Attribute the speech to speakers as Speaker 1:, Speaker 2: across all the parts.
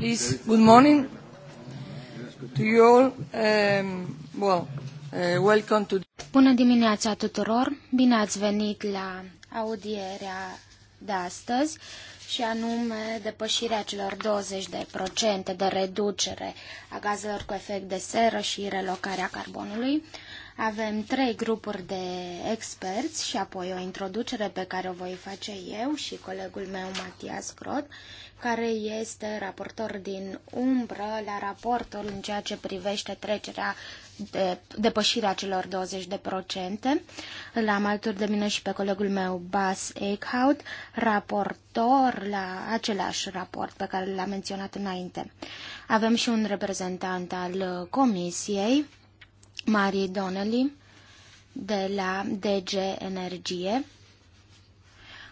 Speaker 1: Please, good morning to you all. Um, well, uh, welcome to... Bună dimineața tuturor! Bine ați venit la audierea de astăzi și anume depășirea celor 20% de reducere a gazelor cu efect de seră și relocarea carbonului. Uh, avem trei grupuri de experți și apoi o introducere pe care o voi face eu și colegul meu Matias Crot, care este raportor din umbră la raportul în ceea ce privește trecerea de, depășirea celor 20%. Îl am alături de mine și pe colegul meu Bas Eichhout, raportor la același raport pe care l-am menționat înainte. Avem și un reprezentant al comisiei Marie Donnelly de la DG Energie.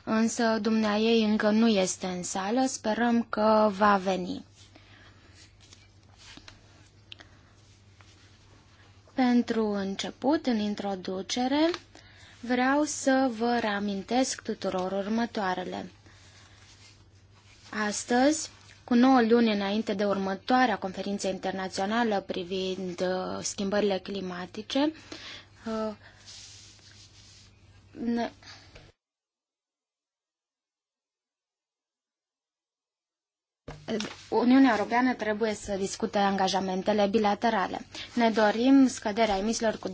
Speaker 1: Însă dumnea ei încă nu este în sală, sperăm că va veni. Pentru început, în introducere, vreau să vă reamintesc tuturor următoarele. Astăzi cu nouă luni înainte de următoarea conferință internațională privind uh, schimbările climatice, uh, Uniunea Europeană trebuie să discute angajamentele bilaterale. Ne dorim scăderea emisiilor cu 20%,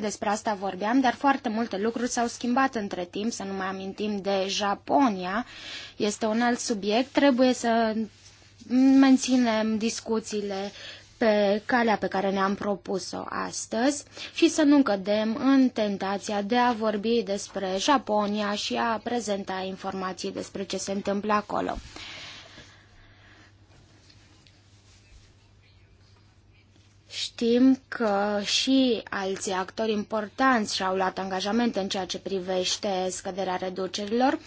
Speaker 1: despre asta vorbeam, dar foarte multe lucruri s-au schimbat între timp, să nu mai amintim de Japonia. Este un alt subiect, trebuie să menținem discuțiile pe calea pe care ne-am propus-o astăzi și să nu cădem în tentația de a vorbi despre Japonia și a prezenta informații despre ce se întâmplă acolo. Știm că și alții actori importanți și-au luat angajamente în ceea ce privește scăderea reducerilor.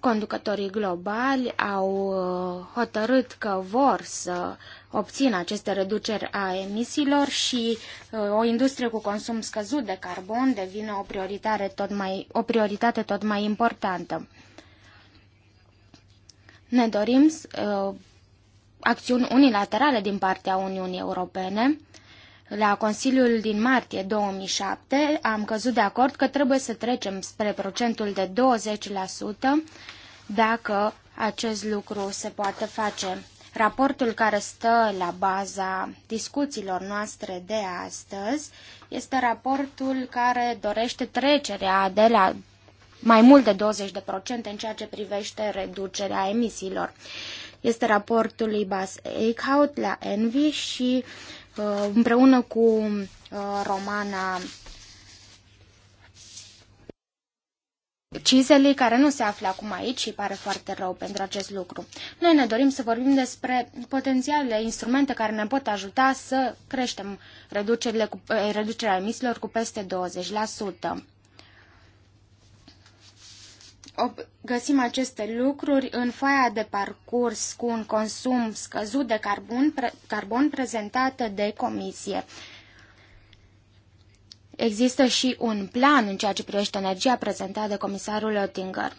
Speaker 1: Conducătorii globali au uh, hotărât că vor să obțină aceste reduceri a emisiilor și uh, o industrie cu consum scăzut de carbon devine o prioritate tot mai, o prioritate tot mai importantă. Ne dorim uh, acțiuni unilaterale din partea Uniunii Europene la Consiliul din martie 2007 am căzut de acord că trebuie să trecem spre procentul de 20% dacă acest lucru se poate face. Raportul care stă la baza discuțiilor noastre de astăzi este raportul care dorește trecerea de la mai mult de 20% în ceea ce privește reducerea emisiilor. Este raportul lui Bas Eichhout la Envy și uh, Uh, împreună cu uh, Romana Cizeli, care nu se află acum aici și pare foarte rău pentru acest lucru. Noi ne dorim să vorbim despre potențialele instrumente care ne pot ajuta să creștem reducerile cu, eh, reducerea emisiilor cu peste 20% găsim aceste lucruri în foaia de parcurs cu un consum scăzut de carbon, pre, carbon prezentată de comisie. Există și un plan în ceea ce privește energia prezentat de comisarul Oettinger.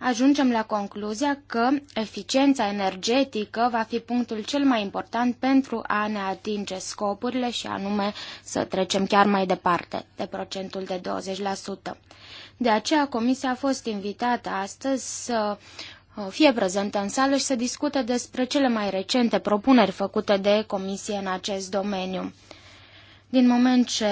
Speaker 1: Ajungem la concluzia că eficiența energetică va fi punctul cel mai important pentru a ne atinge scopurile și anume să trecem chiar mai departe de procentul de 20%. De aceea Comisia a fost invitată astăzi să uh, fie prezentă în sală și să discute despre cele mai recente propuneri făcute de Comisie în acest domeniu. Din moment ce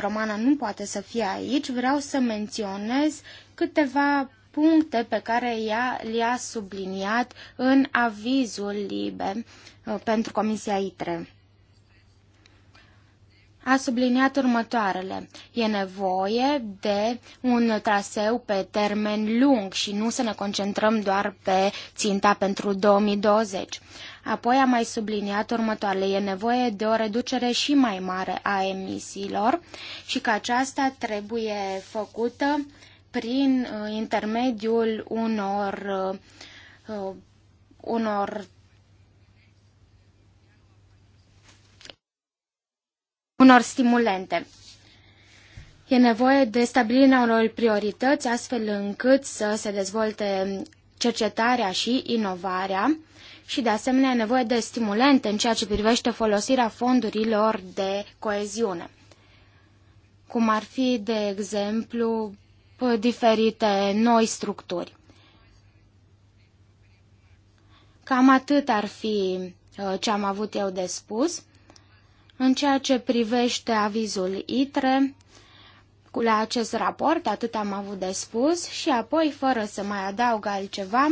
Speaker 1: Romana nu poate să fie aici, vreau să menționez câteva puncte pe care ea le-a subliniat în avizul LIBE uh, pentru Comisia ITRE a subliniat următoarele. E nevoie de un traseu pe termen lung și nu să ne concentrăm doar pe ținta pentru 2020. Apoi a mai subliniat următoarele. E nevoie de o reducere și mai mare a emisiilor și că aceasta trebuie făcută prin uh, intermediul unor, uh, unor unor stimulente. E nevoie de stabilirea unor priorități astfel încât să se dezvolte cercetarea și inovarea și de asemenea e nevoie de stimulente în ceea ce privește folosirea fondurilor de coeziune, cum ar fi, de exemplu, diferite noi structuri. Cam atât ar fi uh, ce am avut eu de spus. În ceea ce privește avizul ITRE, cu la acest raport atât am avut de spus și apoi, fără să mai adaug altceva,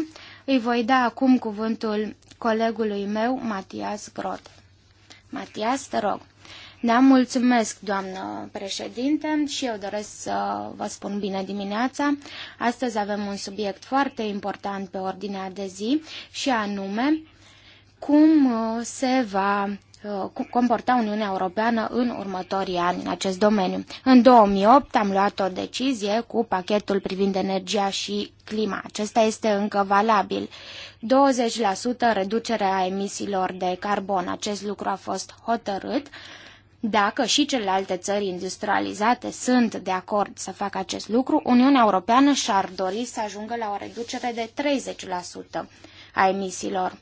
Speaker 1: îi voi da acum cuvântul colegului meu, Matias Grot. Matias, te rog. Da, mulțumesc, doamnă președinte, și eu doresc să vă spun bine dimineața. Astăzi avem un subiect foarte important pe ordinea de zi și anume cum uh, se va Uh, comporta Uniunea Europeană în următorii ani în acest domeniu. În 2008 am luat o decizie cu pachetul privind energia și clima. Acesta este încă valabil. 20% reducerea emisiilor de carbon. Acest lucru a fost hotărât. Dacă și celelalte țări industrializate sunt de acord să facă acest lucru, Uniunea Europeană și-ar dori să ajungă la o reducere de 30% a emisiilor.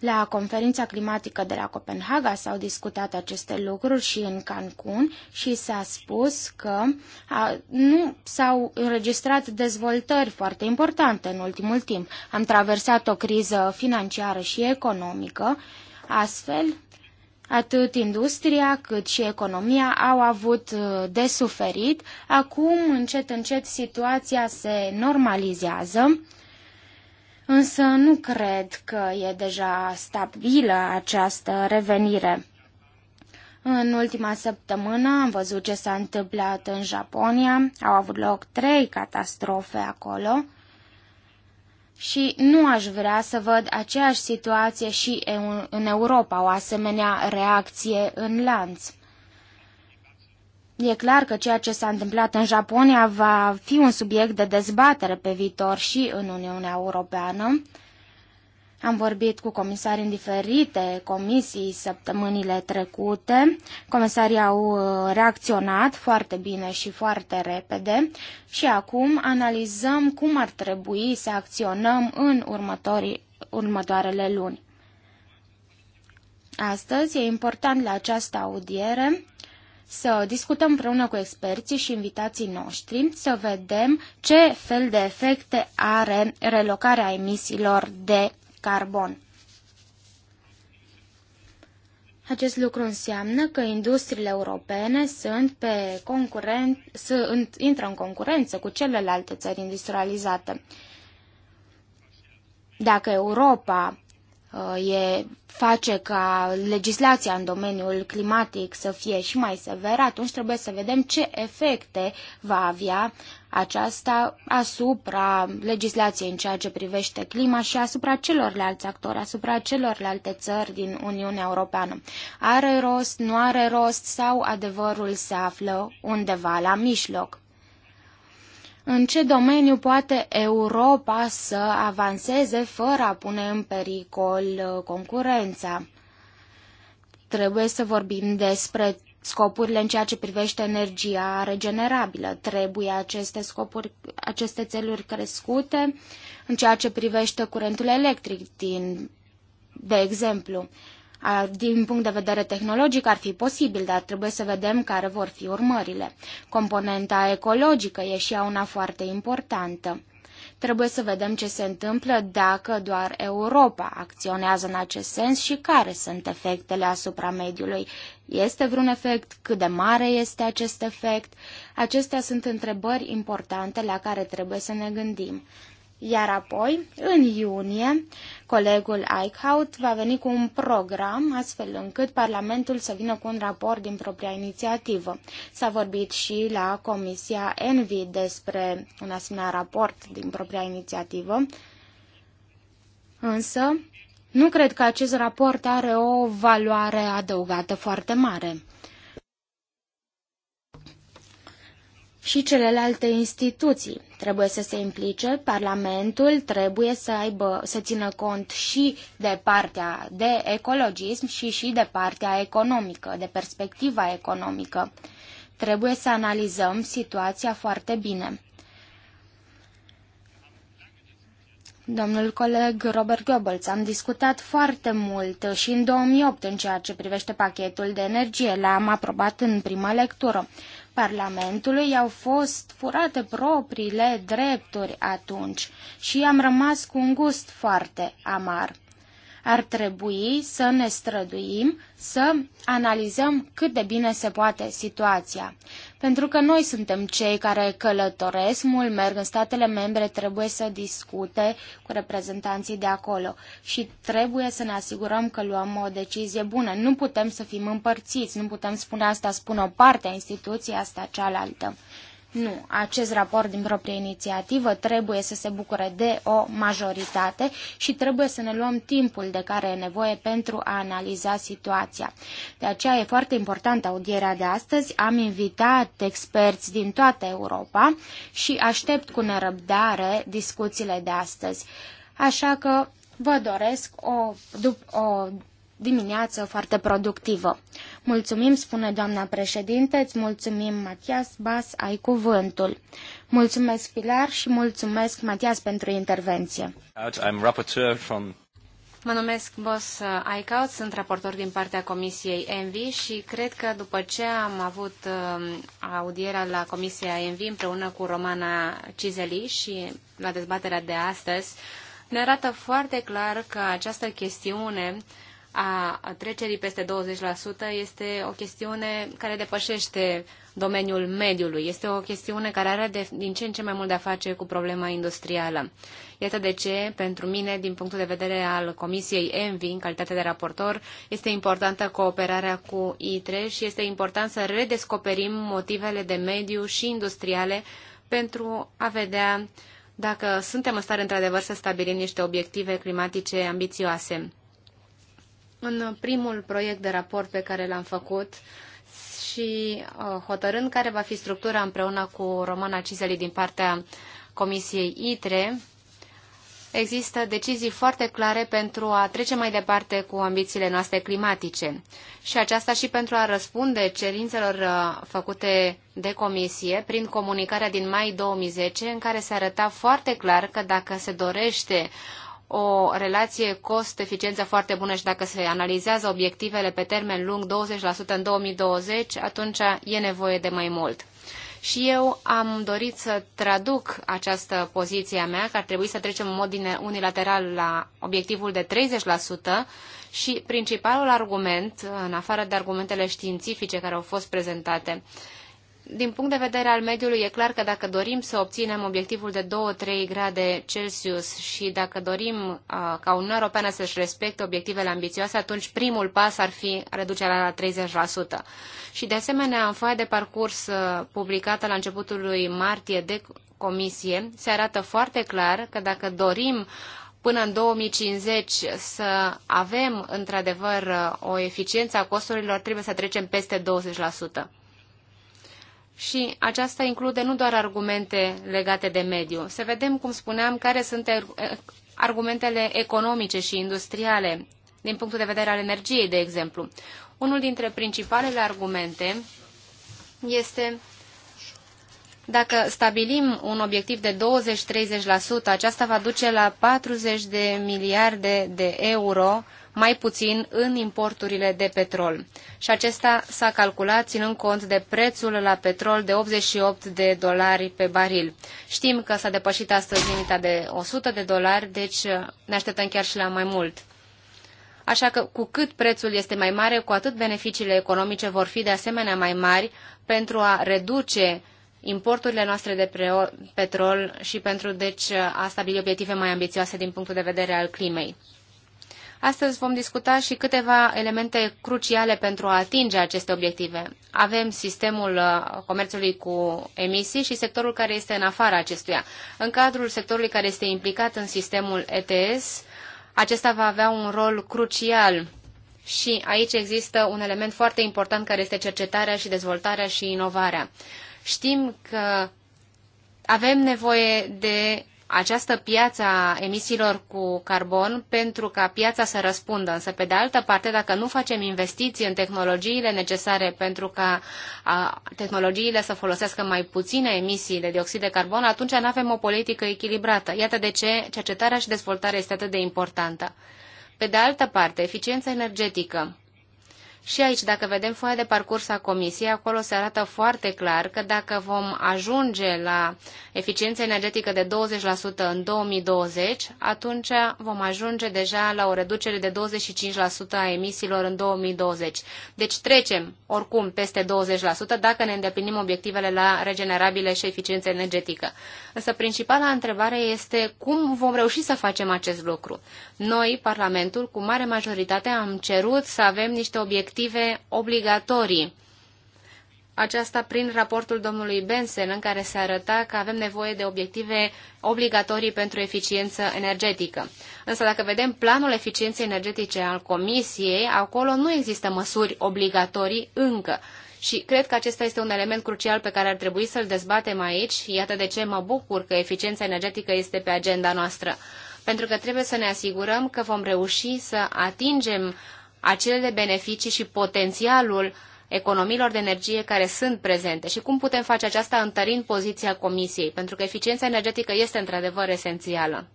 Speaker 1: La conferința climatică de la Copenhaga s-au discutat aceste lucruri și în Cancun și s-a spus că a, nu s-au înregistrat dezvoltări foarte importante în ultimul timp. Am traversat o criză financiară și economică, astfel Atât industria cât și economia au avut uh, de suferit. Acum, încet, încet, situația se normalizează însă nu cred că e deja stabilă această revenire. În ultima săptămână am văzut ce s-a întâmplat în Japonia, au avut loc trei catastrofe acolo și nu aș vrea să văd aceeași situație și în Europa, o asemenea reacție în lanț. E clar că ceea ce s-a întâmplat în Japonia va fi un subiect de dezbatere pe viitor și în Uniunea Europeană. Am vorbit cu comisari în diferite comisii săptămânile trecute. Comisarii au uh, reacționat foarte bine și foarte repede și acum analizăm cum ar trebui să acționăm în următoarele luni. Astăzi e important la această audiere să discutăm împreună cu experții și invitații noștri, să vedem ce fel de efecte are relocarea emisiilor de carbon. Acest lucru înseamnă că industriile europene sunt pe concurent, sunt, intră în concurență cu celelalte țări industrializate. Dacă Europa Uh, e, face ca legislația în domeniul climatic să fie și mai severă, atunci trebuie să vedem ce efecte va avea aceasta asupra legislației în ceea ce privește clima și asupra celorlalți actori, asupra celorlalte țări din Uniunea Europeană. Are rost, nu are rost sau adevărul se află undeva la mijloc? în ce domeniu poate Europa să avanseze fără a pune în pericol uh, concurența. Trebuie să vorbim despre scopurile în ceea ce privește energia regenerabilă. Trebuie aceste scopuri, aceste țeluri crescute în ceea ce privește curentul electric din, de exemplu. Din punct de vedere tehnologic ar fi posibil, dar trebuie să vedem care vor fi urmările. Componenta ecologică e și ea una foarte importantă. Trebuie să vedem ce se întâmplă dacă doar Europa acționează în acest sens și care sunt efectele asupra mediului. Este vreun efect? Cât de mare este acest efect? Acestea sunt întrebări importante la care trebuie să ne gândim. Iar apoi, în iunie, colegul Eichhout va veni cu un program, astfel încât Parlamentul să vină cu un raport din propria inițiativă. S-a vorbit și la Comisia Envi despre un asemenea raport din propria inițiativă, însă nu cred că acest raport are o valoare adăugată foarte mare. și celelalte instituții trebuie să se implice, Parlamentul trebuie să aibă, să țină cont și de partea de ecologism și și de partea economică, de perspectiva economică. Trebuie să analizăm situația foarte bine. Domnul coleg Robert Goebbels, am discutat foarte mult și în 2008 în ceea ce privește pachetul de energie. L-am aprobat în prima lectură. Parlamentului au fost furate propriile drepturi atunci și am rămas cu un gust foarte amar. Ar trebui să ne străduim să analizăm cât de bine se poate situația. Pentru că noi suntem cei care călătoresc, mult merg în statele membre, trebuie să discute cu reprezentanții de acolo și trebuie să ne asigurăm că luăm o decizie bună. Nu putem să fim împărțiți, nu putem spune asta spune o parte a instituției, asta cealaltă. Nu, acest raport din proprie inițiativă trebuie să se bucure de o majoritate și trebuie să ne luăm timpul de care e nevoie pentru a analiza situația. De aceea e foarte importantă audierea de astăzi. Am invitat experți din toată Europa și aștept cu nerăbdare discuțiile de astăzi. Așa că vă doresc o, o dimineață foarte productivă. Mulțumim, spune doamna președinte, îți mulțumim, Matias Bas, ai cuvântul. Mulțumesc, Pilar, și mulțumesc, Matias, pentru intervenție.
Speaker 2: I'm rapporteur from...
Speaker 3: Mă numesc Boss Aicaut, sunt raportor din partea Comisiei Envi și cred că după ce am avut um, audierea la Comisia Envi împreună cu Romana Cizeli și la dezbaterea de astăzi, ne arată foarte clar că această chestiune uh, a trecerii peste 20% este o chestiune care depășește domeniul mediului. Este o chestiune care are de, din ce în ce mai mult de-a face cu problema industrială. Iată de ce, pentru mine, din punctul de vedere al Comisiei ENVI, în calitate de raportor, este importantă cooperarea cu ITRE și este important să redescoperim motivele de mediu și industriale pentru a vedea dacă suntem în stare într-adevăr să stabilim niște obiective climatice ambițioase în primul proiect de raport pe care l-am făcut și uh, hotărând care va fi structura împreună cu Romana Cizeli din partea Comisiei ITRE, există decizii foarte clare pentru a trece mai departe cu ambițiile noastre climatice și aceasta și pentru a răspunde cerințelor uh, făcute de comisie prin comunicarea din mai 2010 în care se arăta foarte clar că dacă se dorește o relație cost-eficiență foarte bună și dacă se analizează obiectivele pe termen lung, 20% în 2020, atunci e nevoie de mai mult. Și eu am dorit să traduc această poziție a mea, că ar trebui să trecem în mod unilateral la obiectivul de 30% și principalul argument, în afară de argumentele științifice care au fost prezentate, din punct de vedere al mediului, e clar că dacă dorim să obținem obiectivul de 2-3 grade Celsius și dacă dorim uh, ca Uniunea Europeană să-și respecte obiectivele ambițioase, atunci primul pas ar fi reducerea la 30%. Și de asemenea, în foaia de parcurs uh, publicată la începutul lui martie de comisie, se arată foarte clar că dacă dorim până în 2050 să avem într-adevăr o eficiență a costurilor, trebuie să trecem peste 20% și aceasta include nu doar argumente legate de mediu. Să vedem, cum spuneam, care sunt er- argumentele economice și industriale din punctul de vedere al energiei, de exemplu. Unul dintre principalele argumente este dacă stabilim un obiectiv de 20-30%, aceasta va duce la 40 de miliarde de euro mai puțin în importurile de petrol. Și acesta s-a calculat ținând cont de prețul la petrol de 88 de dolari pe baril. Știm că s-a depășit astăzi limita de 100 de dolari, deci uh, ne așteptăm chiar și la mai mult. Așa că cu cât prețul este mai mare, cu atât beneficiile economice vor fi de asemenea mai mari pentru a reduce importurile noastre de petrol și pentru deci a stabili obiective mai ambițioase din punctul de vedere al climei. Astăzi vom discuta și câteva elemente cruciale pentru a atinge aceste obiective. Avem sistemul uh, comerțului cu emisii și sectorul care este în afara acestuia. În cadrul sectorului care este implicat în sistemul ETS, acesta va avea un rol crucial și aici există un element foarte important care este cercetarea și dezvoltarea și inovarea. Știm că avem nevoie de această piață a emisiilor cu carbon pentru ca piața să răspundă. Însă, pe de altă parte, dacă nu facem investiții în tehnologiile necesare pentru ca a, tehnologiile să folosească mai puține emisii de dioxid de carbon, atunci nu avem o politică echilibrată. Iată de ce cercetarea și dezvoltarea este atât de importantă. Pe de altă parte, eficiența energetică. Și aici, dacă vedem foaia de parcurs a comisiei, acolo se arată foarte clar că dacă vom ajunge la eficiență energetică de 20% în 2020, atunci vom ajunge deja la o reducere de 25% a emisiilor în 2020. Deci trecem oricum peste 20% dacă ne îndeplinim obiectivele la regenerabile și eficiență energetică. Însă principala întrebare este cum vom reuși să facem acest lucru. Noi, Parlamentul, cu mare majoritate am cerut să avem niște obiective obiective obligatorii. Aceasta prin raportul domnului Benson, în care se arăta că avem nevoie de obiective obligatorii pentru eficiență energetică. Însă dacă vedem planul eficienței energetice al Comisiei, acolo nu există măsuri obligatorii încă. Și cred că acesta este un element crucial pe care ar trebui să-l dezbatem aici. Iată de ce mă bucur că eficiența energetică este pe agenda noastră. Pentru că trebuie să ne asigurăm că vom reuși să atingem acele beneficii și potențialul economiilor de energie care sunt prezente și cum putem face aceasta întărind poziția Comisiei, pentru că eficiența energetică este într-adevăr esențială.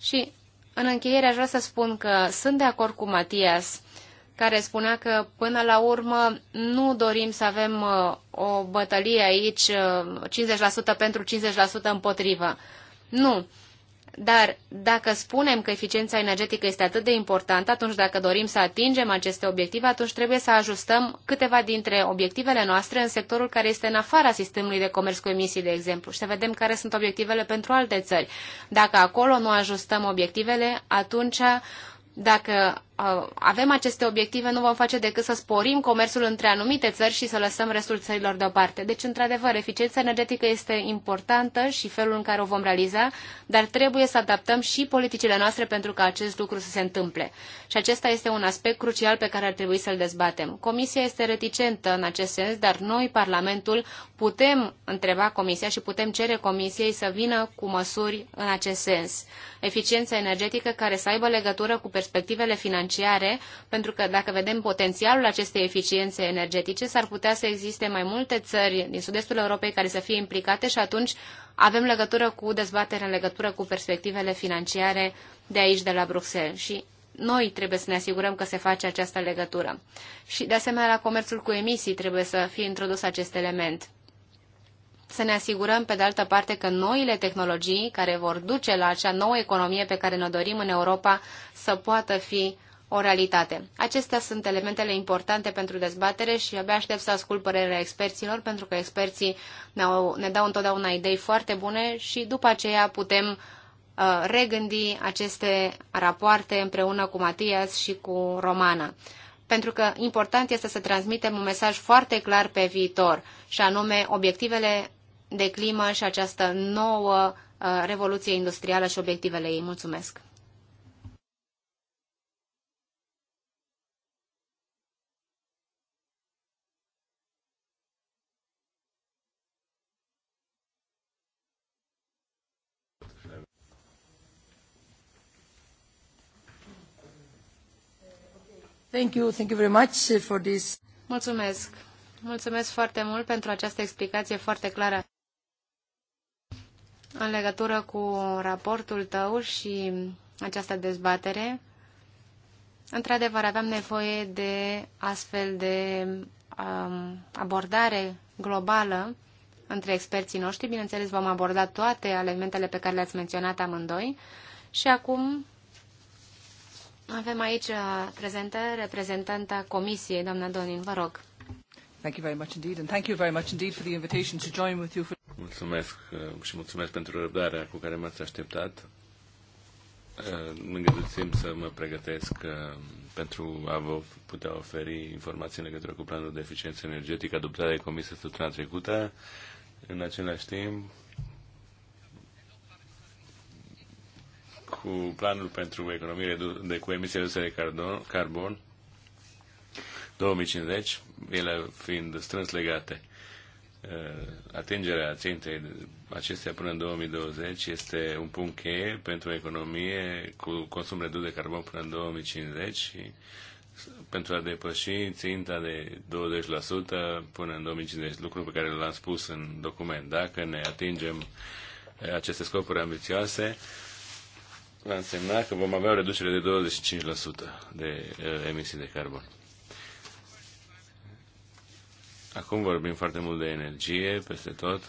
Speaker 3: Și în încheiere aș vrea să spun că sunt de acord cu Matias, care spunea că până la urmă nu dorim să avem uh, o bătălie aici 50% uh, pentru 50% împotrivă. Nu, dar dacă spunem că eficiența energetică este atât de importantă, atunci dacă dorim să atingem aceste obiective, atunci trebuie să ajustăm câteva dintre obiectivele noastre în sectorul care este în afara sistemului de comerț cu emisii, de exemplu, și să vedem care sunt obiectivele pentru alte țări. Dacă acolo nu ajustăm obiectivele, atunci dacă Uh, avem aceste obiective, nu vom face decât să sporim comerțul între anumite țări și să lăsăm restul țărilor deoparte. Deci, într-adevăr, eficiența energetică este importantă și felul în care o vom realiza, dar trebuie să adaptăm și politicile noastre pentru ca acest lucru să se întâmple. Și acesta este un aspect crucial pe care ar trebui să-l dezbatem. Comisia este reticentă în acest sens, dar noi, Parlamentul, putem întreba Comisia și putem cere Comisiei să vină cu măsuri în acest sens. Eficiența energetică care să aibă legătură cu perspectivele financiare financiare, pentru că dacă vedem potențialul acestei eficiențe energetice, s-ar putea să existe mai multe țări din sud-estul Europei care să fie implicate și atunci avem legătură cu dezbaterea în legătură cu perspectivele financiare de aici, de la Bruxelles. Și noi trebuie să ne asigurăm că se face această legătură. Și, de asemenea, la comerțul cu emisii trebuie să fie introdus acest element. Să ne asigurăm, pe de altă parte, că noile tehnologii care vor duce la acea nouă economie pe care ne dorim în Europa să poată fi o realitate. Acestea sunt elementele importante pentru dezbatere și abia aștept să ascult părerea experților, pentru că experții ne dau întotdeauna idei foarte bune și după aceea putem uh, regândi aceste rapoarte împreună cu Matias și cu Romana. Pentru că important este să transmitem un mesaj foarte clar pe viitor, și anume obiectivele de climă și această nouă uh, revoluție industrială și obiectivele ei. Mulțumesc! Thank you, thank you very much for this. Mulțumesc. Mulțumesc foarte mult pentru această explicație foarte clară în legătură cu raportul tău și această dezbatere. Într-adevăr, aveam nevoie de astfel de um, abordare globală între experții noștri. Bineînțeles, vom aborda toate elementele pe care le-ați menționat amândoi. Și acum avem aici uh, prezentă reprezentanta Comisiei, doamna Donin, vă rog.
Speaker 4: Thank you very much indeed and thank you very much indeed for the invitation to join with you. For... Mulțumesc uh, și mulțumesc pentru răbdarea cu care m-ați așteptat. Îngăduțim uh, să mă pregătesc pentru a vă putea oferi informații în legătură cu planul de eficiență energetică adoptat de Comisia săptămâna trecută. În același timp, cu planul pentru economie de, cu emisii reduse de carbon, carbon 2050, ele fiind strâns legate. Eh, atingerea țintei acestea până în 2020 este un punct cheie pentru economie cu consum redus de carbon până în 2050 și pentru a depăși ținta de 20% până în 2050, lucru pe care l-am spus în document. Dacă ne atingem aceste scopuri ambițioase, va însemna că vom avea o reducere de 25% de uh, emisii de carbon. Acum vorbim foarte mult de energie peste tot.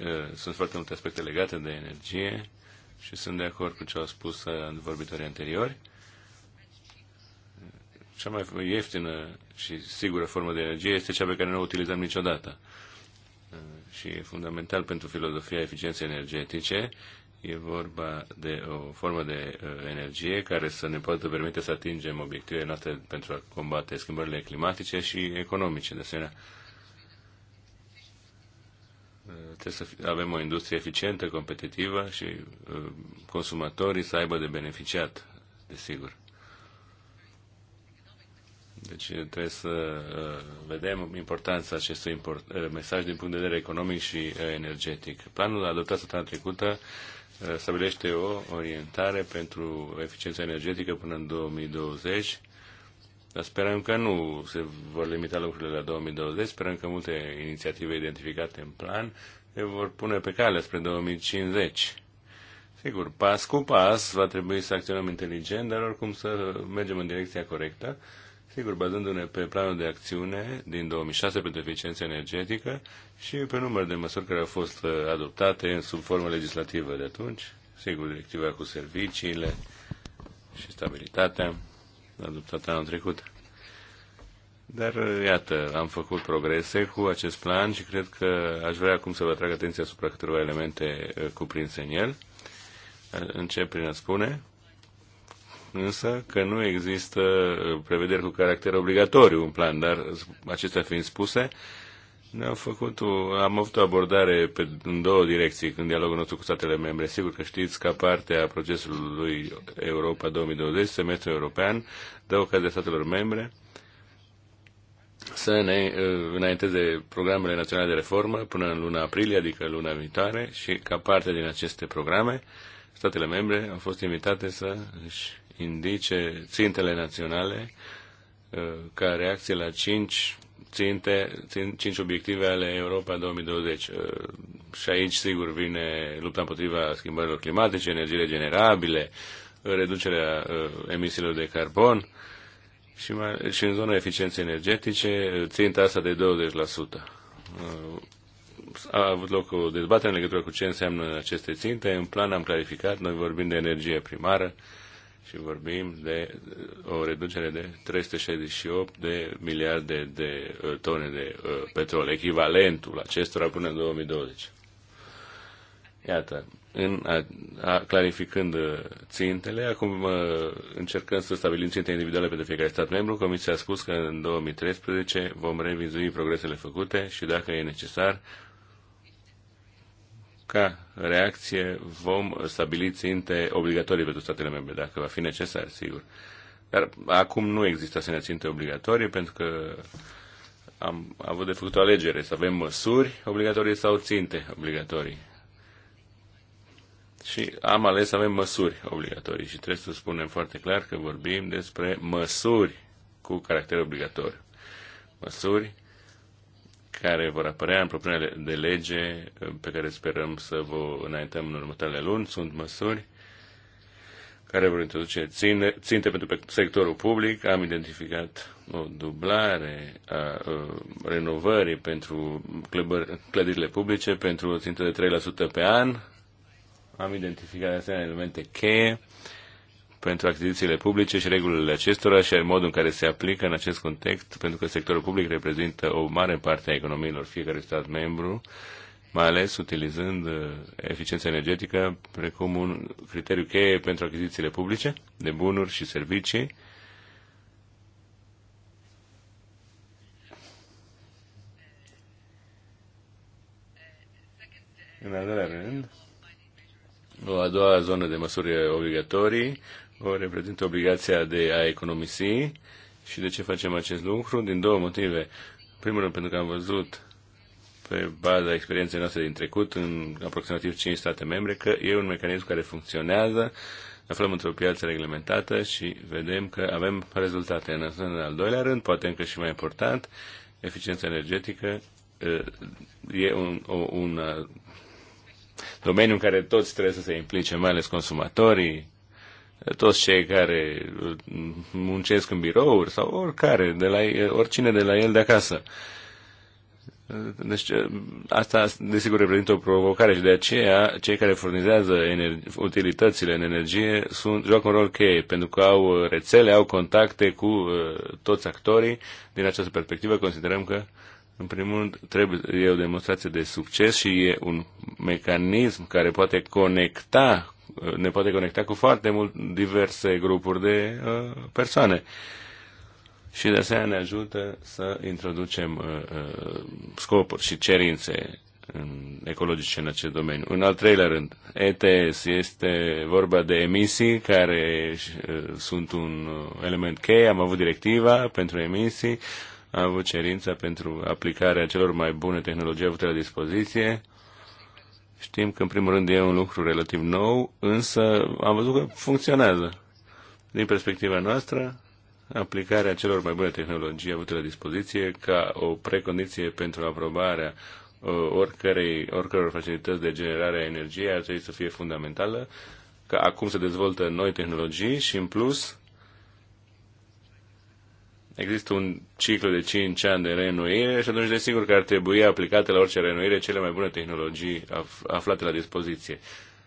Speaker 4: Uh, sunt foarte multe aspecte legate de energie și sunt de acord cu ce au spus uh, vorbitorii anteriori. Cea mai ieftină și sigură formă de energie este cea pe care nu o utilizăm niciodată. Și e fundamental pentru filozofia eficienței energetice E vorba de o formă de uh, energie care să ne poată permite să atingem obiectivele noastre pentru a combate schimbările climatice și economice. De asemenea, uh, trebuie să avem o industrie eficientă, competitivă și uh, consumatorii să aibă de beneficiat, desigur. Deci trebuie să vedem importanța acestui import, mesaj din punct de vedere economic și energetic. Planul adoptat săptămâna trecută Eh, stabilește o orientare pentru eficiența energetică până în 2020, dar sperăm că nu se vor limita lucrurile la 2020, sperăm că multe inițiative identificate în plan se vor pune pe cale spre 2050. Sigur, pas cu pas va trebui să acționăm inteligent, dar oricum să mergem în direcția corectă sigur, bazându-ne pe planul de acțiune din 2006 pentru eficiență energetică și pe număr de măsuri care au fost uh, adoptate în sub formă legislativă de atunci, sigur, directiva cu serviciile și stabilitatea adoptată anul trecut. Dar, uh, iată, am făcut progrese cu acest plan și cred că aș vrea acum să vă atrag atenția asupra câteva elemente uh, cuprinse în el. Încep prin a spune însă că nu există uh, prevederi cu caracter obligatoriu în plan, dar uh, acestea fiind spuse, ne-am făcut, am avut o abordare pe, în două direcții în dialogul nostru cu statele membre. Sigur că știți, ca parte a procesului Europa 2020, semestrul european, dă ocazia statelor membre să ne uh, înainteze programele naționale de reformă până în luna aprilie, adică luna viitoare, și ca parte din aceste programe, statele membre au fost invitate să își indice țintele naționale uh, ca reacție la 5 ținte, cinci obiective ale Europa 2020. Uh, și aici, sigur, vine lupta împotriva schimbărilor climatice, energie regenerabile, reducerea uh, emisiilor de carbon și, mai, și în zona eficienței energetice, ținta asta de 20%. A avut loc o dezbatere în legătură cu ce înseamnă aceste ținte. În plan am clarificat, noi vorbim de energie primară, și vorbim de o reducere de 368 de miliarde de uh, tone de uh, petrol, echivalentul acestora până în 2020. Iată, în a, a, clarificând uh, țintele, acum încercăm să stabilim ținte individuale pentru fiecare stat membru. Comisia a spus că în 2013 vom revizui progresele făcute și, dacă e necesar, ca reacție vom stabili ținte obligatorii pentru statele membre, dacă va fi necesar, sigur. Dar acum nu există asemenea ținte obligatorii pentru că am avut de făcut o alegere să avem măsuri obligatorii sau ținte obligatorii. Și am ales să avem măsuri obligatorii și trebuie să spunem foarte clar că vorbim despre măsuri cu caracter obligatoriu. Măsuri care vor apărea în propunerea de lege uh, pe care sperăm să vă înaintăm în următoarele luni. Sunt măsuri care vor introduce ține, ținte pentru sectorul public. Am identificat o dublare a, a uh, renovării pentru clădirile publice pentru o țintă de 3% pe an. Am identificat asemenea elemente cheie pentru achizițiile publice și regulile acestora și în modul în care se aplică în acest context, pentru că sectorul public reprezintă o mare parte a economiilor fiecare stat membru, mai ales utilizând uh, eficiența energetică precum un criteriu cheie pentru achizițiile publice de bunuri și servicii, În al doilea rând, o a doua zonă de măsuri obligatorii o reprezintă obligația de a economisi și de ce facem acest lucru? Din două motive. Primul rând, pentru că am văzut pe baza experienței noastre din trecut, în aproximativ 5 state membre, că e un mecanism care funcționează, aflăm într-o piață reglementată și vedem că avem rezultate. În, al doilea rând, poate încă și mai important, eficiența energetică eh, e un, o, un eh, domeniu în care toți trebuie să se implice, mai ales consumatorii, toți cei care uh, muncesc în birouri sau oricare, de la, oricine de la el de acasă. Deci uh, asta, desigur, reprezintă o provocare și de aceea cei care furnizează utilitățile în energie sunt, joacă un rol cheie, pentru că au uh, rețele, au contacte cu uh, toți actorii. Din această perspectivă considerăm că, în primul rând, trebuie, e o demonstrație de succes și e un mecanism care poate conecta Uh, ne poate conecta cu foarte mult diverse grupuri de uh, persoane. Și de asemenea ne ajută să introducem uh, scopuri și cerințe ecologice în acest domeniu. În al treilea rând, ETS este vorba de emisii care sunt un element cheie. Am avut directiva pentru emisii, am avut cerința pentru aplicarea celor mai bune tehnologii avute la dispoziție Știm că, în primul rând, e un lucru relativ nou, însă am văzut că funcționează. Din perspectiva noastră, aplicarea celor mai bune tehnologii avute la dispoziție ca o precondiție pentru aprobarea uh, oricărei, oricăror facilități de generare a energiei ar trebui să fie fundamentală, că acum se dezvoltă noi tehnologii și, în plus, Există un ciclu de 5 ani de renuire și atunci desigur că ar trebui aplicate la orice renuire cele mai bune tehnologii aflate la dispoziție.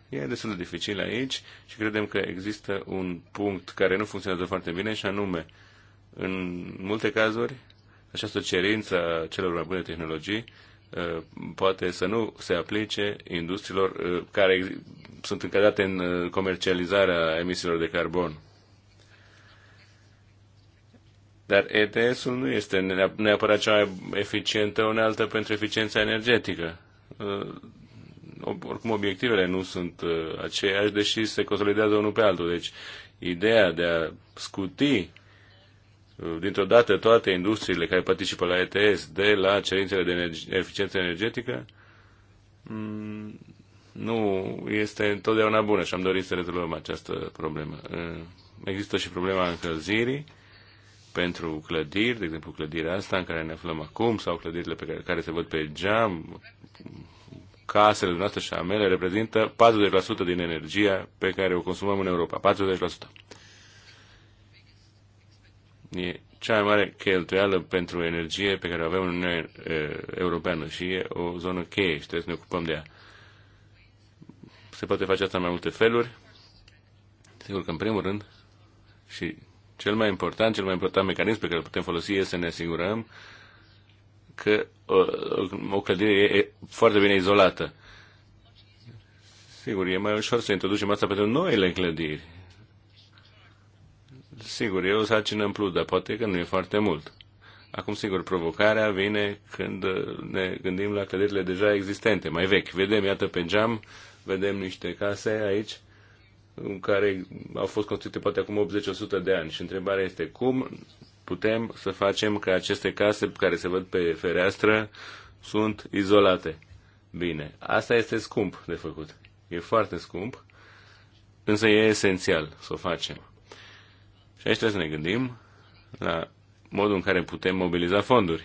Speaker 4: E destul de dificil aici și credem că există un punct care nu funcționează foarte bine și anume, în multe cazuri, această cerință a celor mai bune tehnologii uh, poate să nu se aplice industriilor uh, care sunt încadrate în uh, comercializarea emisiilor de carbon. Dar ETS-ul nu este neapărat cea mai eficientă unealtă pentru eficiența energetică. Uh, oricum, obiectivele nu sunt uh, aceeași, deși se consolidează unul pe altul. Deci, ideea de a scuti uh, dintr-o dată toate industriile care participă la ETS de la cerințele de energi- eficiență energetică mm, nu este întotdeauna bună și am dorit să rezolvăm această problemă. Există și problema încălzirii pentru clădiri, de exemplu clădirea asta în care ne aflăm acum, sau clădirile pe care, care se văd pe geam, casele noastre și amele reprezintă 40% din energia pe care o consumăm în Europa. 40%. E cea mai mare cheltuială pentru energie pe care o avem în Uniunea Europeană și e o zonă cheie și trebuie să ne ocupăm de ea. Se poate face asta în mai multe feluri. Sigur că, în primul rând, și cel mai important, cel mai important mecanism pe care îl putem folosi este să ne asigurăm că uh, o, o clădire e foarte bine izolată. Sigur, e mai ușor să introducem asta pentru noile clădiri. Sigur, e o sacină în plus, dar poate că nu e foarte mult. Acum, sigur, provocarea vine când ne gândim la clădirile deja existente, mai vechi. Vedem, iată, pe geam, vedem niște case aici în care au fost construite poate acum 80-100 de ani. Și întrebarea este cum putem să facem ca aceste case care se văd pe fereastră sunt izolate. Bine, asta este scump de făcut. E foarte scump, însă e esențial să o facem. Și aici trebuie să ne gândim la modul în care putem mobiliza fonduri.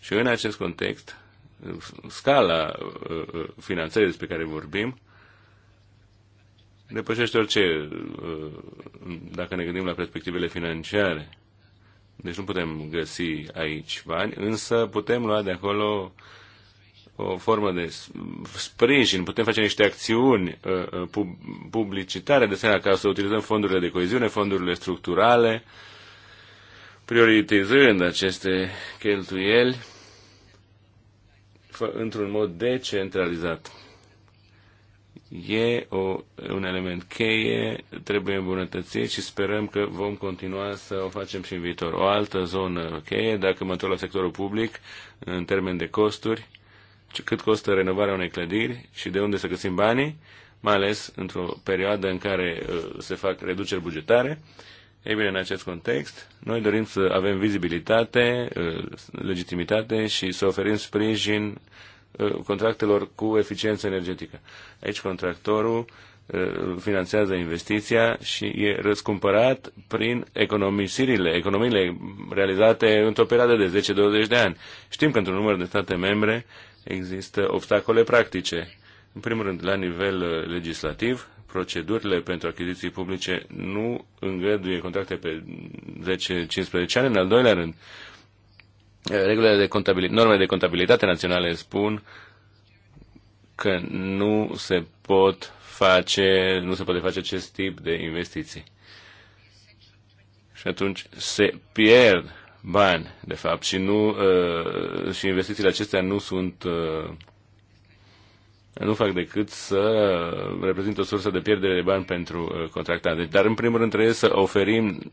Speaker 4: Și în acest context, scala uh, uh, finanțării despre care vorbim depășește orice, uh, dacă ne gândim la perspectivele financiare. Deci nu putem găsi aici bani, însă putem lua de acolo o formă de sprijin, putem face niște acțiuni uh, uh, publicitare de seara ca să utilizăm fondurile de coeziune, fondurile structurale, prioritizând aceste cheltuieli într-un mod decentralizat e o, un element cheie, trebuie îmbunătățit și sperăm că vom continua să o facem și în viitor. O altă zonă cheie, dacă mă întorc la sectorul public, în termen de costuri, cât costă renovarea unei clădiri și de unde să găsim banii, mai ales într-o perioadă în care uh, se fac reduceri bugetare. Ei bine, în acest context, noi dorim să avem vizibilitate, uh, legitimitate și să oferim sprijin Uh, contractelor cu eficiență energetică. Aici contractorul uh, finanțează investiția și e răscumpărat prin economisirile, economiile realizate într-o perioadă de 10-20 de ani. Știm că într-un număr de state membre există obstacole practice. În primul rând, la nivel uh, legislativ, procedurile pentru achiziții publice nu îngăduie contracte pe 10-15 ani. În al doilea rând, Eh, regulile de contabilitate, normele de contabilitate naționale spun că nu se pot face, nu se poate face acest tip de investiții. Și atunci se pierd bani, de fapt, și, nu, uh, și investițiile acestea nu sunt uh, nu fac decât să reprezintă o sursă de pierdere de bani pentru uh, contractanți. Deci, dar în primul rând trebuie să oferim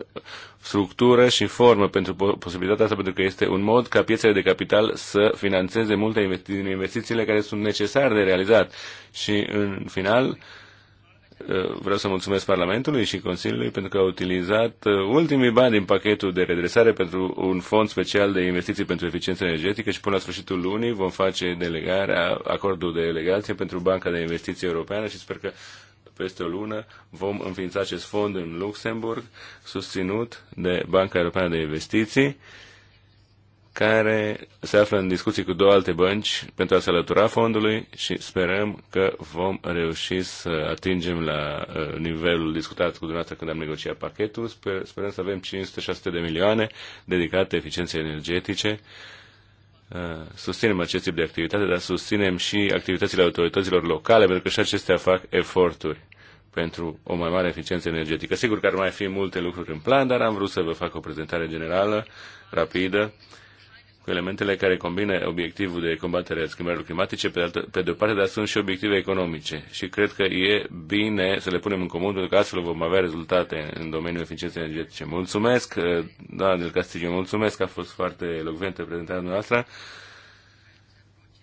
Speaker 4: structură și formă pentru posibilitatea asta, pentru că este un mod ca piețele de capital să financeze multe investițiile care sunt necesare de realizat. Și în final, uh, Eh, vreau să mulțumesc Parlamentului și Consiliului pentru că au utilizat eh, ultimii bani din pachetul de redresare pentru un fond special de investiții pentru eficiență energetică și până la sfârșitul lunii vom face delegarea, acordul de delegație pentru Banca de Investiții Europeană și sper că peste o lună vom înființa acest fond în Luxemburg, susținut de Banca Europeană de Investiții care se află în discuții cu două alte bănci pentru a se alătura fondului și sperăm că vom reuși să atingem la uh, nivelul discutat cu dumneavoastră când am negociat pachetul. Sper, sperăm să avem 500-600 de milioane dedicate eficienței energetice. Uh, susținem acest tip de activitate, dar susținem și activitățile autorităților locale, pentru că și acestea fac eforturi pentru o mai mare eficiență energetică. Sigur că ar mai fi multe lucruri în plan, dar am vrut să vă fac o prezentare generală, rapidă cu elementele care combină obiectivul de combatere a schimbărilor climatice, pe, altă, pe de o parte, dar sunt și obiective economice. Și cred că e bine să le punem în comun, pentru că astfel vom avea rezultate în domeniul eficienței energetice. Mulțumesc, eh, doamna del Castillo, mulțumesc a fost foarte elogventă prezentarea noastră.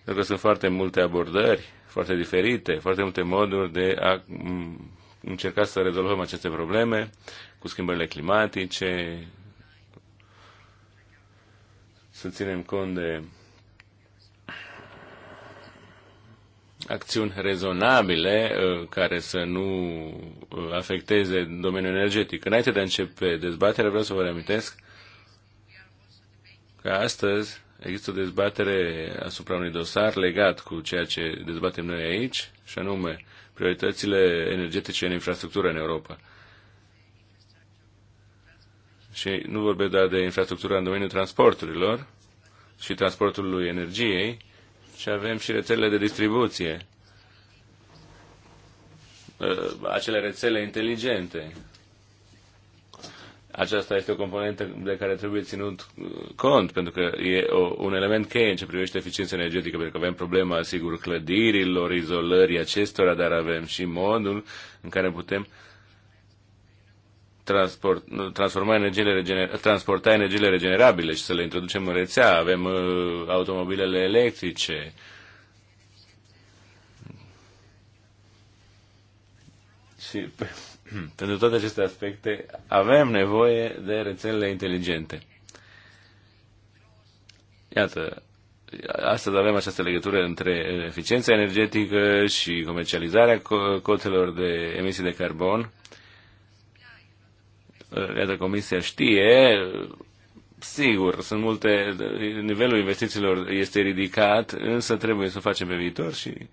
Speaker 4: Pentru că sunt foarte multe abordări, foarte diferite, foarte multe moduri de a mm, încerca să rezolvăm aceste probleme cu schimbările climatice, să ținem cont de acțiuni rezonabile uh, care să nu uh, afecteze domeniul energetic. Înainte de a începe dezbaterea, vreau să vă reamintesc că astăzi există o dezbatere asupra unui dosar legat cu ceea ce dezbatem noi aici, și anume prioritățile energetice în infrastructură în Europa. Și nu vorbesc doar de infrastructura în domeniul transporturilor și transportului energiei, ci avem și rețelele de distribuție, uh, acele rețele inteligente. Aceasta este o componentă de care trebuie ținut uh, cont, pentru că e o, un element cheie în ce privește eficiența energetică, pentru că avem problema, sigur, clădirilor, izolării acestora, dar avem și modul în care putem uh, transport, transforma energiile regener, transporta energiile regenerabile și să le introducem în rețea. Avem uh, automobilele electrice. Și pentru toate aceste aspecte avem nevoie de rețelele inteligente. Iată, astăzi avem această legătură între eficiența energetică și comercializarea cotelor de emisii de carbon iată, Comisia știe, sigur, sunt multe, nivelul investițiilor este ridicat, însă trebuie să o facem pe viitor și trebuie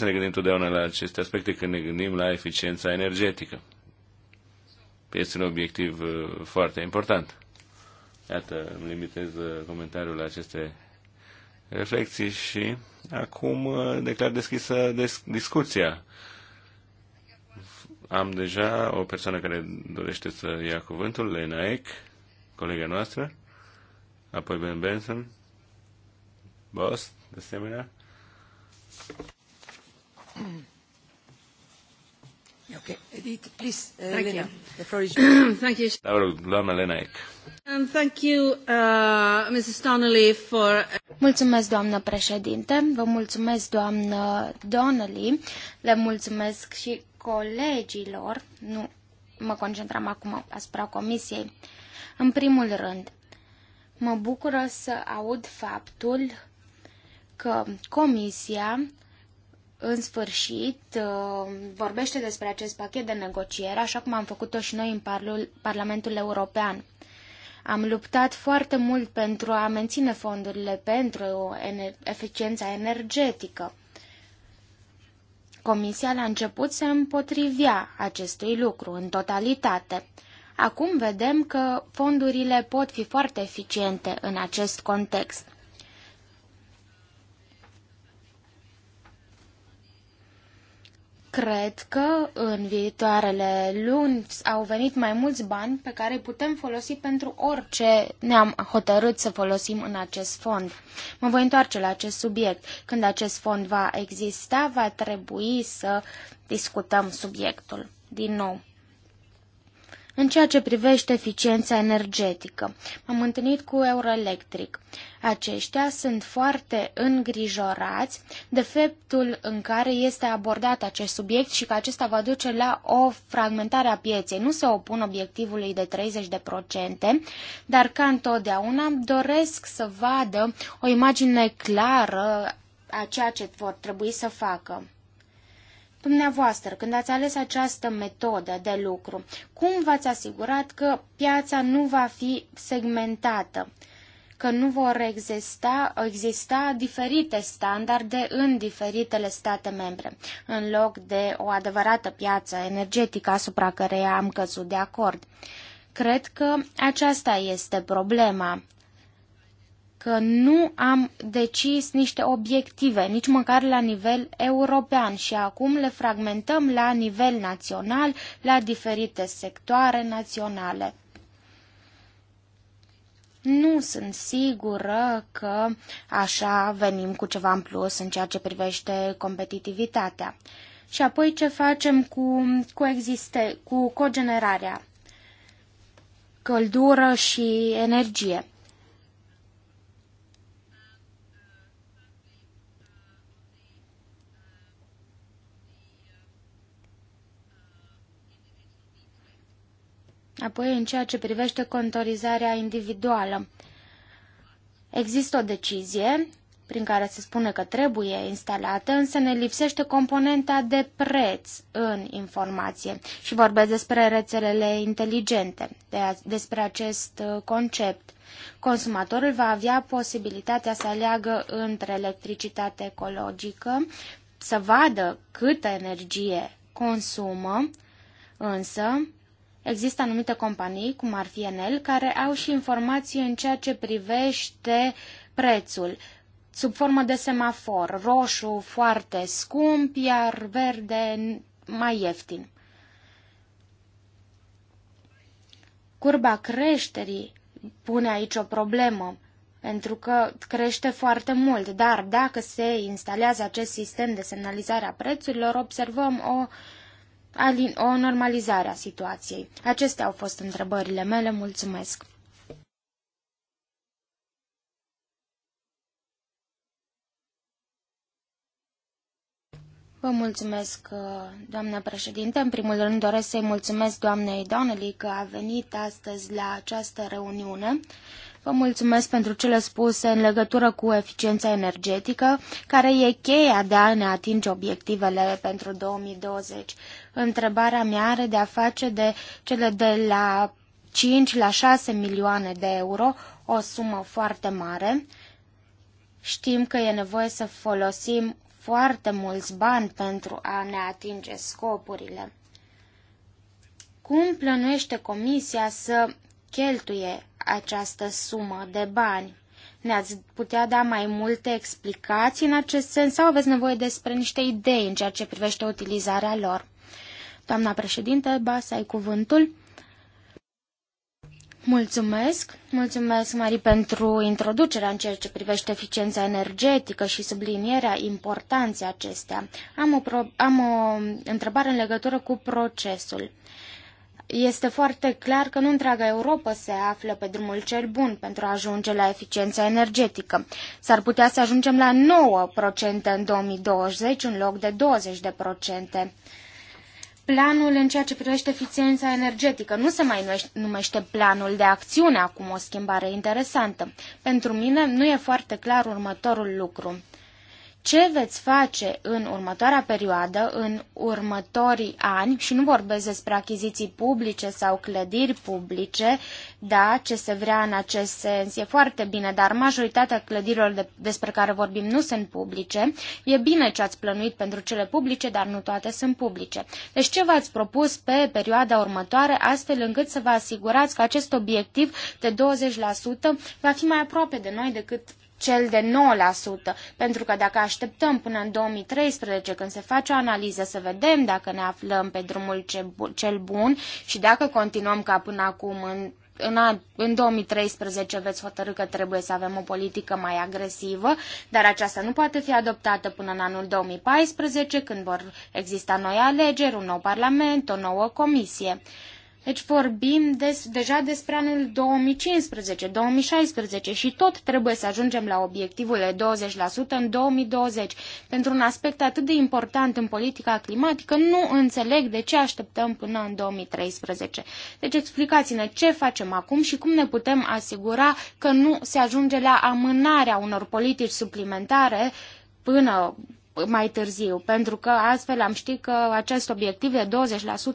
Speaker 4: să ne gândim întotdeauna la aceste aspecte când ne gândim la eficiența energetică. Este un obiectiv uh, foarte important. Iată, îmi limitez uh, comentariul la aceste reflexii și acum uh, declar deschisă discuția. Am deja o persoană care dorește să ia cuvântul, Lena Eck, colega noastră, apoi Ben Benson, Boss, de asemenea.
Speaker 3: Ok, Edith, please, uh, Lena, the floor is yours. thank you.
Speaker 4: Da, rog, doamna Lena Eck.
Speaker 3: And um, thank you, uh, Mrs. Donnelly, for...
Speaker 1: Mulțumesc, doamnă președinte, vă mulțumesc, doamnă Donnelly, le mulțumesc și colegilor, nu mă concentram acum asupra comisiei, în primul rând, mă bucură să aud faptul că comisia în sfârșit uh, vorbește despre acest pachet de negociere, așa cum am făcut-o și noi în Parlamentul European. Am luptat foarte mult pentru a menține fondurile pentru eficiența energetică. Comisia la început se împotrivea acestui lucru în totalitate. Acum vedem că fondurile pot fi foarte eficiente în acest context. Cred că în viitoarele luni au venit mai mulți bani pe care îi putem folosi pentru orice ne-am hotărât să folosim în acest fond. Mă voi întoarce la acest subiect. Când acest fond va exista, va trebui să discutăm subiectul din nou. În ceea ce privește eficiența energetică, am întâlnit cu Euroelectric. Aceștia sunt foarte îngrijorați de faptul în care este abordat acest subiect și că acesta va duce la o fragmentare a pieței. Nu se opun obiectivului de 30%, dar ca întotdeauna doresc să vadă o imagine clară a ceea ce vor trebui să facă. Dumneavoastră, când ați ales această metodă de lucru, cum v-ați asigurat că piața nu va fi segmentată? că nu vor exista, exista diferite standarde în diferitele state membre, în loc de o adevărată piață energetică asupra căreia am căzut de acord. Cred că aceasta este problema că nu am decis niște obiective, nici măcar la nivel european și acum le fragmentăm la nivel național, la diferite sectoare naționale. Nu sunt sigură că așa venim cu ceva în plus în ceea ce privește competitivitatea. Și apoi ce facem cu, cu, existe, cu cogenerarea, căldură și energie. Apoi, în ceea ce privește contorizarea individuală, există o decizie prin care se spune că trebuie instalată, însă ne lipsește componenta de preț în informație și vorbesc despre rețelele inteligente, de a, despre acest uh, concept. Consumatorul va avea posibilitatea să aleagă între electricitate ecologică, să vadă câtă energie consumă, însă Există anumite companii, cum ar fi Enel, care au și informații în ceea ce privește prețul, sub formă de semafor, roșu foarte scump, iar verde mai ieftin. Curba creșterii pune aici o problemă, pentru că crește foarte mult, dar dacă se instalează acest sistem de semnalizare a prețurilor, observăm o uh, o normalizare a situației. Acestea au fost întrebările mele. Mulțumesc! Vă mulțumesc, uh, doamnă președinte. În primul rând doresc să-i mulțumesc doamnei Donnelly că a venit astăzi la această reuniune. Vă mulțumesc pentru cele spuse în legătură cu eficiența energetică, care e cheia de a ne atinge obiectivele pentru 2020. Întrebarea mea are de a face de cele de la 5 la 6 milioane de euro, o sumă foarte mare. Știm că e nevoie să folosim foarte mulți bani pentru a ne atinge scopurile. Cum plănuiește Comisia să cheltuie această sumă de bani? Ne-ați putea da mai multe explicații în acest sens sau aveți nevoie despre niște idei în ceea ce privește utilizarea lor? Doamna președinte, ba să ai cuvântul. Mulțumesc, mulțumesc Mari pentru introducerea în ceea ce privește eficiența energetică și sublinierea importanței acestea. Am o, pro... am o întrebare în legătură cu procesul. Este foarte clar că nu întreaga Europa se află pe drumul cel bun pentru a ajunge la eficiența energetică. S-ar putea să ajungem la 9% în 2020 în loc de 20% planul în ceea ce privește eficiența energetică. Nu se mai numește planul de acțiune acum, o schimbare interesantă. Pentru mine nu e foarte clar următorul lucru ce veți face în următoarea perioadă, în următorii ani, și nu vorbesc despre achiziții publice sau clădiri publice, da, ce se vrea în acest sens e foarte bine, dar majoritatea clădirilor de, despre care vorbim nu sunt publice. E bine ce ați plănuit pentru cele publice, dar nu toate sunt publice. Deci ce v-ați propus pe perioada următoare, astfel încât să vă asigurați că acest obiectiv de 20% va fi mai aproape de noi decât cel de 9%, pentru că dacă așteptăm până în 2013 când se face o analiză să vedem dacă ne aflăm pe drumul cel bun și dacă continuăm ca până acum în în, a, în 2013 veți hotărâ că trebuie să avem o politică mai agresivă, dar aceasta nu poate fi adoptată până în anul 2014, când vor exista noi alegeri, un nou parlament, o nouă comisie. Deci vorbim des, deja despre anul 2015-2016 și tot trebuie să ajungem la obiectivul de 20% în 2020. Pentru un aspect atât de important în politica climatică, nu înțeleg de ce așteptăm până în 2013. Deci explicați-ne ce facem acum și cum ne putem asigura că nu se ajunge la amânarea unor politici suplimentare până mai târziu, pentru că astfel am ști că acest obiectiv de 20%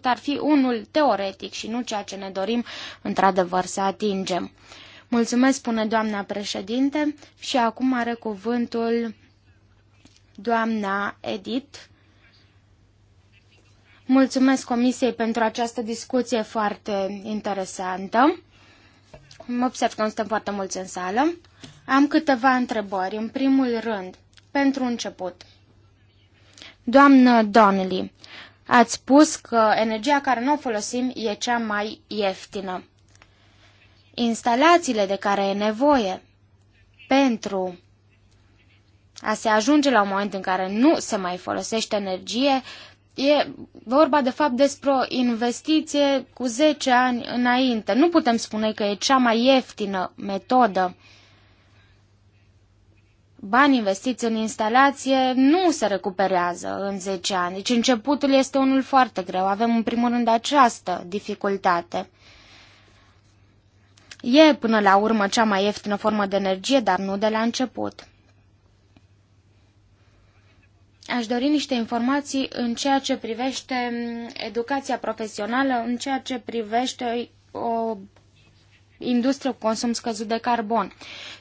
Speaker 1: ar fi unul teoretic și nu ceea ce ne dorim într-adevăr să atingem. Mulțumesc, spune doamna președinte, și acum are cuvântul doamna Edith. Mulțumesc Comisiei pentru această discuție foarte interesantă. Mă observ că nu suntem foarte mulți în sală. Am câteva întrebări. În primul rând, pentru început. Doamnă Donnelly, ați spus că energia care nu o folosim e cea mai ieftină. Instalațiile de care e nevoie pentru a se ajunge la un moment în care nu se mai folosește energie, e vorba de fapt despre o investiție cu 10 ani înainte. Nu putem spune că e cea mai ieftină metodă bani investiți în instalație nu se recuperează în 10 ani. Deci începutul este unul foarte greu. Avem în primul rând această dificultate. E până la urmă cea mai ieftină formă de energie, dar nu de la început. Aș dori niște informații în ceea ce privește educația profesională, în ceea ce privește o industrie cu consum scăzut de carbon.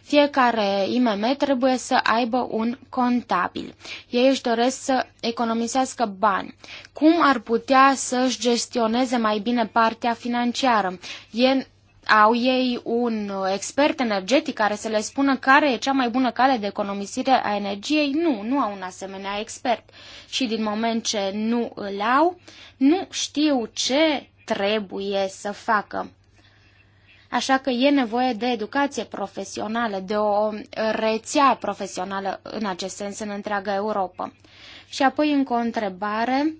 Speaker 1: Fiecare IMM trebuie să aibă un contabil. Ei își doresc să economisească bani. Cum ar putea să-și gestioneze mai bine partea financiară? E au ei un expert energetic care să le spună care e cea mai bună cale de economisire a energiei? Nu, nu au un asemenea expert. Și din moment ce nu îl au, nu știu ce trebuie să facă. Așa că e nevoie de educație profesională, de o rețea profesională în acest sens în întreaga Europa. Și apoi încă o întrebare.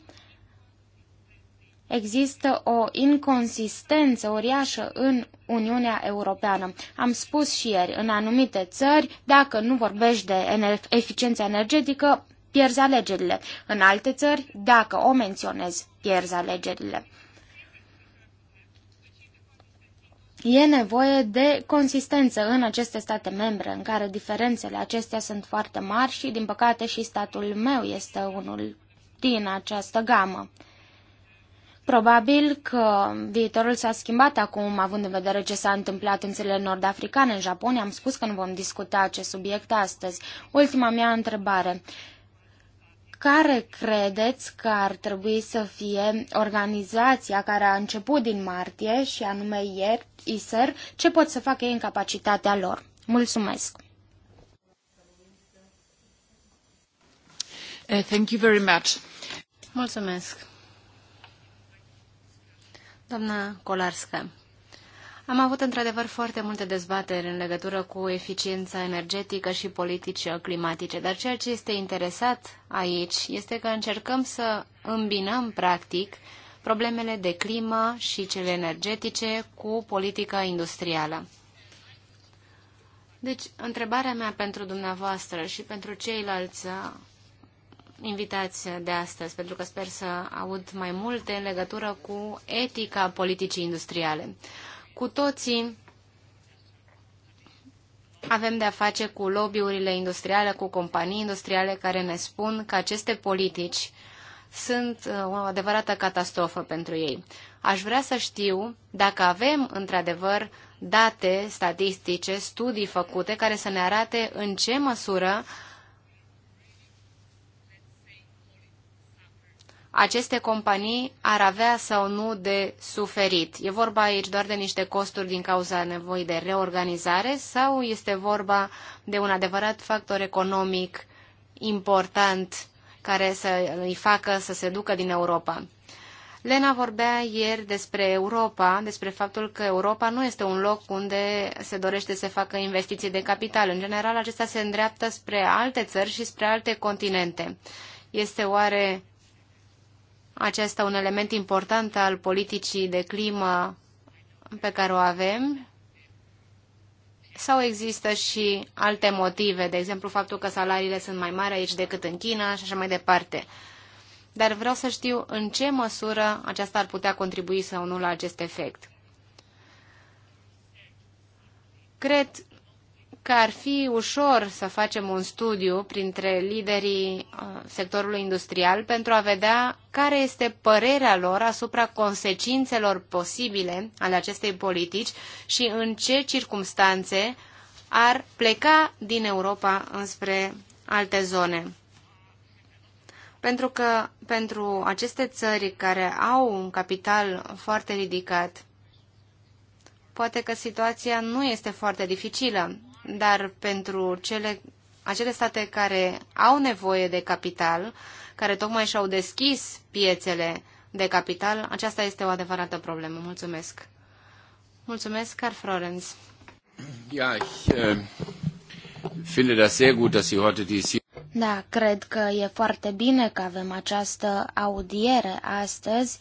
Speaker 1: Există o inconsistență uriașă în Uniunea Europeană. Am spus și ieri, în anumite țări, dacă nu vorbești de eficiență energetică, pierzi alegerile. În alte țări, dacă o menționezi, pierzi alegerile. E nevoie de consistență în aceste state membre, în care diferențele acestea sunt foarte mari și, din păcate, și statul meu este unul din această gamă. Probabil că viitorul s-a schimbat acum, având în vedere ce s-a întâmplat în țările nord-africane, în Japonia. Am spus că nu vom discuta acest subiect astăzi. Ultima mea întrebare care credeți că ar trebui să fie organizația care a început din martie și anume ieri, ISER, ce pot să facă ei în capacitatea lor? Mulțumesc!
Speaker 3: Eh, thank you very much. Mulțumesc! Doamna Kolarska, am avut într-adevăr foarte multe dezbateri în legătură cu eficiența energetică și politice climatice, dar ceea ce este interesat aici este că încercăm să îmbinăm practic problemele de climă și cele energetice cu politica industrială. Deci, întrebarea mea pentru dumneavoastră și pentru ceilalți uh, invitați de astăzi, pentru că sper să aud mai multe în legătură cu etica politicii industriale. Cu toții avem de-a face cu lobby-urile industriale, cu companii industriale care ne spun că aceste politici sunt uh, o adevărată catastrofă pentru ei. Aș vrea să știu dacă avem, într-adevăr, date statistice, studii făcute care să ne arate în ce măsură uh, aceste companii ar avea sau nu de suferit. E vorba aici doar de niște costuri din cauza nevoii de reorganizare sau este vorba de un adevărat factor economic important care să îi facă să se ducă din Europa? Lena vorbea ieri despre Europa, despre faptul că Europa nu este un loc unde se dorește să facă investiții de capital. În general, acesta se îndreaptă spre alte țări și spre alte continente. Este oare acesta un element important al politicii de climă pe care o avem? Sau există și alte motive, de exemplu faptul că salariile sunt mai mari aici decât în China și așa mai departe? Dar vreau să știu în ce măsură aceasta ar putea contribui sau nu la acest efect. Cred că ar fi ușor să facem un studiu printre liderii uh, sectorului industrial pentru a vedea care este părerea lor asupra consecințelor posibile ale acestei politici și în ce circumstanțe ar pleca din Europa înspre alte zone. Pentru că pentru aceste țări care au un capital foarte ridicat, poate că situația nu este foarte dificilă, dar pentru cele, acele state care au nevoie de capital, care tocmai și-au deschis piețele de capital, aceasta este o adevărată problemă. Mulțumesc. Mulțumesc, Carl Florenz.
Speaker 5: Ja, ich äh,
Speaker 2: finde das sehr gut, dass Sie heute dies
Speaker 1: Da, cred că e foarte bine că avem această audiere astăzi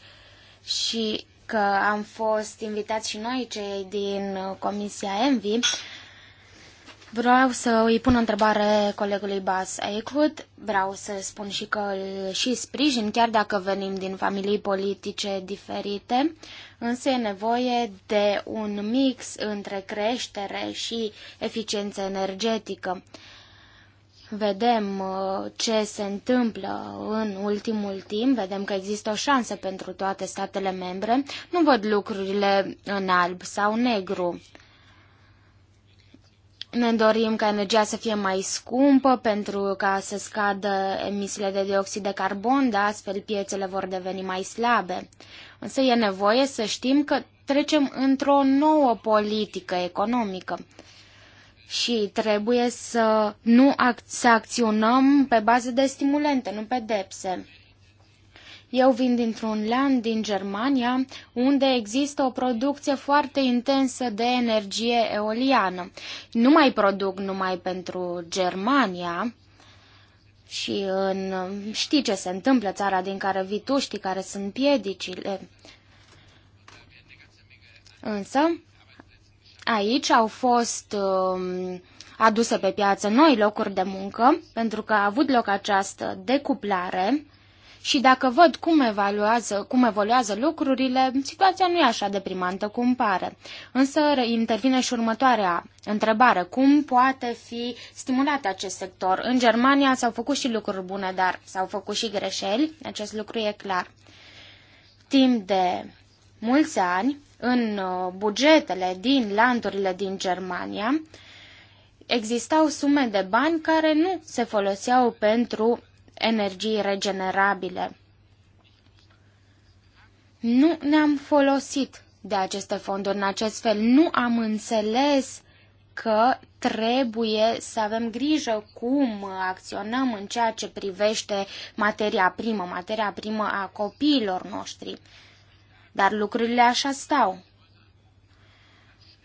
Speaker 1: și că am fost invitați și noi cei din Comisia Envi Vreau să îi pun o întrebare colegului Bas Eichhut. Vreau să spun și că îl și sprijin, chiar dacă venim din familii politice diferite, însă e nevoie de un mix între creștere și eficiență energetică. Vedem uh, ce se întâmplă în ultimul timp, vedem că există o șansă pentru toate statele membre. Nu văd lucrurile în alb sau negru. Ne dorim ca energia să fie mai scumpă pentru ca să scadă emisiile de dioxid de carbon, dar astfel piețele vor deveni mai slabe. Însă e nevoie să știm că trecem într-o nouă politică economică și trebuie să nu ac- să acționăm pe bază de stimulente, nu pedepse. Eu vin dintr-un land din Germania unde există o producție foarte intensă de energie eoliană. Nu mai produc numai pentru Germania, și în, știi ce se întâmplă, țara din care vii tu, știi care sunt piedicile. Însă, aici au fost uh, aduse pe piață noi locuri de muncă, pentru că a avut loc această decuplare și dacă văd cum, evaluează, cum evoluează lucrurile, situația nu e așa deprimantă cum pare. Însă intervine și următoarea întrebare. Cum poate fi stimulat acest sector? În Germania s-au făcut și lucruri bune, dar s-au făcut și greșeli. Acest lucru e clar. Timp de mulți ani, în uh, bugetele din landurile din Germania, existau sume de bani care nu se foloseau pentru energii regenerabile. Nu ne-am folosit de aceste fonduri în acest fel. Nu am înțeles că trebuie să avem grijă cum acționăm în ceea ce privește materia primă, materia primă a copiilor noștri. Dar lucrurile așa stau.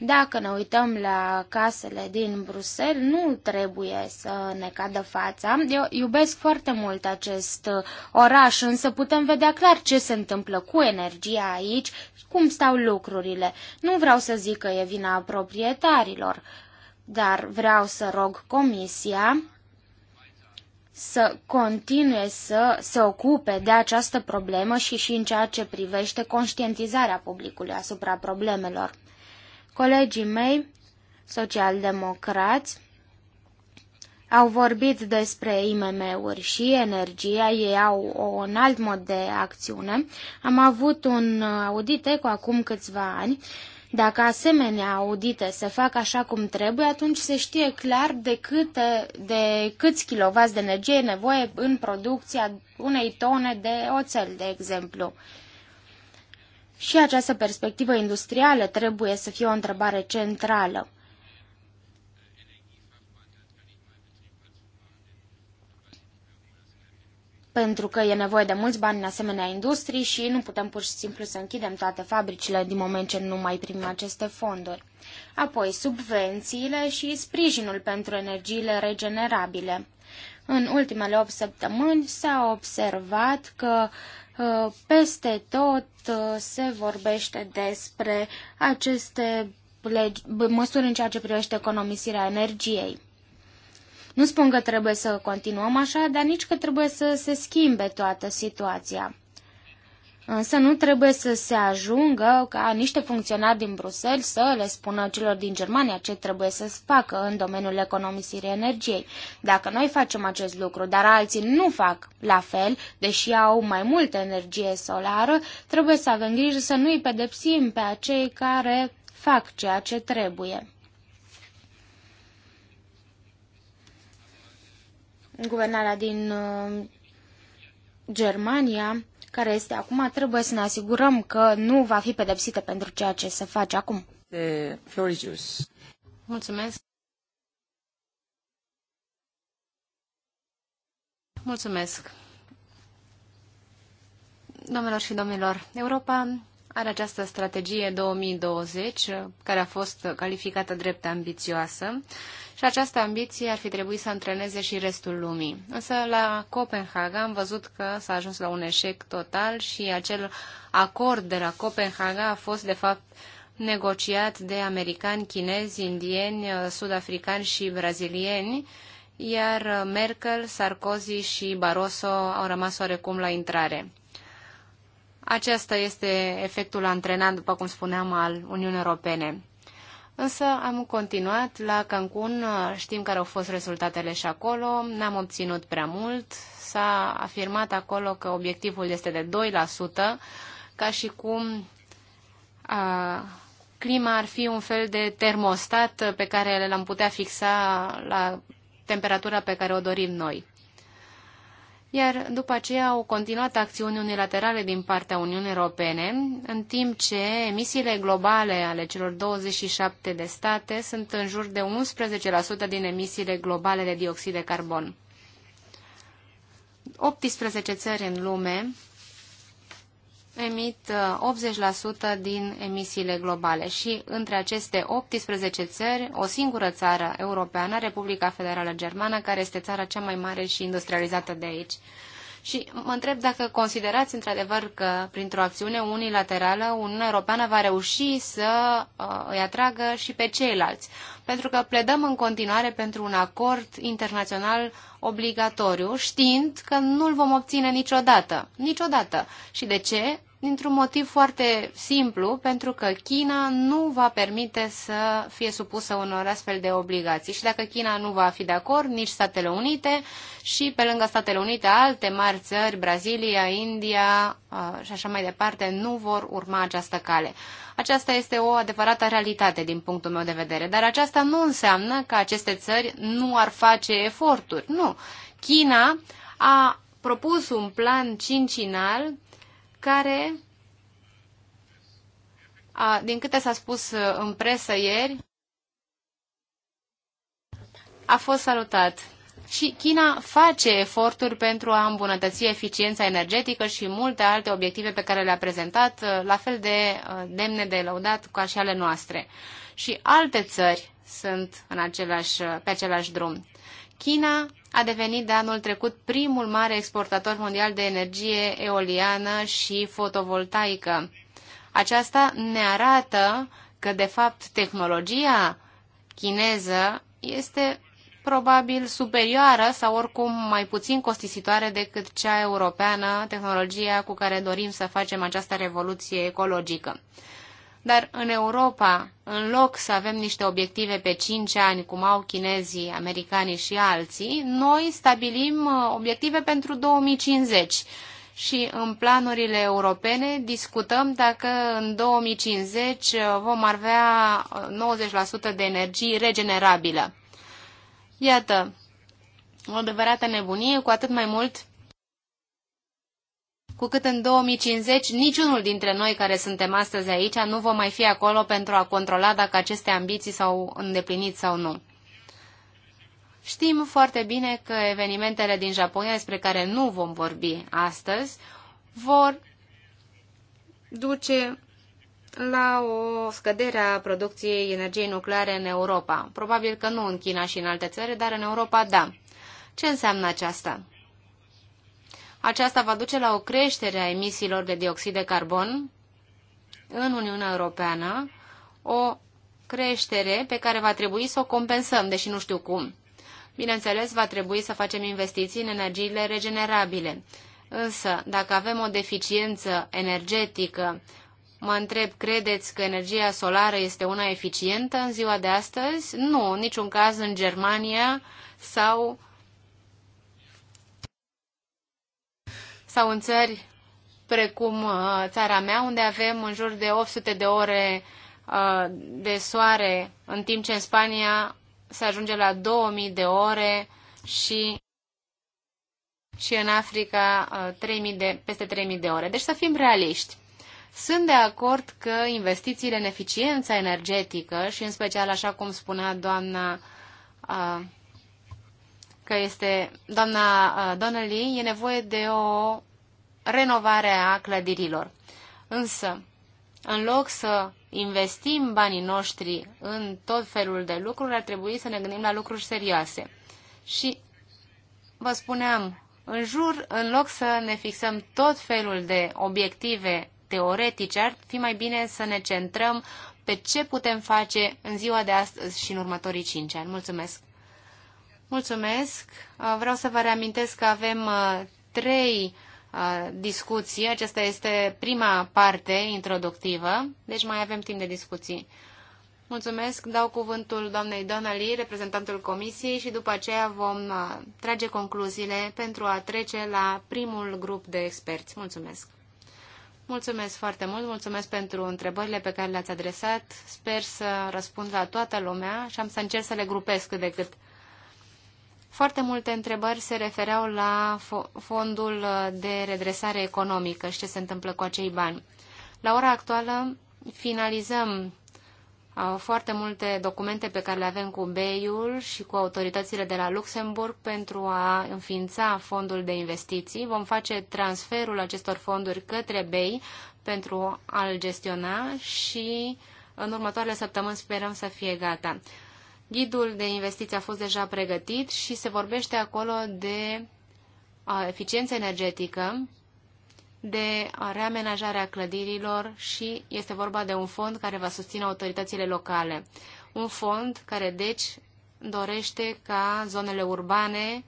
Speaker 1: Dacă ne uităm la casele din Bruxelles, nu trebuie să ne cadă fața. Eu iubesc foarte mult acest uh, oraș, însă putem vedea clar ce se întâmplă cu energia aici, cum stau lucrurile. Nu vreau să zic că e vina proprietarilor, dar vreau să rog Comisia să continue să se ocupe de această problemă și și în ceea ce privește conștientizarea publicului asupra problemelor. Colegii mei, socialdemocrați, au vorbit despre IMM-uri și energia, ei au un alt mod de acțiune. Am avut un audit eco acum câțiva ani. Dacă asemenea audite se fac așa cum trebuie, atunci se știe clar de, câte, de câți kilovați de energie e nevoie în producția unei tone de oțel, de exemplu. Și această perspectivă industrială trebuie să fie o întrebare centrală. pentru că e nevoie de mulți bani în asemenea industrii și nu putem pur și simplu să închidem toate fabricile din moment ce nu mai primim aceste fonduri. Apoi, subvențiile și sprijinul pentru energiile regenerabile. În ultimele 8 săptămâni s-a observat că Uh, peste tot uh, se vorbește despre aceste legi, măsuri în ceea ce privește economisirea energiei. Nu spun că trebuie să continuăm așa, dar nici că trebuie să se schimbe toată situația. Însă nu trebuie să se ajungă ca niște funcționari din Bruxelles să le spună celor din Germania ce trebuie să facă în domeniul economisirii energiei. Dacă noi facem acest lucru, dar alții nu fac la fel, deși au mai multă energie solară, trebuie să avem grijă să nu îi pedepsim pe acei care fac ceea ce trebuie. Guvernarea din uh, Germania care este acum, trebuie să ne asigurăm că nu va fi pedepsită pentru ceea ce se
Speaker 3: face acum. De Mulțumesc. Mulțumesc. Domnilor și domnilor, Europa are această strategie 2020, care a fost calificată drept ambițioasă, și această ambiție ar fi trebuit să antreneze și restul lumii. Însă la Copenhaga am văzut că s-a ajuns la un eșec total și acel acord de la Copenhaga a fost, de fapt, negociat de americani, chinezi, indieni, sudafricani și brazilieni, iar Merkel, Sarkozy și Barroso au rămas oarecum la intrare. Acesta este efectul antrenant, după cum spuneam, al Uniunii Europene. Însă am continuat la Cancun, știm care au fost rezultatele și acolo, n-am obținut prea mult, s-a afirmat acolo că obiectivul este de 2%, ca și cum a, clima ar fi un fel de termostat pe care l-am putea fixa la temperatura pe care o dorim noi iar după aceea au continuat acțiuni unilaterale din partea Uniunii Europene, în timp ce emisiile globale ale celor 27 de state sunt în jur de 11% din emisiile globale de dioxid de carbon. 18 țări în lume emit 80% uh, din emisiile globale și între aceste 18 țări, o singură țară europeană, Republica Federală Germană, care este țara cea mai mare și industrializată de aici. Și mă întreb dacă considerați într-adevăr că printr-o acțiune unilaterală Uniunea Europeană va reuși să uh, îi atragă și pe ceilalți. Pentru că pledăm în continuare pentru un acord internațional obligatoriu, știind că nu-l vom obține niciodată. Niciodată. Și de ce? dintr-un motiv foarte simplu, pentru că China nu va permite să fie supusă unor astfel de obligații. Și dacă China nu va fi de acord, nici Statele Unite și pe lângă Statele Unite alte mari țări, Brazilia, India uh, și așa mai departe, nu vor urma această cale. Aceasta este o adevărată realitate din punctul meu de vedere, dar aceasta nu înseamnă că aceste țări nu ar face eforturi. Nu. China a propus un plan cincinal care, a, din câte s-a spus uh, în presă ieri, a fost salutat. Și China face eforturi pentru a îmbunătăți eficiența energetică și multe alte obiective pe care le-a prezentat, uh, la fel de uh, demne de lăudat ca și ale noastre. Și alte țări sunt în același, pe același drum. China a devenit de anul trecut primul mare exportator mondial de energie eoliană și fotovoltaică. Aceasta ne arată că, de fapt, tehnologia chineză este probabil superioară sau oricum mai puțin costisitoare decât cea europeană, tehnologia cu care dorim să facem această revoluție ecologică. Dar în Europa, în loc să avem niște obiective pe 5 ani, cum au chinezii, americanii și alții, noi stabilim uh, obiective pentru 2050 și în planurile europene discutăm dacă în 2050 uh, vom avea 90% uh, de energie regenerabilă. Iată, o adevărată nebunie, cu atât mai mult cu cât în 2050 niciunul dintre noi care suntem astăzi aici nu vom mai fi acolo pentru a controla dacă aceste ambiții s-au îndeplinit sau nu. Știm foarte bine că evenimentele din Japonia, despre care nu vom vorbi astăzi, vor duce la o scădere a producției energiei nucleare în Europa. Probabil că nu în China și în alte țări, dar în Europa da. Ce înseamnă aceasta? Aceasta va duce la o creștere a emisiilor de dioxid de carbon în Uniunea Europeană, o creștere pe care va trebui să o compensăm, deși nu știu cum. Bineînțeles, va trebui să facem investiții în energiile regenerabile. Însă, dacă avem o deficiență energetică, mă întreb, credeți că energia solară este una eficientă în ziua de astăzi? Nu, în niciun caz în Germania sau sau în țări precum uh, țara mea, unde avem în jur de 800 de ore uh, de soare, în timp ce în Spania se ajunge la 2000 de ore și, și în Africa 3000 uh, de, peste 3000 de ore. Deci să fim realiști. Sunt de acord că investițiile în eficiența energetică și în special, așa cum spunea doamna că este doamna uh, Donnelly, e nevoie de o renovare a clădirilor. Însă, în loc să investim banii noștri în tot felul de lucruri, ar trebui să ne gândim la lucruri serioase. Și vă spuneam, în jur, în loc să ne fixăm tot felul de obiective teoretice, ar fi mai bine să ne centrăm pe ce putem face în ziua de astăzi și în următorii 5 ani. Mulțumesc! Mulțumesc. Uh, vreau să vă reamintesc că avem uh, trei uh, discuții. Aceasta este prima parte introductivă, deci mai avem timp de discuții. Mulțumesc. Dau cuvântul doamnei Donnelly, reprezentantul comisiei, și după aceea vom trage concluziile pentru a trece la primul grup de experți. Mulțumesc. Mulțumesc foarte mult, mulțumesc pentru întrebările pe care le-ați adresat. Sper să răspund la toată lumea și am să încerc să le grupez cât de cât. Foarte multe întrebări se refereau la fondul de redresare economică și ce se întâmplă cu acei bani. La ora actuală finalizăm foarte multe documente pe care le avem cu BEI-ul și cu autoritățile de la Luxemburg pentru a înființa fondul de investiții. Vom face transferul acestor fonduri către BEI pentru a-l gestiona și în următoarele săptămâni sperăm să fie gata. Ghidul de investiții a fost deja pregătit și se vorbește acolo de eficiență energetică, de reamenajarea clădirilor și este vorba de un fond care va susține autoritățile locale. Un fond care, deci, dorește ca zonele urbane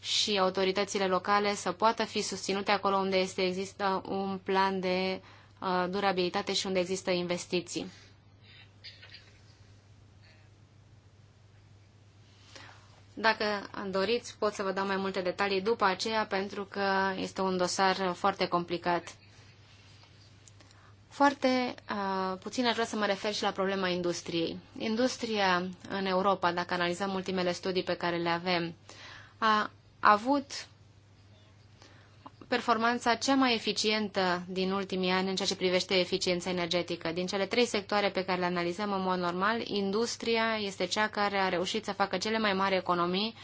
Speaker 3: și autoritățile locale să poată fi susținute acolo unde este, există un plan de durabilitate și unde există investiții. Dacă doriți, pot să vă dau mai multe detalii după aceea, pentru că este un dosar foarte complicat. Foarte uh, puțin aș vrea să mă refer și la problema industriei. Industria în Europa, dacă analizăm ultimele studii pe care le avem, a avut performanța cea mai eficientă din ultimii ani în ceea ce privește eficiența energetică. Din cele trei sectoare pe care le analizăm în mod normal, industria este cea care a reușit să facă cele mai mari economii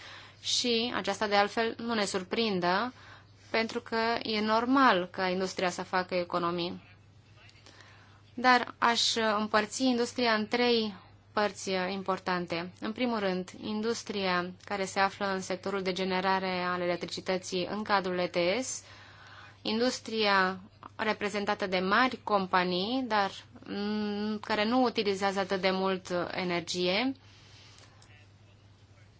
Speaker 3: și aceasta de altfel nu ne surprindă, pentru că e normal ca industria să facă economii. Dar aș împărți industria în trei părți uh, importante. În primul rând, industria care se află în sectorul de generare al electricității în cadrul ETS, industria reprezentată de mari companii, dar mm, care nu utilizează atât de mult uh, energie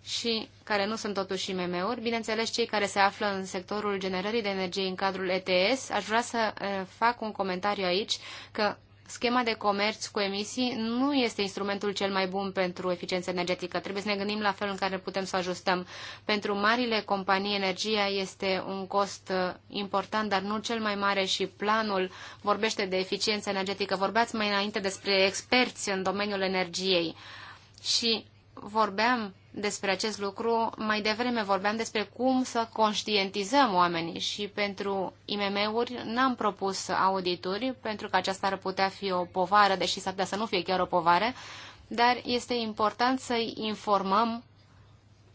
Speaker 3: și care nu sunt totuși IMM-uri. Bineînțeles, cei care se află în sectorul generării de energie în cadrul ETS, aș vrea să uh, fac un comentariu aici că schema de comerț cu emisii nu este instrumentul cel mai bun pentru eficiență energetică. Trebuie să ne gândim la felul în care putem să ajustăm. Pentru marile companii, energia este un cost uh, important, dar nu cel mai mare și planul vorbește de eficiență energetică. Vorbeați mai înainte despre experți în domeniul energiei și vorbeam despre acest lucru. Mai devreme vorbeam despre cum să conștientizăm oamenii și pentru IMM-uri n-am propus audituri, pentru că aceasta ar putea fi o povară, deși s-ar putea să nu fie chiar o povară, dar este important să-i informăm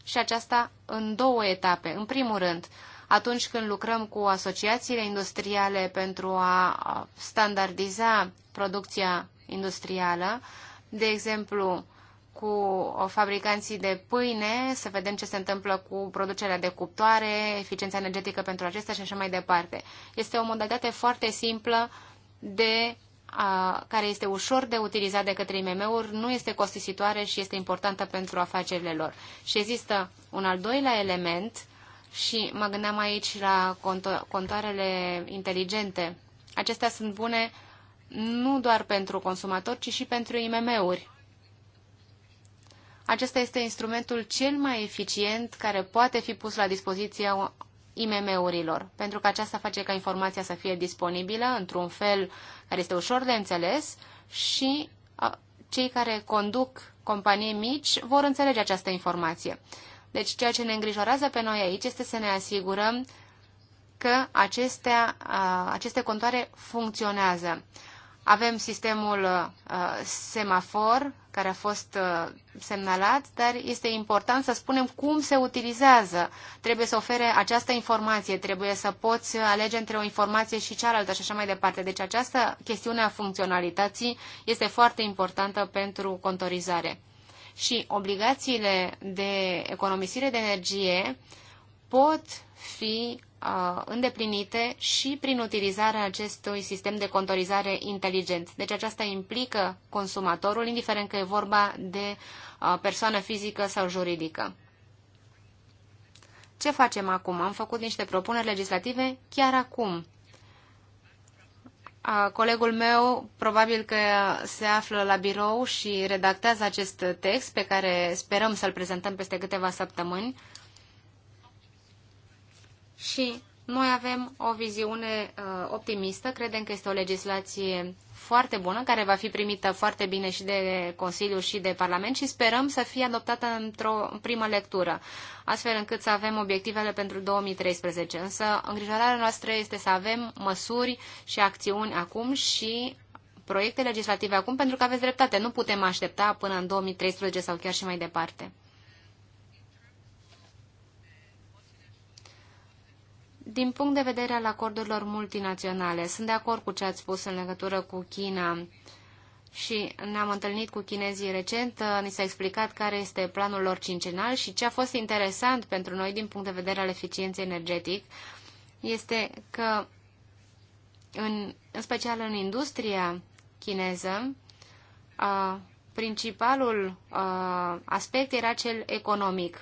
Speaker 3: și aceasta în două etape. În primul rând, atunci când lucrăm cu asociațiile industriale pentru a standardiza producția industrială, de exemplu, cu fabricanții de pâine, să vedem ce se întâmplă cu producerea de cuptoare, eficiența energetică pentru acestea și așa mai departe. Este o modalitate foarte simplă de a, care este ușor de utilizat de către IMM-uri, nu este costisitoare și este importantă pentru afacerile lor. Și există un al doilea element și mă gândeam aici la conto- contoarele inteligente. Acestea sunt bune nu doar pentru consumatori, ci și pentru IMM-uri. Acesta este instrumentul cel mai eficient care poate fi pus la dispoziția IMM-urilor, pentru că aceasta face ca informația să fie disponibilă într-un fel care este ușor de înțeles și cei care conduc companii mici vor înțelege această informație. Deci ceea ce ne îngrijorează pe noi aici este să ne asigurăm că acestea, aceste contoare funcționează. Avem sistemul uh, semafor, care a fost uh, semnalat, dar este important să spunem cum se utilizează. Trebuie să ofere această informație, trebuie să poți alege între o informație și cealaltă și așa mai departe. Deci această chestiune a funcționalității este foarte importantă pentru contorizare. Și obligațiile de economisire de energie pot fi îndeplinite și prin utilizarea acestui sistem de contorizare inteligent. Deci aceasta implică consumatorul, indiferent că e vorba de persoană fizică sau juridică. Ce facem acum? Am făcut niște propuneri legislative chiar acum. Colegul meu probabil că se află la birou și redactează acest text pe care sperăm să-l prezentăm peste câteva săptămâni și noi avem o viziune uh, optimistă, credem că este o legislație foarte bună, care va fi primită foarte bine și de Consiliu și de Parlament și sperăm să fie adoptată într-o primă lectură, astfel încât să avem obiectivele pentru 2013. Însă îngrijorarea noastră este să avem măsuri și acțiuni acum și proiecte legislative acum, pentru că aveți dreptate, nu putem aștepta până în 2013 sau chiar și mai departe. Din punct de vedere al acordurilor multinaționale, sunt de acord cu ce ați spus în legătură cu China și ne-am întâlnit cu chinezii recent, ni s-a explicat care este planul lor cincenal și ce a fost interesant pentru noi din punct de vedere al eficienței energetic este că, în, în special în industria chineză, a, principalul a, aspect era cel economic.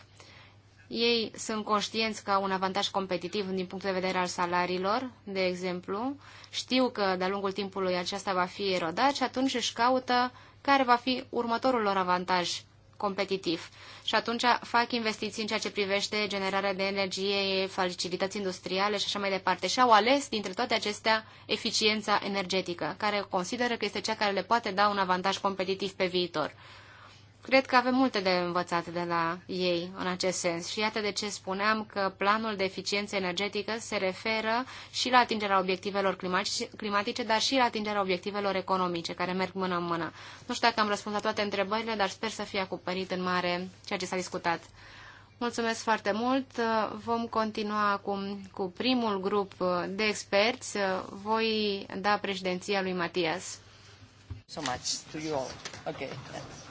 Speaker 3: Ei sunt conștienți că au un avantaj competitiv din punct de vedere al salariilor, de exemplu, știu că de-a lungul timpului aceasta va fi erodat și atunci își caută care va fi următorul lor avantaj competitiv. Și atunci fac investiții în ceea ce privește generarea de energie, facilități industriale și așa mai departe. Și au ales dintre toate acestea eficiența energetică, care consideră că este cea care le poate da un avantaj competitiv pe viitor. Cred că avem multe de învățat de la ei în acest sens și iată de ce spuneam că planul de eficiență energetică se referă și la atingerea obiectivelor climatice, dar și la atingerea obiectivelor economice, care merg mână în mână. Nu știu dacă am răspuns la toate întrebările, dar sper să fie acoperit în mare ceea ce s-a discutat. Mulțumesc foarte mult. Vom continua acum cu primul grup de experți. Voi da președinția lui Matias. So much to you all. Okay.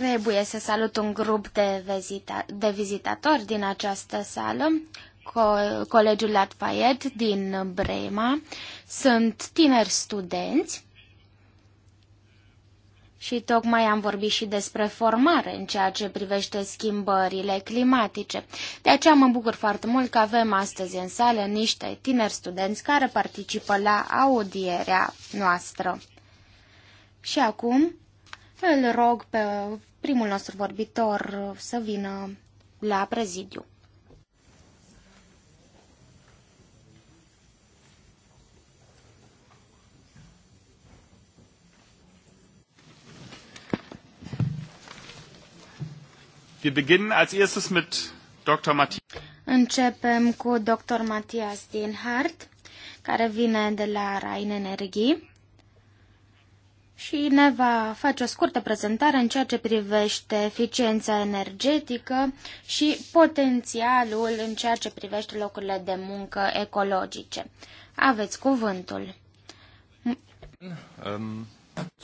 Speaker 1: Trebuie să salut un grup de, vizita- de vizitatori din această sală, co- Colegiul Latfayet din Brema. Sunt tineri studenți și tocmai am vorbit și despre formare în ceea ce privește schimbările climatice. De aceea mă bucur foarte mult că avem astăzi în sală niște tineri studenți care participă la audierea noastră. Și acum îl rog pe primul nostru vorbitor să vină la prezidiu.
Speaker 5: Wir beginnen als erstes mit Dr. Matthias.
Speaker 1: Începem cu Dr. Matthias Dinhardt, care vine de la Rhein Energie și ne va face o scurtă prezentare în ceea ce privește eficiența energetică și potențialul în ceea ce privește locurile de muncă ecologice. Aveți cuvântul.
Speaker 2: Um,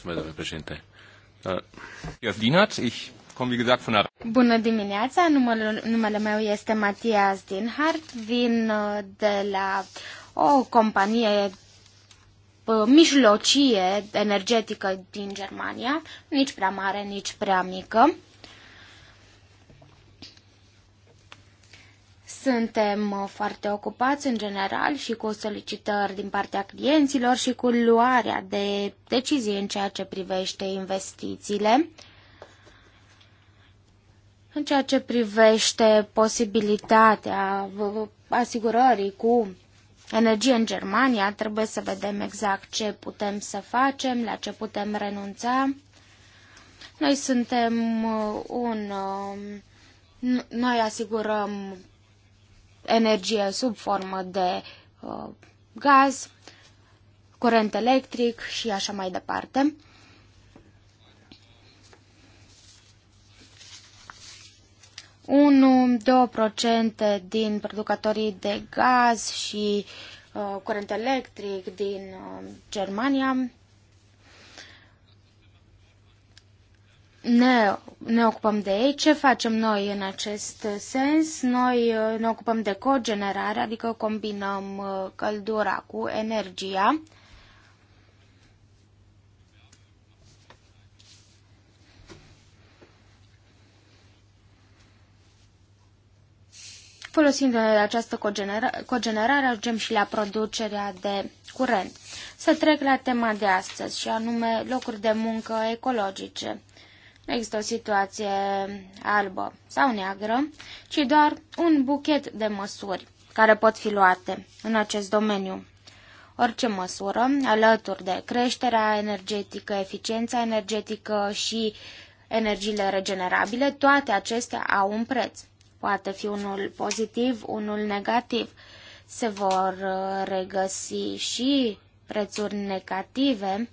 Speaker 2: uh, ich komme, wie gesagt, von der...
Speaker 1: Bună dimineața, numele, numele meu este Matias Dinhart, vin uh, de la o companie Uh, mijlocie energetică din Germania, nici prea mare, nici prea mică. Suntem uh, foarte ocupați în general și cu solicitări din partea clienților și cu luarea de decizii în ceea ce privește investițiile. În ceea ce privește posibilitatea uh, asigurării cu energie în Germania, trebuie să vedem exact ce putem să facem, la ce putem renunța. Noi suntem uh, un... Uh, noi asigurăm energie sub formă de uh, gaz, curent electric și așa mai departe. 1-2% din producătorii de gaz și uh, curent electric din uh, Germania ne, ne ocupăm de ei. Ce facem noi în acest sens? Noi uh, ne ocupăm de cogenerare, adică combinăm uh, căldura cu energia. folosind această cogenera cogenerare, ajungem și la producerea de curent. Să trec la tema de astăzi, și anume locuri de muncă ecologice. Nu există o situație albă sau neagră, ci doar un buchet de măsuri care pot fi luate în acest domeniu. Orice măsură, alături de creșterea energetică, eficiența energetică și energiile regenerabile, toate acestea au un preț poate fi unul pozitiv, unul negativ. Se vor uh, regăsi și prețuri negative,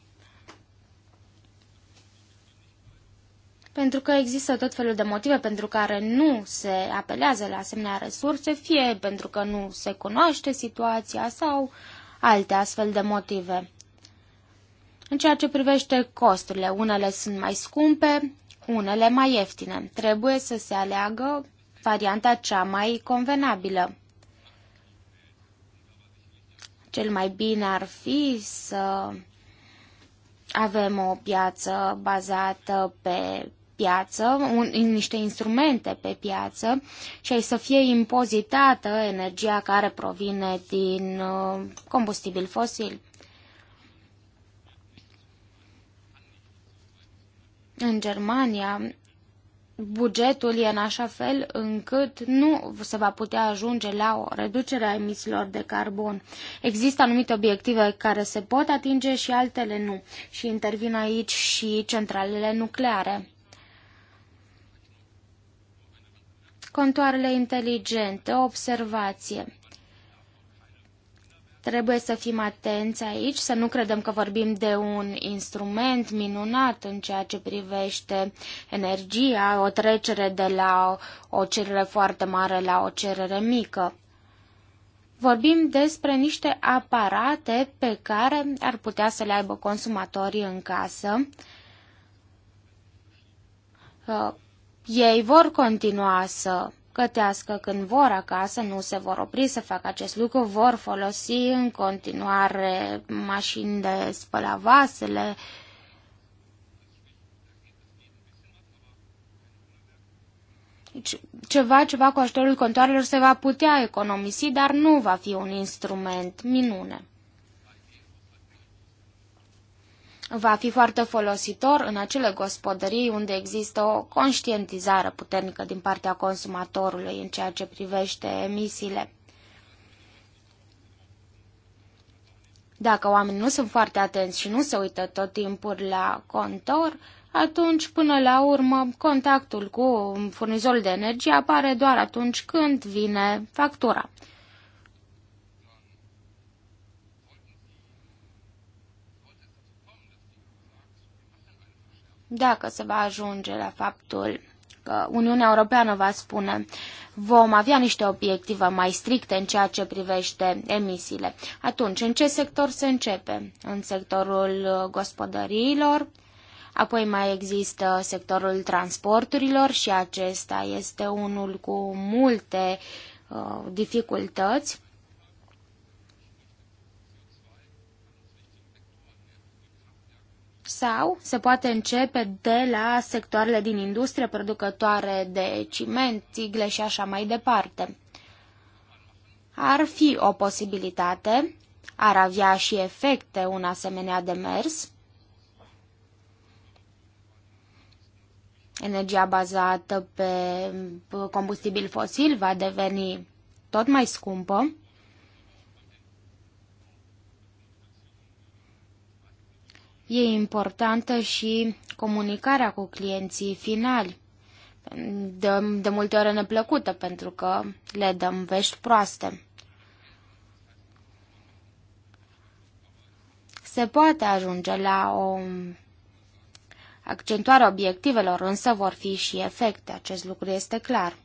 Speaker 1: pentru că există tot felul de motive pentru care nu se apelează la asemenea resurse, fie pentru că nu se cunoaște situația sau alte astfel de motive. În ceea ce privește costurile, unele sunt mai scumpe, unele mai ieftine. Trebuie să se aleagă varianta cea mai convenabilă. Cel mai bine ar fi să avem o piață bazată pe piață, un, niște instrumente pe piață și să fie impozitată energia care provine din uh, combustibil fosil. În Germania bugetul e în așa fel încât nu se va putea ajunge la o reducere a emisiilor de carbon. Există anumite obiective care se pot atinge și altele nu. Și intervin aici și centralele nucleare. Contoarele inteligente, observație. Trebuie să fim atenți aici, să nu credem că vorbim de un instrument minunat în ceea ce privește energia, o trecere de la o cerere foarte mare la o cerere mică. Vorbim despre niște aparate pe care ar putea să le aibă consumatorii în casă. Uh, ei vor continua să cătească când vor acasă, nu se vor opri să facă acest lucru, vor folosi în continuare mașini de spăla vasele, deci, ceva, ceva cu ajutorul contoarelor se va putea economisi, dar nu va fi un instrument minune. va fi foarte folositor în acele gospodării unde există o conștientizare puternică din partea consumatorului în ceea ce privește emisiile. Dacă oamenii nu sunt foarte atenți și nu se uită tot timpul la contor, atunci, până la urmă, contactul cu furnizorul de energie apare doar atunci când vine factura. dacă se va ajunge la faptul că Uniunea Europeană va spune vom avea niște obiective mai stricte în ceea ce privește emisiile. Atunci, în ce sector se începe? În sectorul uh, gospodăriilor, apoi mai există sectorul transporturilor și acesta este unul cu multe uh, dificultăți. sau se poate începe de la sectoarele din industrie producătoare de ciment, țigle și așa mai departe. Ar fi o posibilitate, ar avea și efecte un asemenea demers. Energia bazată pe combustibil fosil va deveni tot mai scumpă. E importantă și comunicarea cu clienții finali. De, de multe ori neplăcută, pentru că le dăm vești proaste. Se poate ajunge la o accentuare obiectivelor, însă vor fi și efecte, acest lucru este clar.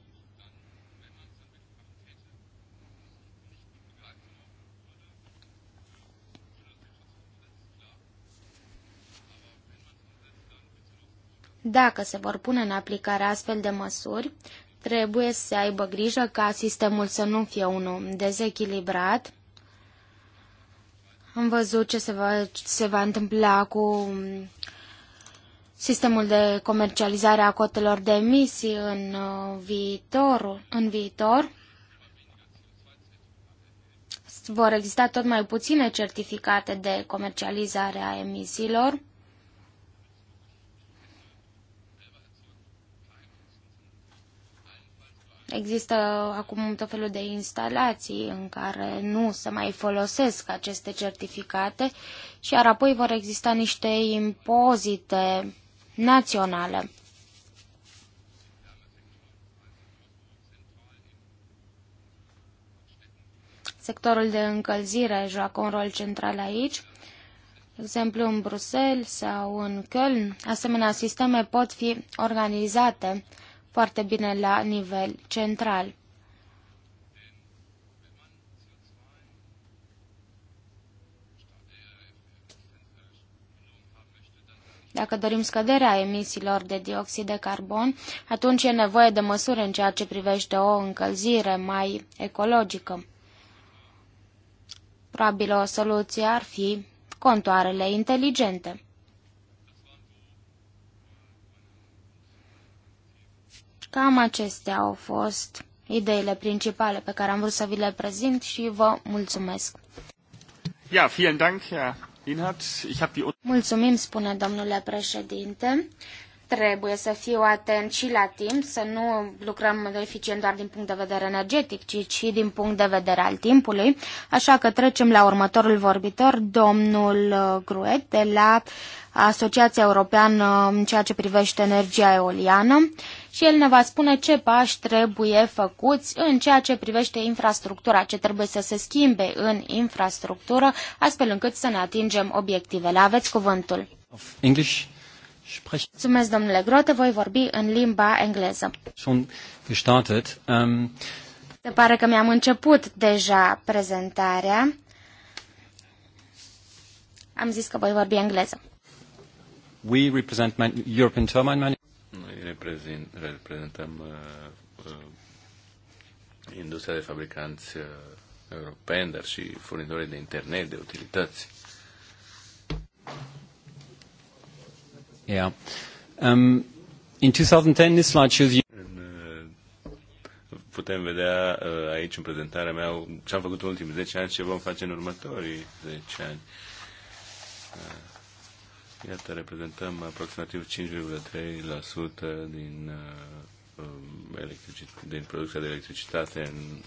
Speaker 1: Dacă se vor pune în aplicare astfel de măsuri, trebuie să aibă grijă ca sistemul să nu fie unul dezechilibrat. Am văzut ce se va, ce se va întâmpla cu sistemul de comercializare a cotelor de emisii în uh, viitor, în viitor vor exista tot mai puține certificate de comercializare a emisiilor. Există acum tot felul de instalații în care nu se mai folosesc aceste certificate și iar apoi vor exista niște impozite naționale. Sectorul de încălzire joacă un rol central aici exemplu în Bruxelles sau în Köln, asemenea sisteme pot fi organizate foarte bine la nivel central. Dacă dorim scăderea emisiilor de dioxid de carbon, atunci e nevoie de măsuri în ceea ce privește o încălzire mai ecologică. Probabil o soluție ar fi contoarele inteligente. Cam acestea au fost ideile principale pe care am vrut să vi le prezint și vă mulțumesc.
Speaker 5: Ja, vielen Dank, Herr Inhardt. Ich die...
Speaker 1: Mulțumim, spune domnule președinte. Trebuie să fiu atent și la timp, să nu lucrăm eficient doar din punct de vedere energetic, ci și din punct de vedere al timpului. Așa că trecem la următorul vorbitor, domnul uh, Gruet, de la Asociația Europeană în ceea ce privește energia eoliană. Uh, și el ne va spune ce pași trebuie făcuți în ceea ce privește infrastructura, ce trebuie să se schimbe în infrastructură, astfel încât să ne atingem obiectivele. Aveți cuvântul. English. Mulțumesc, domnule Grote, voi vorbi în limba engleză. Um, se pare că mi-am început deja prezentarea. Am zis că voi vorbi engleză.
Speaker 2: We represent European turbine reprezentăm uh, uh, industria
Speaker 4: de fabricanți uh, europeni, dar și furnizorii de internet, de utilități.
Speaker 2: Yeah. Um, in 2010, this slide shows you uh, putem vedea
Speaker 4: uh, aici în prezentarea mea ce am făcut în ultimii 10 ani, ce vom face în următorii 10 ani. Uh, Iată, reprezentăm aproximativ 5,3% din, uh, um, din producția de electricitate în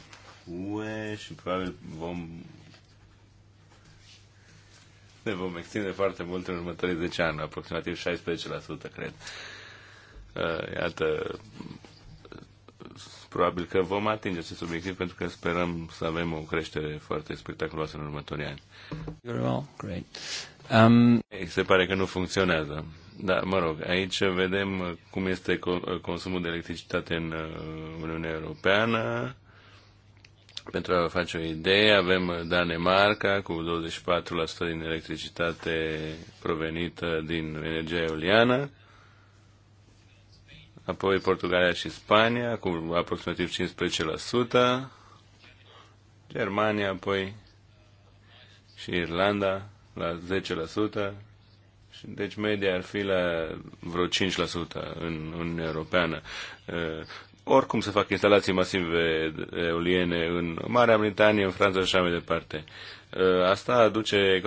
Speaker 4: UE și probabil vom ne vom extinde foarte mult în următorii 10 ani, aproximativ 16%, cred. Uh, iată, probabil că vom atinge acest obiectiv pentru că sperăm să avem o creștere foarte spectaculoasă în următorii ani.
Speaker 2: You're all great.
Speaker 4: Um... Se pare că nu funcționează. Da, mă rog, aici vedem cum este consumul de electricitate în uh, Uniunea Europeană. Pentru a face o idee, avem Danemarca cu 24% din electricitate provenită din energia eoliană, apoi Portugalia și Spania cu aproximativ 15%, Germania apoi și Irlanda la 10%, și deci media ar fi la vreo 5% în Uniunea Europeană. Oricum se fac instalații masive eoliene în Marea Britanie, în Franța și așa mai departe. Asta aduce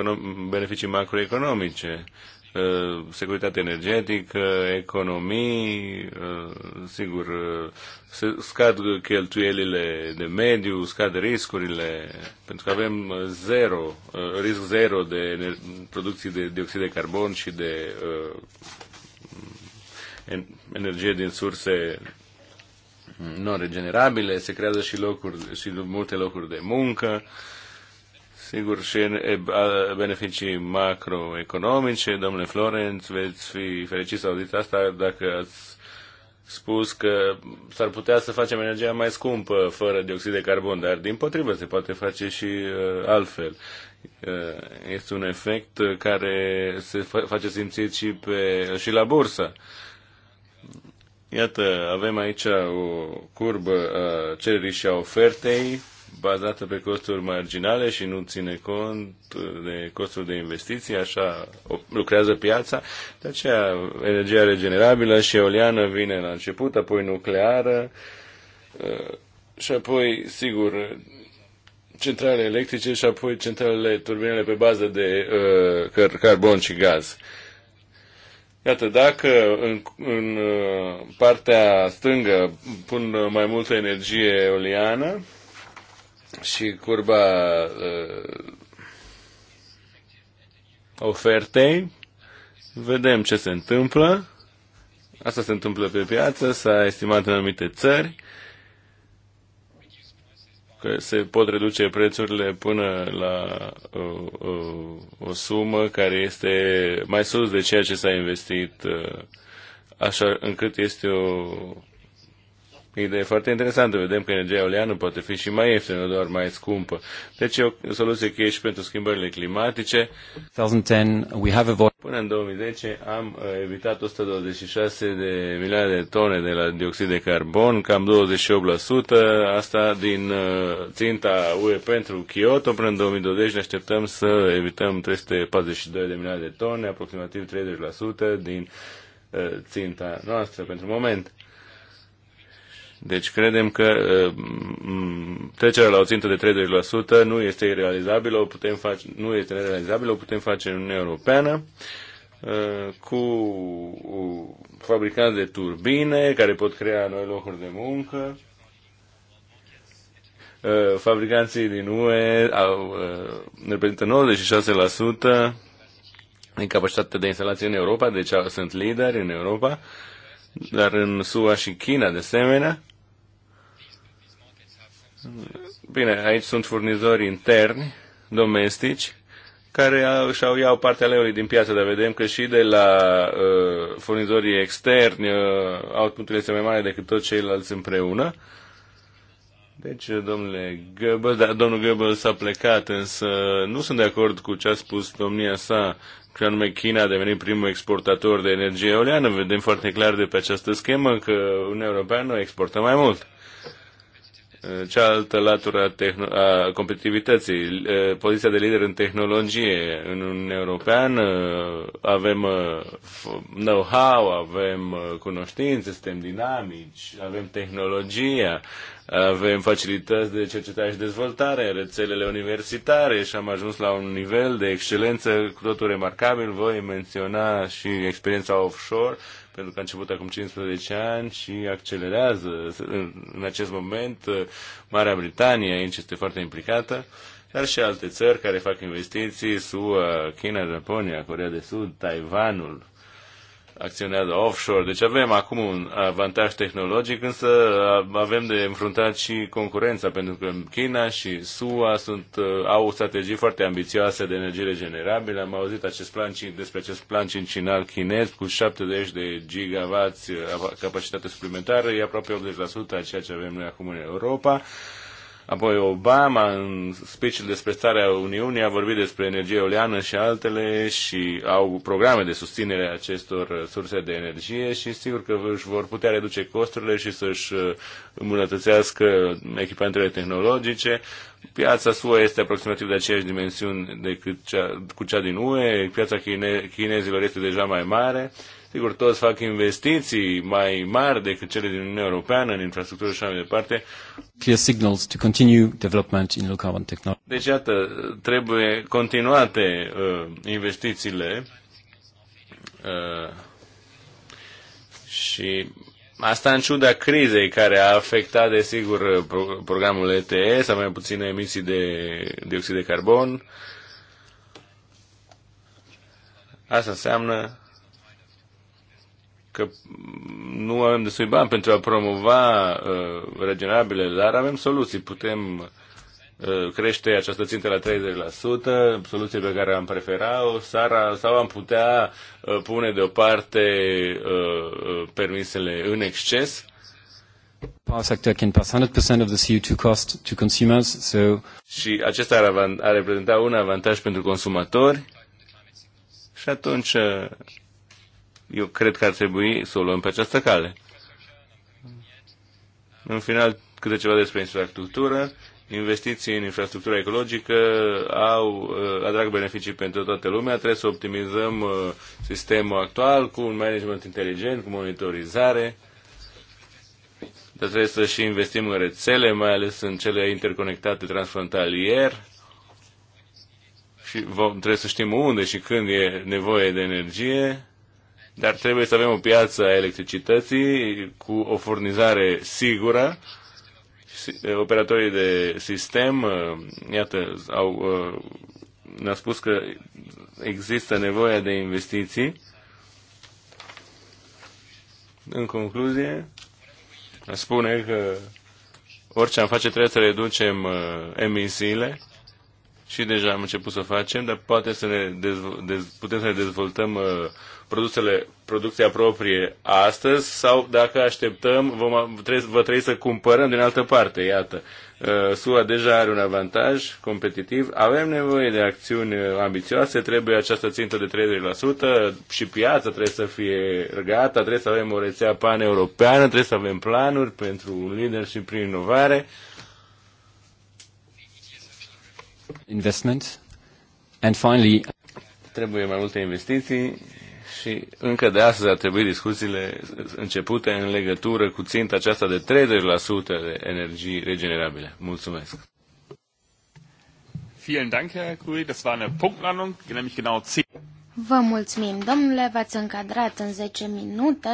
Speaker 4: beneficii macroeconomice Uh, securitate energetică, economii, uh, sigur, uh, scad cheltuielile de mediu, scad riscurile, pentru că avem zero, risc zero de producții de dioxid de carbon și de energie din surse non-regenerabile, se creează și locuri și multe locuri de muncă. Uh, Sigur, și beneficii macroeconomice, domnule Florenț, veți fi fericit să auziți asta dacă ați spus că s-ar putea să facem energia mai scumpă fără dioxid de carbon, dar din potrivă se poate face și uh, altfel. Uh, este un efect care se face simțit și, pe, și la bursă. Iată, avem aici o curbă a cererii și a ofertei bazată pe costuri marginale și nu ține cont de costuri de investiții, așa lucrează piața. De aceea, energia regenerabilă și eoliană vine la început, apoi nucleară uh, și apoi, sigur, centrale electrice și apoi centralele, turbinele pe bază de uh, carbon și gaz. Iată, dacă în, în uh, partea stângă pun mai multă energie eoliană, și curba uh, ofertei. Vedem ce se întâmplă. Asta se întâmplă pe piață, s-a estimat în anumite țări că se pot reduce prețurile până la o, uh, o, uh, o sumă care este mai sus de ceea ce s-a investit, uh, așa încât este o idee foarte interesantă. Vedem că energia eoliană poate fi și mai ieftină, nu doar mai scumpă. Deci e o soluție cheie și pentru schimbările climatice.
Speaker 2: 2010, we have avoid...
Speaker 4: Până în 2010 am uh, evitat 126 de milioane de tone de la dioxid de carbon, cam 28%, asta din uh, ținta UE pentru Kyoto. Până în 2020 ne așteptăm să evităm 342 de milioane de tone, aproximativ 30% din uh, ținta noastră pentru moment. Deci credem că uh, trecerea la o țintă de 30% nu este realizabilă, o putem face, nu este realizabilă, o putem face în Uniunea Europeană uh, cu fabricanți de turbine care pot crea noi locuri de muncă. Uh, fabricanții din UE au, reprezintă 96% din capacitatea de instalație în Europa, deci sunt lideri în Europa, dar în SUA și China de asemenea Bine, aici sunt furnizori interni, domestici, care au, și au iau partea leului din piață, dar vedem că și de la uh, furnizorii externi uh, outputul este mai mare decât toți ceilalți împreună. Deci, uh, domnule Goebbels, da, domnul Goebbels a plecat, însă nu sunt de acord cu ce a spus domnia sa, că anume China a devenit primul exportator de energie eoliană. Vedem foarte clar de pe această schemă că Uniunea Europeană exportă mai mult cealaltă latură a, a competitivității, poziția de lider în tehnologie. În Uniunea Europeană avem know-how, avem cunoștințe, suntem dinamici, avem tehnologia, avem facilități de cercetare și dezvoltare, rețelele universitare și am ajuns la un nivel de excelență cu totul remarcabil. Voi menționa și experiența offshore pentru că a început acum 15 ani și accelerează în acest moment. Uh, Marea Britanie aici este foarte implicată, dar și alte țări care fac investiții, SUA, China, Japonia, Corea de Sud, Taiwanul, acționează offshore. Deci avem acum un avantaj tehnologic, însă avem de înfruntat și concurența, pentru că China și SUA sunt, uh, au strategii foarte ambițioase de energie regenerabilă. Am auzit acest plan, despre acest plan cincinal chinez cu 70 de gigawatts uh, capacitate suplimentară, e aproape 80% a ceea ce avem noi acum în Europa. Apoi Obama, în speech despre starea Uniunii, a vorbit despre energie eoliană și altele și au programe de susținere a acestor surse de energie și sigur că își vor putea reduce costurile și să-și îmbunătățească echipamentele tehnologice. Piața SUA este aproximativ de aceeași dimensiuni decât cea, cu cea din UE, piața chine, chinezilor este deja mai mare Sigur, toți fac investiții mai mari decât cele din Uniunea Europeană în infrastructură și așa mai departe.
Speaker 2: Clear signals to continue development in low carbon technology.
Speaker 4: Deci, iată, trebuie continuate uh, investițiile uh, și Asta în ciuda crizei care a afectat, desigur, programul ETE sau mai puține emisii de dioxid de carbon. Asta înseamnă că nu avem destui bani pentru a promova uh, regenerabile, dar avem soluții. Putem uh, crește această țintă la 30%, soluții pe care am preferat-o, sau am putea uh, pune deoparte uh, uh, permisele în exces.
Speaker 2: Power sector can pass 100% of the CO2 cost to consumers, so...
Speaker 4: Și acesta ar, ar reprezenta un avantaj pentru consumatori și atunci uh, eu cred că ar trebui să o luăm pe această cale. În final, câte ceva despre infrastructură. Investiții în infrastructura ecologică au, uh, adrag beneficii pentru toată lumea. Trebuie să optimizăm uh, sistemul actual cu un management inteligent, cu monitorizare. Dar trebuie să și investim în rețele, mai ales în cele interconectate transfrontalier. Și vom, trebuie să știm unde și când e nevoie de energie dar trebuie să avem o piață a electricității cu o furnizare sigură. Eh, operatorii de sistem, eh, iată, au, eh, ne-a spus că există nevoia de investiții. În concluzie, spune că orice am face trebuie să reducem emisiile și deja am început să facem, dar poate să ne dezvo- dez- putem să ne dezvoltăm produsele, producția proprie astăzi sau dacă așteptăm, vom, trebuie, vă trebuie să cumpărăm din altă parte, iată. Uh, SUA deja are un avantaj competitiv. Avem nevoie de acțiuni uh, ambițioase, trebuie această țintă de 30% și piața trebuie să fie gata, trebuie să avem o rețea europeană. trebuie să avem planuri pentru un și prin inovare.
Speaker 2: Investment. And finally,
Speaker 4: trebuie mai multe investiții și încă de astăzi ar trebui discuțiile începute în legătură cu ținta aceasta de 30% de energii regenerabile. Mulțumesc!
Speaker 5: Vielen Dank, Herr Das war eine Punktlandung, nämlich genau 10.
Speaker 1: Vă mulțumim, domnule, v-ați încadrat în 10 minute,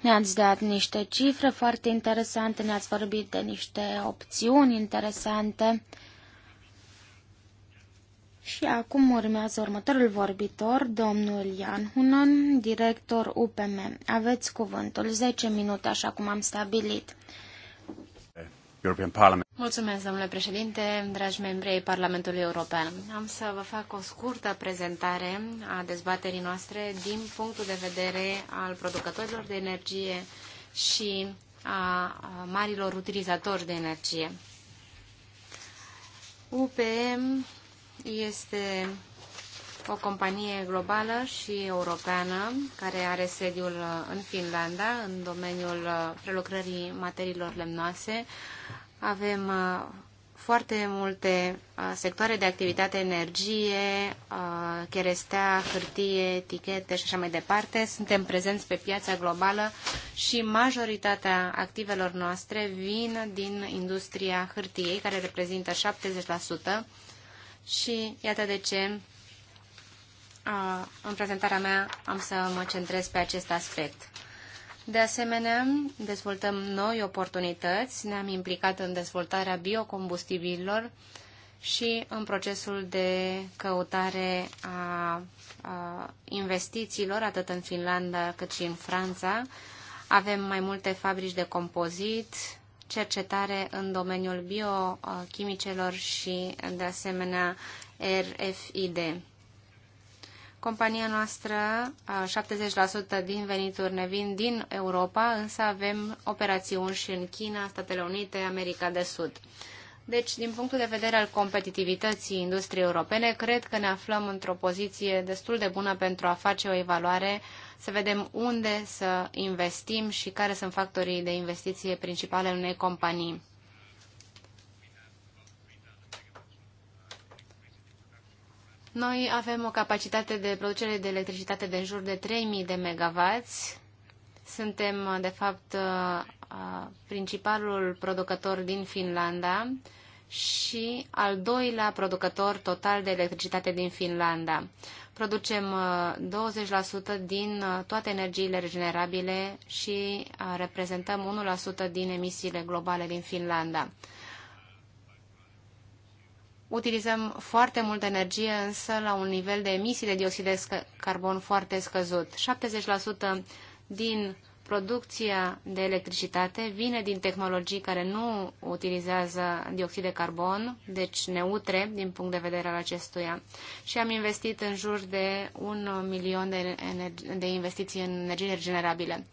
Speaker 1: ne-ați dat niște cifre foarte interesante, ne-ați vorbit de niște opțiuni interesante. Și acum urmează următorul vorbitor, domnul Ian Hunan, director UPM. Aveți cuvântul, 10
Speaker 3: minute, așa cum am stabilit. Mulțumesc, domnule președinte, dragi membri ai Parlamentului European. Am să vă fac o scurtă prezentare a dezbaterii noastre din punctul de vedere al producătorilor de energie și a marilor utilizatori de energie. UPM este o companie globală și europeană care are sediul în Finlanda, în domeniul prelucrării materiilor lemnoase. Avem uh, foarte multe uh, sectoare de activitate, energie, uh, cherestea, hârtie, etichete și așa mai departe. Suntem prezenți pe piața globală și majoritatea activelor noastre vin din industria hârtiei, care reprezintă 70%, și iată de ce în prezentarea mea am să mă centrez pe acest aspect. De asemenea, dezvoltăm noi oportunități, ne-am implicat în dezvoltarea biocombustibililor și în procesul de căutare a, a investițiilor, atât în Finlanda cât și în Franța. Avem mai multe fabrici de compozit, cercetare în domeniul biochimicelor și, de asemenea, RFID. Compania noastră, 70% din venituri ne vin din Europa, însă avem operațiuni și în China, Statele Unite, America de Sud. Deci, din punctul de vedere al competitivității industriei europene, cred că ne aflăm într-o poziție destul de bună pentru a face o evaluare, să vedem unde să investim și care sunt factorii de investiție principale în unei companii. Noi avem o capacitate de producere de electricitate de în jur de 3000 de megawatts. Suntem, de fapt, principalul producător din Finlanda și al doilea producător total de electricitate din Finlanda. Producem 20% din toate energiile regenerabile și reprezentăm 1% din emisiile globale din Finlanda. Utilizăm foarte multă energie, însă la un nivel de emisii de dioxid de carbon foarte scăzut. 70% din producția de electricitate vine din tehnologii care nu utilizează dioxid de carbon, deci neutre din punct de vedere al acestuia. Și am investit în jur de un milion de, de investiții în energie regenerabile.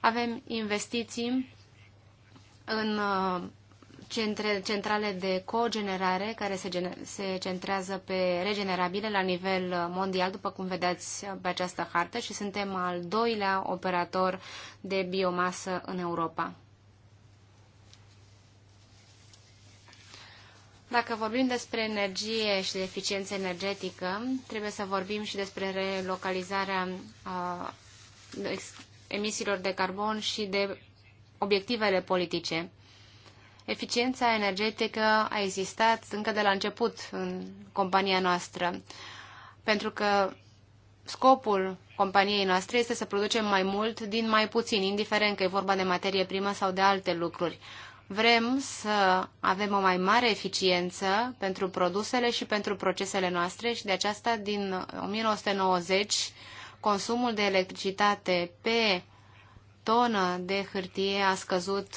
Speaker 3: Avem investiții în uh, centre, centrale de cogenerare care se, se centrează pe regenerabile la nivel mondial, după cum vedeți pe această hartă, și suntem al doilea operator de biomasă în Europa. Dacă vorbim despre energie și de eficiență energetică, trebuie să vorbim și despre relocalizarea uh, emisiilor de carbon și de obiectivele politice. Eficiența energetică a existat încă de la început în compania noastră, pentru că scopul companiei noastre este să producem mai mult din mai puțin, indiferent că e vorba de materie primă sau de alte lucruri. Vrem să avem o mai mare eficiență pentru produsele și pentru procesele noastre și de aceasta din 1990 consumul de electricitate pe tonă de hârtie a scăzut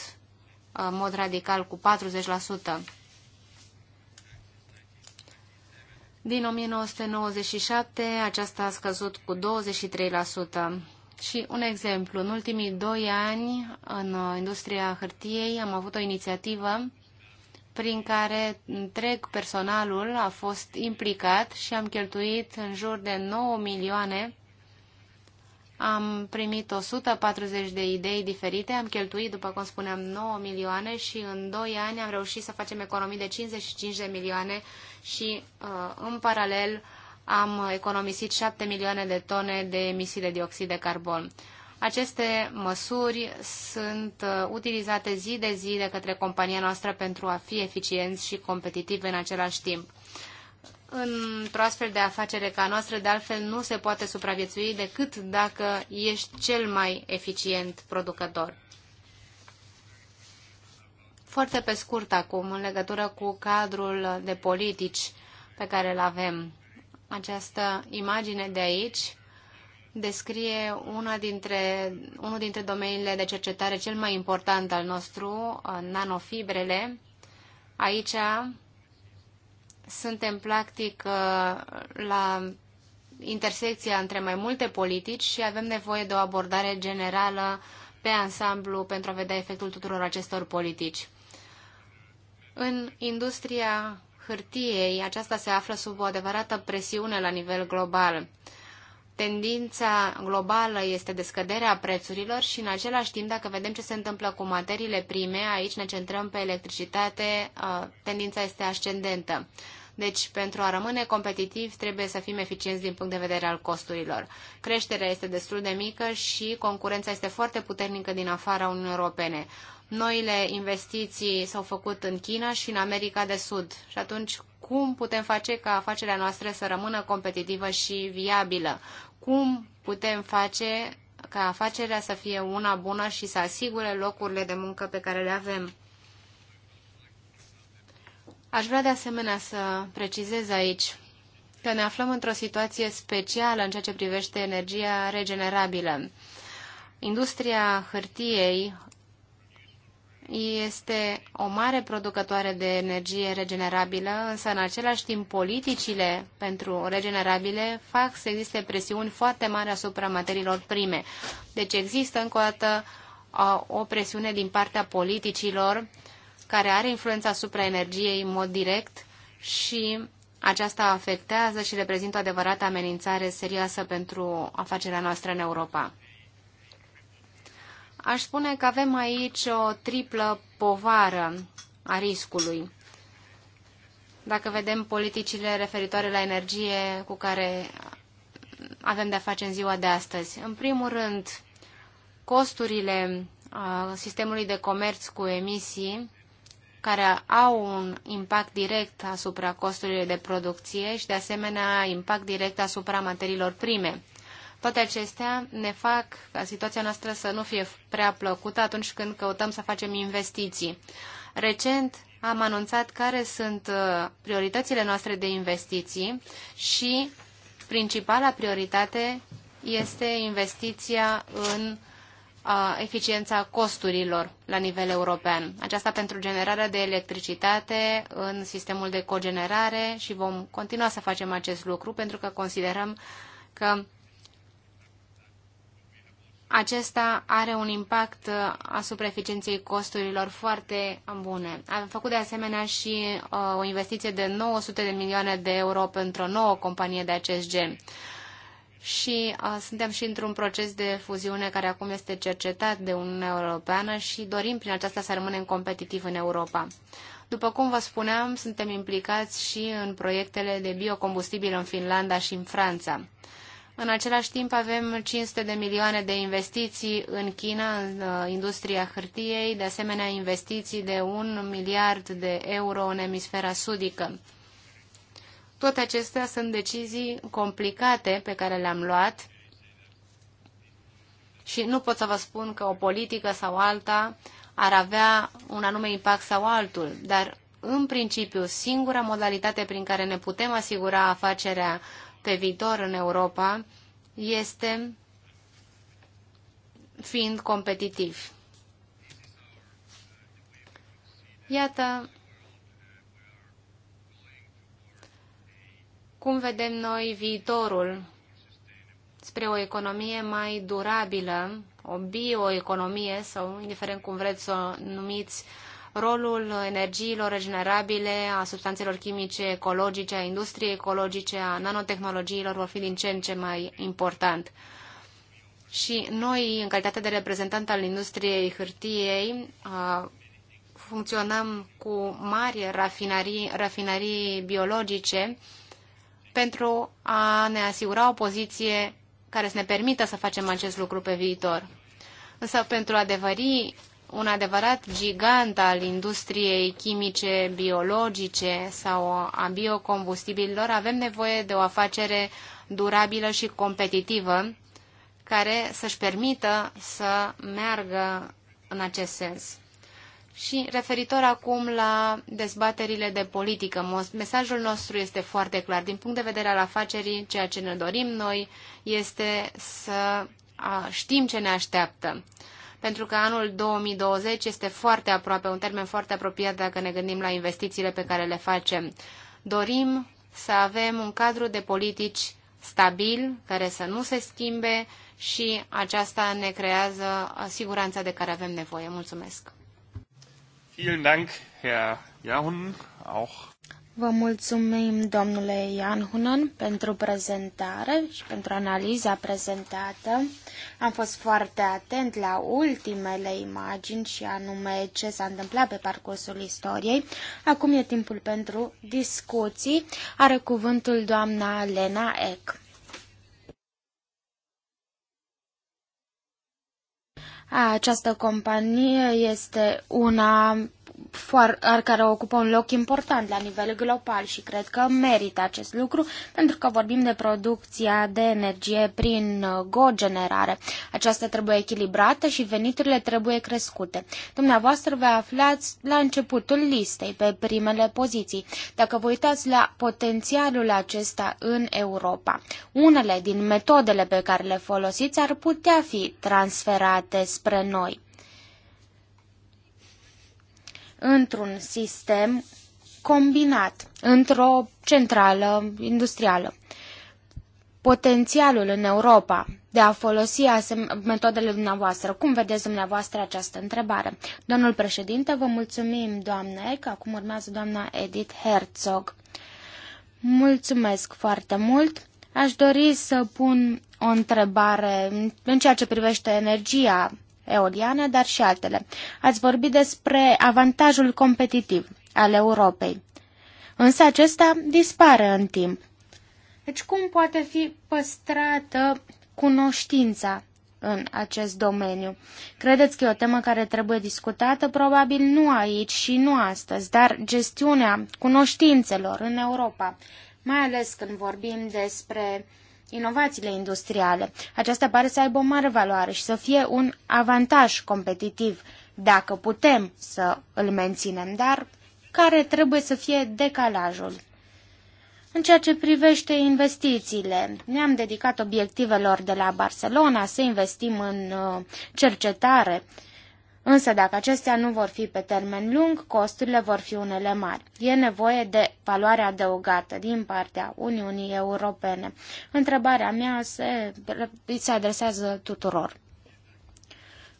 Speaker 3: în mod radical cu 40%. Din 1997 aceasta a scăzut cu 23%. Și un exemplu, în ultimii doi ani în industria hârtiei am avut o inițiativă prin care întreg personalul a fost implicat și am cheltuit în jur de 9 milioane am primit 140 de idei diferite, am cheltuit, după cum spuneam, 9 milioane și în 2 ani am reușit să facem economii de 55 de milioane și uh, în paralel am economisit 7 milioane de tone de emisii de dioxid de carbon. Aceste măsuri sunt uh, utilizate zi de zi de către compania noastră pentru a fi eficienți și competitivi în același timp într-o astfel de afacere ca noastră, de altfel nu se poate supraviețui decât dacă ești cel mai eficient producător. Foarte pe scurt acum, în legătură cu cadrul de politici pe care îl avem. Această imagine de aici descrie una dintre, unul dintre domeniile de cercetare cel mai important al nostru, uh, nanofibrele. Aici suntem practic uh, la intersecția între mai multe politici și avem nevoie de o abordare generală pe ansamblu pentru a vedea efectul tuturor acestor politici. În industria hârtiei, aceasta se află sub o adevărată presiune la nivel global tendința globală este de prețurilor și în același timp, dacă vedem ce se întâmplă cu materiile prime, aici ne centrăm pe electricitate, tendința este ascendentă. Deci, pentru a rămâne competitiv, trebuie să fim eficienți din punct de vedere al costurilor. Creșterea este destul de mică și concurența este foarte puternică din afara Uniunii Europene. Noile investiții s-au făcut în China și în America de Sud și atunci cum putem face ca afacerea noastră să rămână competitivă și viabilă, cum putem face ca afacerea să fie una bună și să asigure locurile de muncă pe care le avem. Aș vrea de asemenea să precizez aici că ne aflăm într-o situație specială în ceea ce privește energia regenerabilă. Industria hârtiei este o mare producătoare de energie regenerabilă, însă în același timp politicile pentru regenerabile fac să existe presiuni foarte mari asupra materiilor prime. Deci există încă o dată o presiune din partea politicilor care are influența asupra energiei în mod direct și aceasta afectează și reprezintă o adevărată amenințare serioasă pentru afacerea noastră în Europa aș spune că avem aici o triplă povară a riscului. Dacă vedem politicile referitoare la energie cu care avem de-a face în ziua de astăzi. În primul rând, costurile sistemului de comerț cu emisii care au un impact direct asupra costurilor de producție și, de asemenea, impact direct asupra materiilor prime. Toate acestea ne fac ca situația noastră să nu fie prea plăcută atunci când căutăm să facem investiții. Recent am anunțat care sunt uh, prioritățile noastre de investiții și principala prioritate este investiția în uh, eficiența costurilor la nivel european. Aceasta pentru generarea de electricitate în sistemul de cogenerare și vom continua să facem acest lucru pentru că considerăm că acesta are un impact uh, asupra eficienței costurilor foarte bune. Am făcut de asemenea și uh, o investiție de 900 de milioane de euro pentru o nouă companie de acest gen. Și uh, suntem și într-un proces de fuziune care acum este cercetat de Uniunea Europeană și dorim prin aceasta să rămânem competitivi în Europa. După cum vă spuneam, suntem implicați și în proiectele de biocombustibil în Finlanda și în Franța. În același timp avem 500 de milioane de investiții în China, în uh, industria hârtiei, de asemenea investiții de 1 miliard de euro în emisfera sudică. Toate acestea sunt decizii complicate pe care le-am luat și nu pot să vă spun că o politică sau alta ar avea un anume impact sau altul, dar în principiu singura modalitate prin care ne putem asigura afacerea uh, pe viitor în Europa este fiind competitiv. Iată cum vedem noi viitorul spre o economie mai durabilă, o bioeconomie sau, indiferent cum vreți să o numiți, uh, rolul energiilor regenerabile, a substanțelor chimice ecologice, a industriei ecologice, a nanotehnologiilor vor fi din ce în ce mai important. Și noi, în calitate de reprezentant al industriei hârtiei, funcționăm cu mari rafinării, rafinării biologice pentru a ne asigura o poziție care să ne permită să facem acest lucru pe viitor. Însă pentru a adevări un adevărat gigant al industriei chimice, biologice sau a biocombustibililor, avem nevoie de o afacere durabilă și competitivă care să-și permită să meargă în acest sens. Și referitor acum la dezbaterile de politică, mesajul nostru este foarte clar. Din punct de vedere al afacerii, ceea ce ne dorim noi este să știm ce ne așteaptă pentru că anul 2020 este foarte aproape, un termen foarte apropiat dacă ne gândim la investițiile pe care le facem. Dorim să avem un cadru de politici stabil, care să nu se schimbe și aceasta ne creează siguranța de care avem nevoie. Mulțumesc!
Speaker 5: Vielen Dank, Herr Jahun, auch
Speaker 1: Vă mulțumim, domnule Ian Hunan, pentru prezentare și pentru analiza prezentată. Am fost foarte atent la ultimele imagini și anume ce s-a întâmplat pe parcursul istoriei. Acum e timpul pentru discuții. Are cuvântul doamna Lena Eck. Această companie este una care ocupă un loc important la nivel global și cred că merită acest lucru pentru că vorbim de producția de energie prin uh, cogenerare. Aceasta trebuie echilibrată și veniturile trebuie crescute. Dumneavoastră vă aflați la începutul listei, pe primele poziții. Dacă vă uitați la potențialul acesta în Europa, unele din metodele pe care le folosiți ar putea fi transferate spre noi într-un sistem combinat, într-o centrală industrială. Potențialul în Europa de a folosi metodele dumneavoastră. Cum vedeți dumneavoastră această întrebare? Domnul președinte, vă mulțumim, doamne, că acum urmează doamna Edith Herzog. Mulțumesc foarte mult. Aș dori să pun o întrebare în ceea ce privește energia eoliană, dar și altele. Ați vorbit despre avantajul competitiv al Europei. Însă acesta dispare în timp. Deci cum poate fi păstrată cunoștința în acest domeniu? Credeți că e o temă care trebuie discutată? Probabil nu aici și nu astăzi, dar gestiunea cunoștințelor în Europa, mai ales când vorbim despre inovațiile industriale. Aceasta pare să aibă o mare valoare și să fie un avantaj competitiv dacă putem să îl menținem, dar care trebuie să fie decalajul. În ceea ce privește investițiile, ne-am dedicat obiectivelor de la Barcelona să investim în uh, cercetare, Însă dacă acestea nu vor fi pe termen lung, costurile vor fi unele mari. E nevoie de valoare adăugată din partea Uniunii Europene. Întrebarea mea se, se adresează tuturor.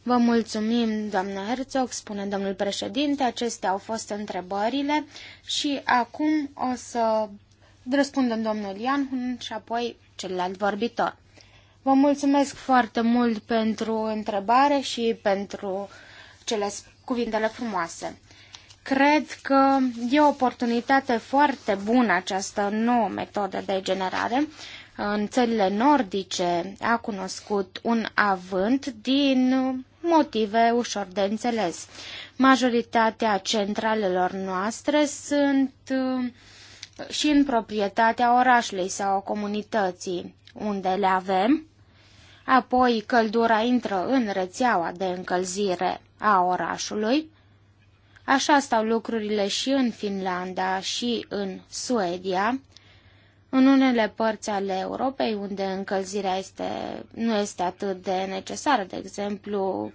Speaker 1: Vă mulțumim, doamnă Herzog, spune domnul președinte. Acestea au fost întrebările și acum o să răspundem domnul Ian și apoi celălalt vorbitor. Vă mulțumesc foarte mult pentru întrebare și pentru cele cuvintele frumoase. Cred că e o oportunitate foarte bună această nouă metodă de generare. În țările nordice a cunoscut un avânt din motive ușor de înțeles. Majoritatea centralelor noastre sunt uh, și în proprietatea orașului sau comunității unde le avem. Apoi căldura intră în rețeaua de încălzire a orașului. Așa stau lucrurile și în Finlanda și în Suedia. În unele părți ale Europei, unde încălzirea este, nu este atât de necesară, de exemplu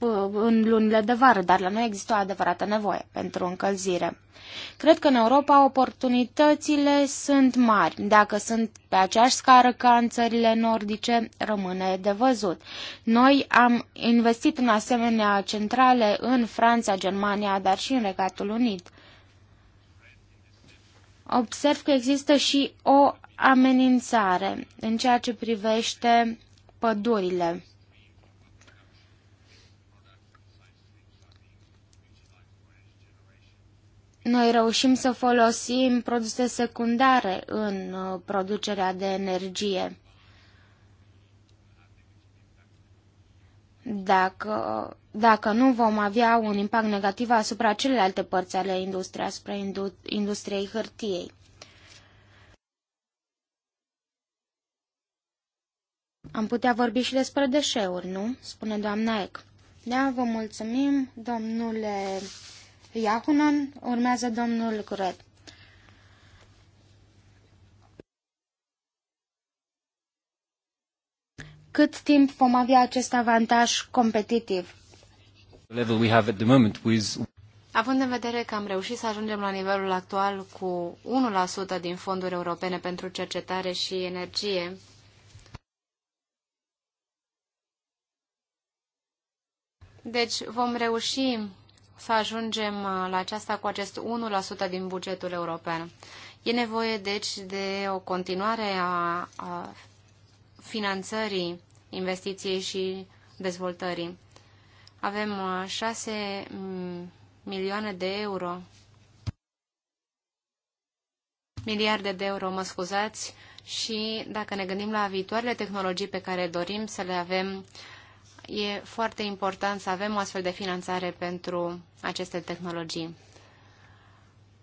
Speaker 1: Uh, în lunile de vară, dar la noi există o adevărată nevoie pentru încălzire. Cred că în Europa oportunitățile sunt mari. Dacă sunt pe aceeași scară ca în țările nordice, rămâne de văzut. Noi am investit în asemenea centrale în Franța, Germania, dar și în Regatul Unit. Observ că există și o amenințare în ceea ce privește pădurile. noi reușim să folosim produse secundare în uh, producerea de energie. Dacă, dacă nu vom avea un impact negativ asupra celelalte părți ale industriei, asupra industriei hârtiei. Am putea vorbi și despre deșeuri, nu? Spune doamna Ec. Da, vă mulțumim, domnule Iahunan, urmează domnul Gret. Cât timp vom avea acest avantaj competitiv?
Speaker 3: Având în vedere că am reușit să ajungem la nivelul actual cu 1% din fonduri europene pentru cercetare și energie, deci vom reuși să ajungem uh, la aceasta cu acest 1% din bugetul european. E nevoie, deci, de o continuare a, a finanțării investiției și dezvoltării. Avem 6 uh, mm, milioane de euro, miliarde de euro, mă scuzați, și dacă ne gândim la viitoarele tehnologii pe care dorim să le avem e foarte important să avem o astfel de finanțare pentru aceste tehnologii.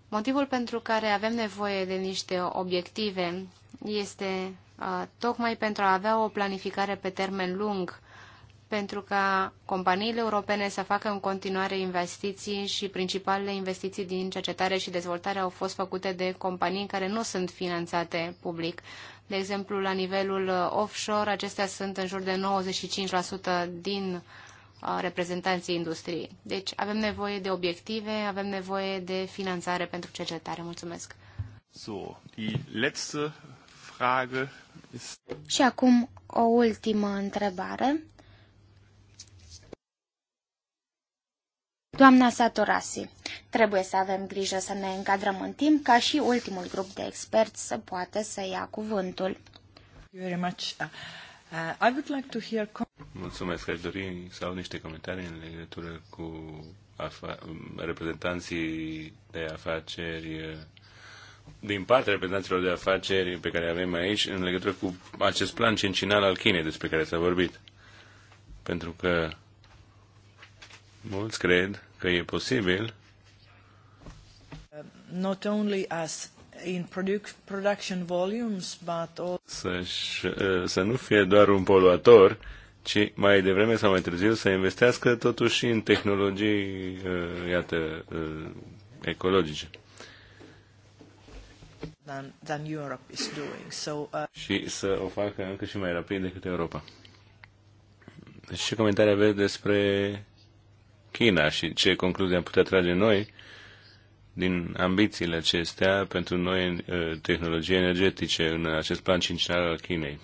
Speaker 3: Motivul pentru care avem nevoie de niște obiective este uh, tocmai pentru a avea o planificare pe termen lung, pentru ca companiile europene să facă în continuare investiții și principalele investiții din cercetare și dezvoltare au fost făcute de companii care nu sunt finanțate public de exemplu, la nivelul uh, offshore, acestea sunt în jur de 95% din uh, reprezentanții industriei. Deci avem nevoie de obiective, avem nevoie de finanțare pentru cercetare. Mulțumesc.
Speaker 5: So, die letzte Frage ist...
Speaker 1: Și acum o ultimă întrebare. Doamna Satorasi, trebuie să avem grijă să ne încadrăm în timp ca și ultimul grup de experți să poată să ia cuvântul. Uh, uh,
Speaker 4: Mulțumesc, aș dori să au niște comentarii în legătură cu reprezentanții de afaceri uh, din partea reprezentanților de afaceri pe care avem aici în legătură cu acest plan cincinal al Chinei despre care s-a vorbit. Pentru că mulți cred că e posibil
Speaker 1: not only as in production volumes, but also...
Speaker 4: să, ă, să nu fie doar un poluator, ci mai devreme sau mai târziu să investească totuși în tehnologii, ă, iată, ă, ecologice.
Speaker 2: Than, than Europe is doing. So, uh...
Speaker 4: Și să o facă încă și mai rapid decât Europa. Deci ce comentarii aveți despre China și ce concluzii am putea trage noi din ambițiile acestea pentru noi uh, tehnologii energetice în acest plan cincinal al Chinei.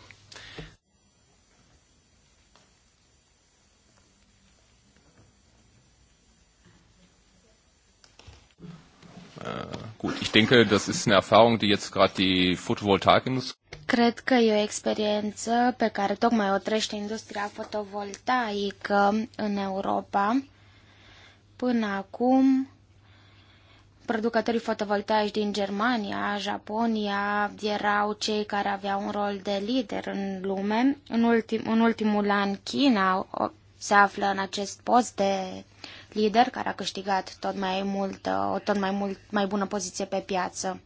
Speaker 2: Gut, ich denke, das ist eine Erfahrung, die jetzt gerade die Photovoltaikindustrie.
Speaker 1: Cred că e o experiență pe care tocmai o trește industria fotovoltaică în Europa. Până acum, producătorii fotovoltaici din Germania, Japonia, erau cei care aveau un rol de lider în lume. În, ultim, în ultimul an, China se află în acest post de lider, care a câștigat tot mai mult, o tot mai, mult, mai bună poziție pe piață.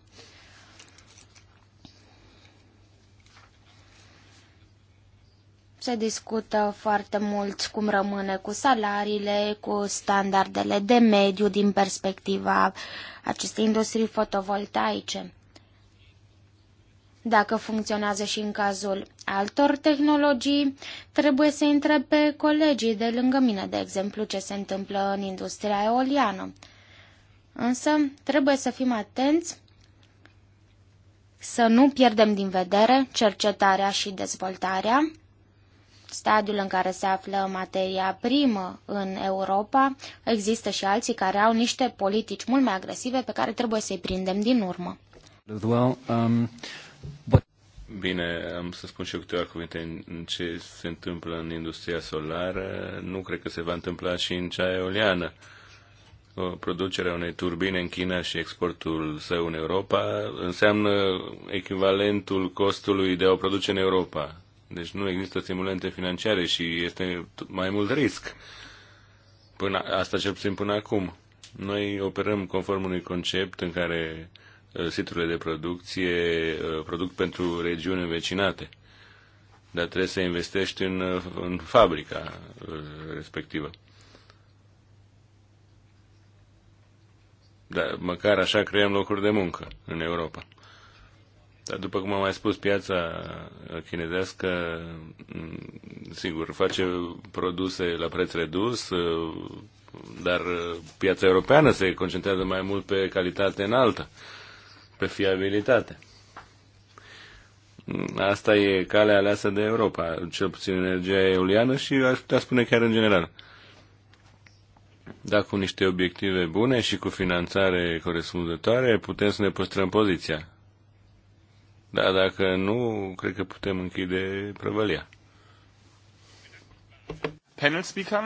Speaker 1: Se discută foarte mult cum rămâne cu salariile, cu standardele de mediu din perspectiva acestei industrii fotovoltaice. Dacă funcționează și în cazul altor tehnologii, trebuie să intre pe colegii de lângă mine, de exemplu, ce se întâmplă în industria eoliană. Însă, trebuie să fim atenți să nu pierdem din vedere cercetarea și dezvoltarea, stadiul în care se află materia primă în Europa, există și alții care au niște politici mult mai agresive pe care trebuie să-i prindem din urmă.
Speaker 2: Um, Bine, am să spun și eu
Speaker 4: câteva cuvinte în ce se întâmplă în industria solară. Nu cred că se va întâmpla și în cea eoliană. Producerea unei turbine în China și exportul său în Europa înseamnă echivalentul costului de a o produce în Europa deci nu există stimulente financiare și este mai mult risc. Până, asta cel puțin până acum. Noi operăm conform unui concept în care uh, siturile de producție uh, produc pentru regiuni învecinate. Dar trebuie să investești în, uh, în fabrica respectivă. Dar măcar așa creăm locuri de muncă în Europa. Dar după cum am mai spus, piața chinezească, sigur, face produse la preț redus, dar piața europeană se concentrează mai mult pe calitate înaltă, pe fiabilitate. Asta e calea aleasă de Europa, cel puțin energia eoliană și aș putea spune chiar în general. Dacă cu niște obiective bune și cu finanțare corespunzătoare, putem să ne păstrăm poziția da, dacă nu, cred că putem închide
Speaker 5: prăvălia. Panel speaker?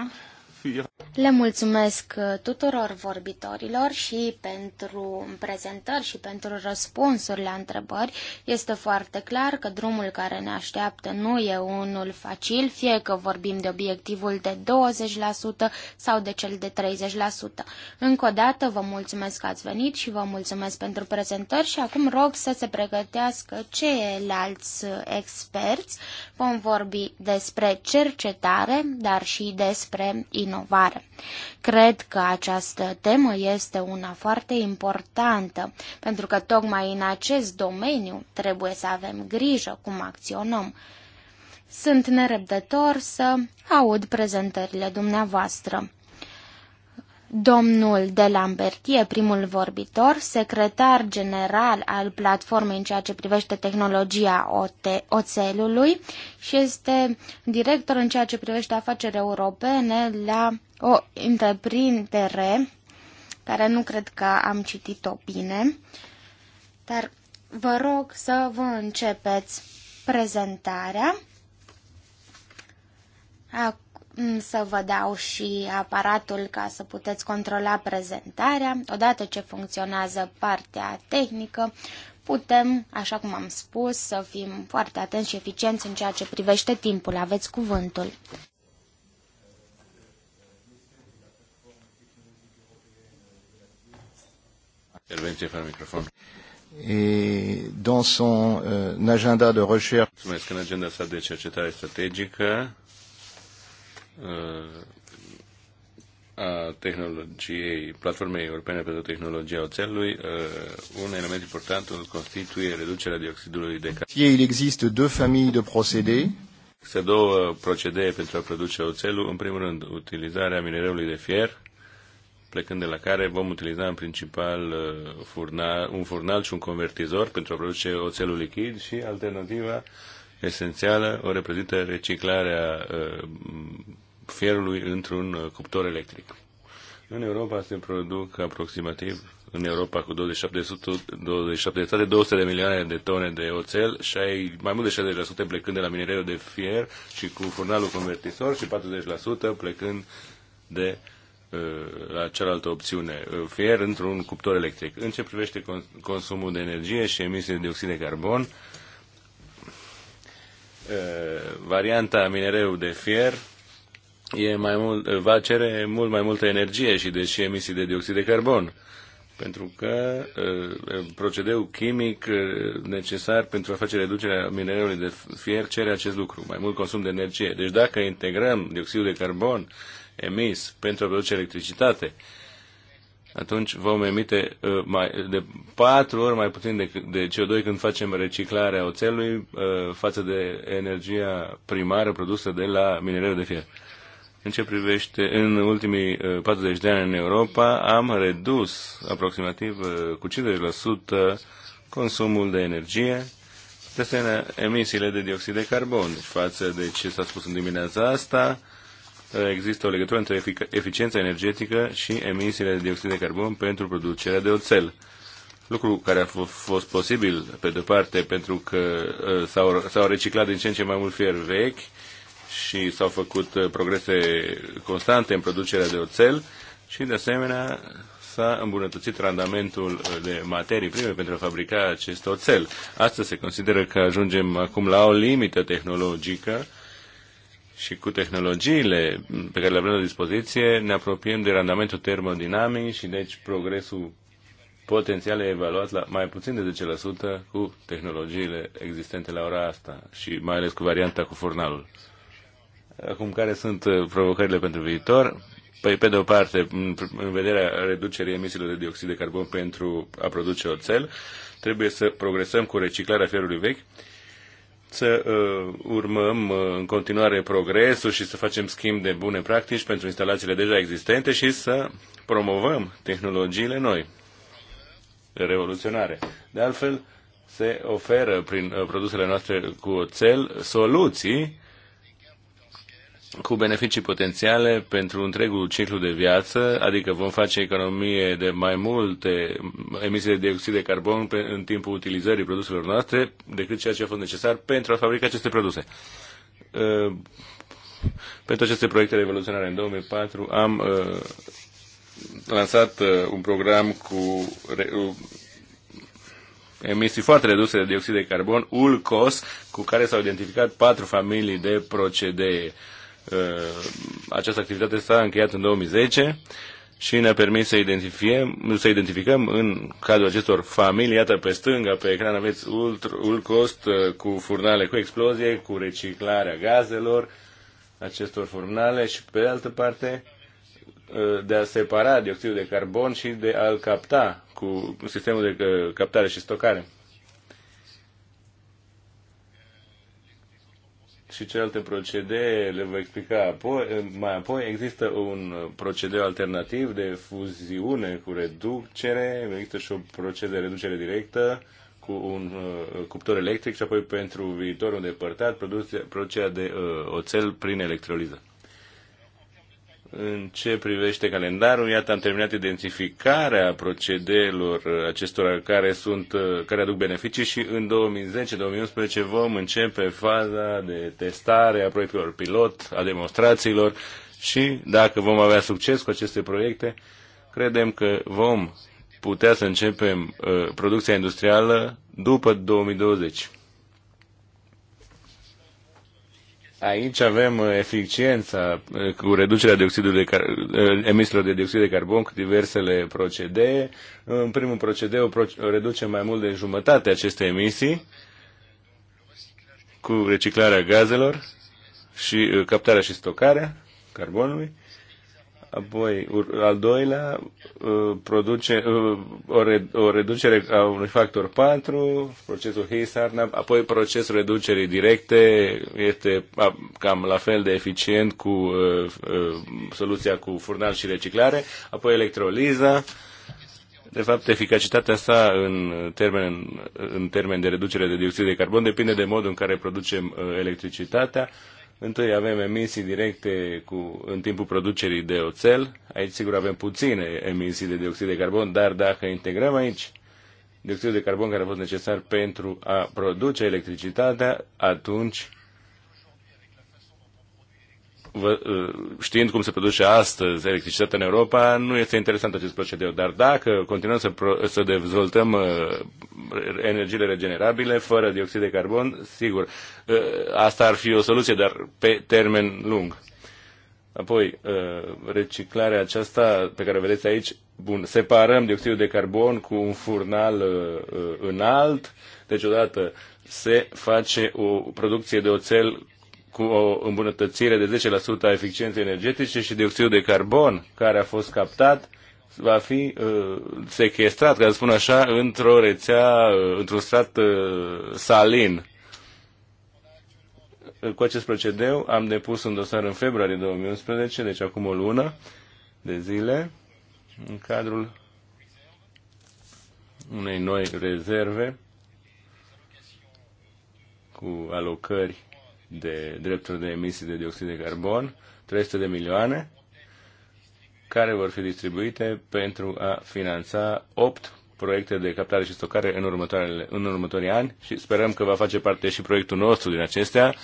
Speaker 1: Le mulțumesc uh, tuturor vorbitorilor și pentru prezentări și pentru răspunsuri la întrebări. Este foarte clar că drumul care ne așteaptă nu e unul facil, fie că vorbim de obiectivul de 20% sau de cel de 30%. Încă o dată vă mulțumesc că ați venit și vă mulțumesc pentru prezentări și acum rog să se pregătească ceilalți uh, experți. Vom vorbi despre cercetare, dar și despre inovare inovare. Cred că această temă este una foarte importantă, pentru că tocmai în acest domeniu trebuie să avem grijă cum acționăm. Sunt nerăbdător să aud prezentările dumneavoastră. Domnul de Lambertie, e primul vorbitor, secretar general al platformei în ceea ce privește tehnologia oțelului și este director în ceea ce privește afaceri europene la o întreprindere care nu cred că am citit-o bine, dar vă rog să vă începeți prezentarea. Acum să vă dau și aparatul ca să puteți controla prezentarea. Odată ce funcționează partea tehnică, putem, așa cum am spus, să fim foarte atenți și eficienți în ceea ce privește timpul. Aveți cuvântul.
Speaker 2: Et dans son euh, agenda de recherche.
Speaker 4: în agenda de cercetare strategică a tehnologiei, platformei europene pentru tehnologia oțelului, un element important îl constituie reducerea dioxidului de
Speaker 2: carbon. Il există două familii de procedee.
Speaker 4: Se două procedee pentru a produce oțelul. În primul rând, utilizarea minereului de fier, plecând de la care vom utiliza în principal furnal, un furnal și un convertizor pentru a produce oțelul lichid și alternativa esențială o reprezintă reciclarea fierului într-un uh, cuptor electric. În Europa se produc aproximativ, în Europa cu 27, de state, 200 de milioane de tone de oțel și ai mai mult de 60% plecând de la minerele de fier și cu furnalul convertisor și 40% plecând de uh, la cealaltă opțiune, uh, fier într-un cuptor electric. În ce privește consumul de energie și emisiile de dioxid de carbon, varianta minereu de fier e mai mult, va cere mult mai multă energie și deci și emisii de dioxid de carbon. Pentru că uh, procedeul chimic uh, necesar pentru a face reducerea minereului de fier cere acest lucru, mai mult consum de energie. Deci dacă integrăm dioxidul de carbon emis pentru a produce electricitate, atunci vom emite uh, mai, de patru ori mai puțin de, de CO2 când facem reciclarea oțelului uh, față de energia primară produsă de la minereu de fier. În ce privește, în ultimii 40 uh, de ani în Europa, am redus aproximativ uh, cu 50% consumul de energie, de asemenea emisiile de dioxid de carbon. Deci față de ce s-a spus în dimineața asta, uh, există o legătură între eficiența energetică și emisiile de dioxid de carbon pentru producerea de oțel. Lucru care a fost posibil, pe de parte, pentru că s-au reciclat din ce în ce mai mult fier vechi, și s-au făcut uh, progrese constante în producerea de oțel și, de asemenea, s-a îmbunătățit randamentul uh, de materii prime pentru a fabrica acest oțel. Asta se consideră că ajungem acum la o limită tehnologică și cu tehnologiile pe care le avem la dispoziție ne apropiem de randamentul termodinamic și deci progresul potențial e evaluat la mai puțin de 10% cu tehnologiile existente la ora asta și mai ales cu varianta cu furnalul. Acum, care sunt uh, provocările pentru viitor? Păi, pe de o parte, în vederea reducerii emisiilor de dioxid de carbon pentru a produce oțel, trebuie să progresăm cu reciclarea fierului vechi, să uh, urmăm uh, în continuare progresul și să facem schimb de bune practici pentru instalațiile deja existente și să promovăm tehnologiile noi, revoluționare. De altfel, se oferă prin uh, produsele noastre cu oțel soluții cu beneficii potențiale pentru întregul ciclu de viață, adică vom face economie de mai multe emisii de dioxid de carbon pe, în timpul utilizării produselor noastre decât ceea ce a fost necesar pentru a fabrica aceste produse. Uh, pentru aceste proiecte revoluționare în 2004 am uh, lansat uh, un program cu emisii foarte reduse de dioxid de carbon, ULCOS, cu care s-au identificat patru familii de procedee. Uh, Uh, această activitate s-a încheiat în 2010 și ne-a permis să identificăm, să identificăm în cadrul acestor familii, iată pe stânga, pe ecran aveți ulcost uh, cu furnale cu explozie, cu reciclarea gazelor acestor furnale și pe altă parte uh, de a separa dioxidul de carbon și de a-l capta cu sistemul de captare și stocare. și celelalte procedee le voi explica apoi, mai apoi. Există un procedeu alternativ de fuziune cu reducere, există și o procedeu de reducere directă cu un uh, cuptor electric și apoi pentru viitorul îndepărtat producția, producția de uh, oțel prin electroliză. În ce privește calendarul, iată, am terminat identificarea procedelor acestora care, sunt, care aduc beneficii și în 2010-2011 vom începe faza de testare a proiectelor pilot, a demonstrațiilor și dacă vom avea succes cu aceste proiecte, credem că vom putea să începem uh, producția industrială după 2020. Aici avem uh, eficiența uh, cu reducerea de de car- uh, emisiilor de dioxid de carbon cu diversele procedee. În primul procedeu reducem mai mult de jumătate aceste emisii cu reciclarea gazelor și captarea și stocarea carbonului. Apoi, al doilea, uh, produce uh, o, reducere a unui factor 4, procesul Hayes-Arnab, apoi procesul reducerii directe este cam la fel de eficient cu uh, soluția cu furnal și reciclare, apoi electroliza, de fapt, eficacitatea sa în termen, în termen de reducere de dioxid de carbon depinde de modul în care producem electricitatea, Întâi avem emisii directe cu, în timpul producerii de oțel. Aici sigur avem puține emisii de dioxid de carbon, dar dacă integrăm aici dioxidul de carbon care a fost necesar pentru a produce electricitatea, atunci Uh, știind cum se produce astăzi electricitatea în Europa, nu este interesant acest procedeu. Dar dacă continuăm să, pro, să dezvoltăm uh, energiile regenerabile fără dioxid de carbon, sigur, uh, asta ar fi o soluție, dar pe termen lung. Apoi, reciclarea aceasta pe care o vedeți aici, bun, separăm dioxidul de carbon cu un furnal înalt, deci odată se face o producție de oțel cu o îmbunătățire de 10% a eficienței energetice și dioxidul de carbon care a fost captat va fi uh, sequestrat, ca să spun așa, într-o rețea, uh, într-un strat uh, salin. Uh, cu acest procedeu am depus un dosar în februarie 2011, deci acum o lună de zile, în cadrul unei noi rezerve cu alocări de drepturi de emisii de dioxid de carbon, 300 de milioane, care vor fi distribuite pentru a finanța 8 proiecte de captare și stocare în, următoarele, în următorii ani și sperăm că va face parte și proiectul nostru din acestea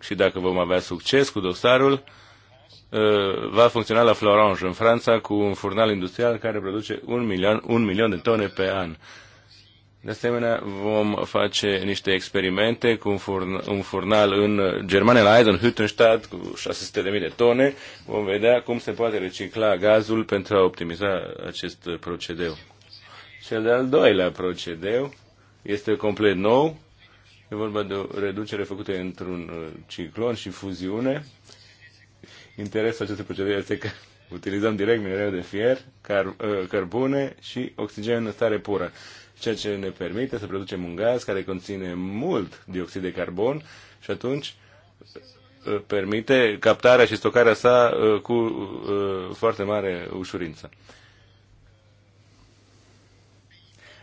Speaker 4: și dacă vom avea succes cu dosarul, uh, va funcționa la Florange, în Franța, cu un furnal industrial care produce un milion, un milion de tone pe an. De asemenea, vom face niște experimente cu un, furn- un furnal în Germania, la Eisenhüttenstadt, cu 600.000 de tone. Vom vedea cum se poate recicla gazul pentru a optimiza acest procedeu. Cel de-al doilea procedeu este complet nou. E vorba de o reducere făcută într-un uh, ciclon și fuziune. Interesul acestui procedeu este că utilizăm direct minereu de fier, car- uh, cărbune și oxigen în stare pură ceea ce ne permite să producem un gaz care conține mult dioxid de carbon și atunci uh, permite captarea și stocarea sa uh, cu uh, foarte mare ușurință.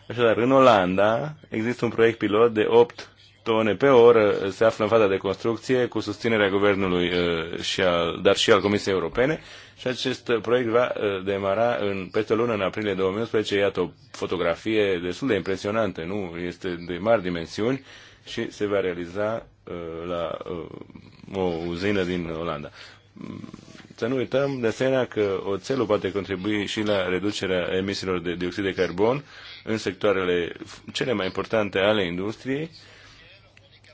Speaker 4: Așadar, în Olanda există un proiect pilot de 8 tone pe oră se află în faza de construcție cu susținerea guvernului, uh, și al, dar și al Comisiei Europene și acest proiect va uh, demara în, peste o lună, în aprilie 2011. Iată o fotografie destul de impresionantă, nu? Este de mari dimensiuni și se va realiza uh, la o uzină din Olanda. Să nu uităm de asemenea că oțelul poate contribui și la reducerea emisiilor de dioxid de carbon în sectoarele cele mai importante ale industriei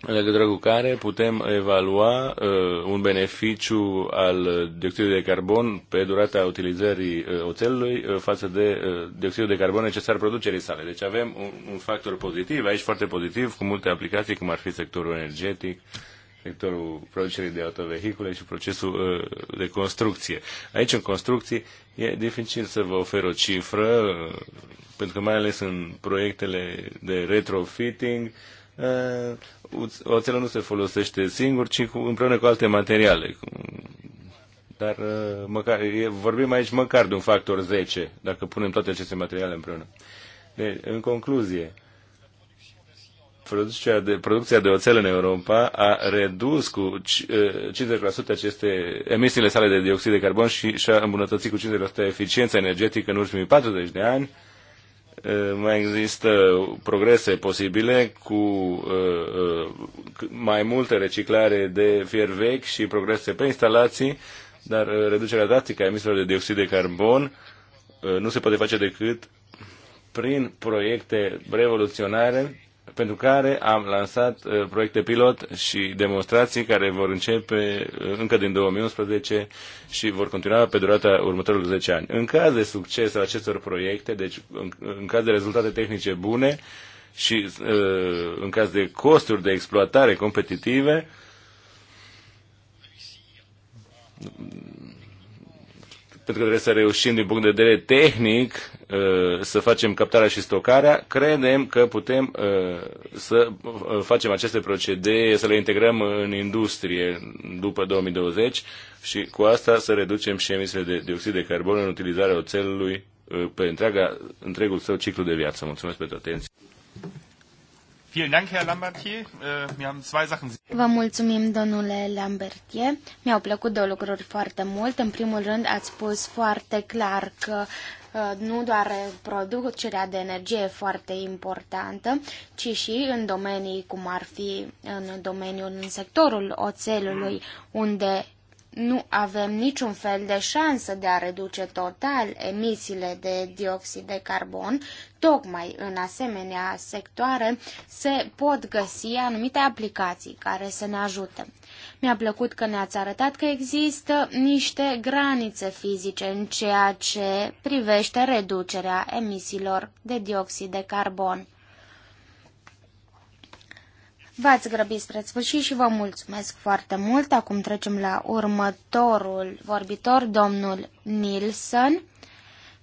Speaker 4: în legătură cu care putem evalua uh, un beneficiu al dioxidului de carbon pe durata utilizării uh, oțelului uh, față de uh, dioxidul de carbon necesar producerii sale. Deci avem un, un factor pozitiv, aici foarte pozitiv, cu multe aplicații, cum ar fi sectorul energetic, sectorul producerii de autovehicule și procesul uh, de construcție. Aici, în construcții, e dificil să vă ofer o cifră, uh, pentru că mai ales în proiectele de retrofitting, uh, Uh, oțelul nu se folosește singur, ci cu, împreună cu alte materiale. Dar uh, măcar, vorbim aici măcar de un factor 10, dacă punem toate aceste materiale împreună. Deci, în concluzie, producția de, producția de oțel în Europa a redus cu 50% uh, aceste emisiile sale de dioxid de carbon și și-a îmbunătățit cu 50% eficiența energetică în ultimii 40 de ani Eh, mai există progrese posibile cu eh, eh, mai multă reciclare de fier vechi și progrese pe instalații, dar reducerea drastică a emisiilor de dioxid de carbon nu se poate face decât prin proiecte revoluționare pentru care am lansat uh, proiecte pilot și demonstrații care vor începe uh, încă din 2011 și vor continua pe durata următorilor 10 ani. În caz de succes al acestor proiecte, deci în caz de rezultate tehnice bune și uh, în caz de costuri de exploatare competitive, pentru că trebuie să reușim din punct de vedere tehnic Uh, să facem captarea și stocarea, credem că putem uh, să uh, facem aceste procedee, să le integrăm în industrie după 2020 și cu asta să reducem și emisiile de dioxid de carbon în utilizarea oțelului pe întreaga, întregul său ciclu de viață. Mulțumesc pentru atenție.
Speaker 5: Äh,
Speaker 1: Vă mulțumim, domnule Lambertier. Mi-au plăcut două lucruri foarte mult. În primul rând, ați spus foarte clar că uh, nu doar producerea de energie e foarte importantă, ci și în domenii cum ar fi în domeniul, în sectorul oțelului, unde nu avem niciun fel de șansă de a reduce total emisiile de dioxid de carbon, tocmai în asemenea sectoare se pot găsi anumite aplicații care să ne ajute. Mi-a plăcut că ne-ați arătat că există niște granițe fizice în ceea ce privește reducerea emisiilor de dioxid de carbon. V-ați grăbit spre sfârșit și vă mulțumesc foarte mult. Acum trecem la următorul vorbitor, domnul Nilsson.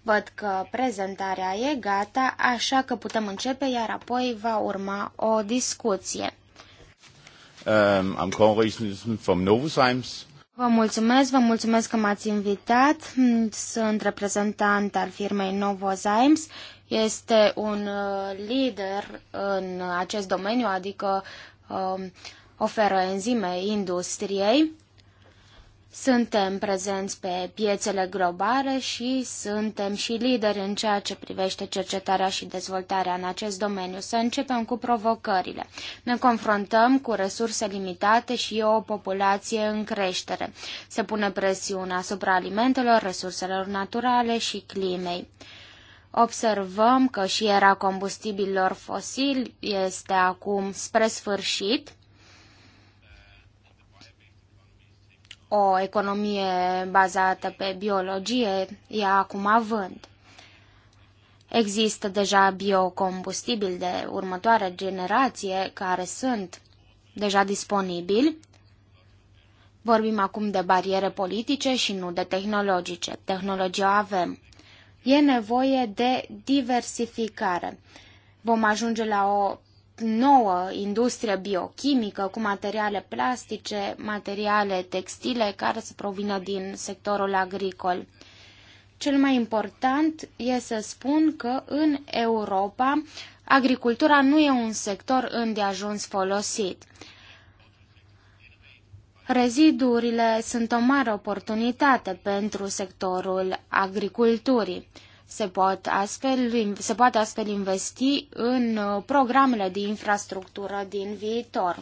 Speaker 1: Văd că prezentarea e gata, așa că putem începe, iar apoi va urma o discuție.
Speaker 4: Um,
Speaker 1: Vă mulțumesc, vă mulțumesc că m-ați invitat. Sunt reprezentant al firmei Novozymes este un uh, lider în acest domeniu, adică um, oferă enzime industriei. Suntem prezenți pe piețele globale și suntem și lideri în ceea ce privește cercetarea și dezvoltarea în acest domeniu. Să începem cu provocările. Ne confruntăm cu resurse limitate și o populație în creștere. Se pune presiune asupra alimentelor, resurselor naturale și climei. Observăm că și era combustibililor fosili este acum spre sfârșit. O economie bazată pe biologie e acum având. Există deja biocombustibili de următoare generație care sunt deja disponibili. Vorbim acum de bariere politice și nu de tehnologice. Tehnologia o avem. E nevoie de diversificare. Vom ajunge la o nouă industrie biochimică cu materiale plastice, materiale textile care să provină din sectorul agricol. Cel mai important e să spun că în Europa agricultura nu e un sector îndeajuns folosit. Rezidurile sunt o mare oportunitate pentru sectorul agriculturii. Se, pot astfel, se poate astfel investi în uh, programele de infrastructură din viitor.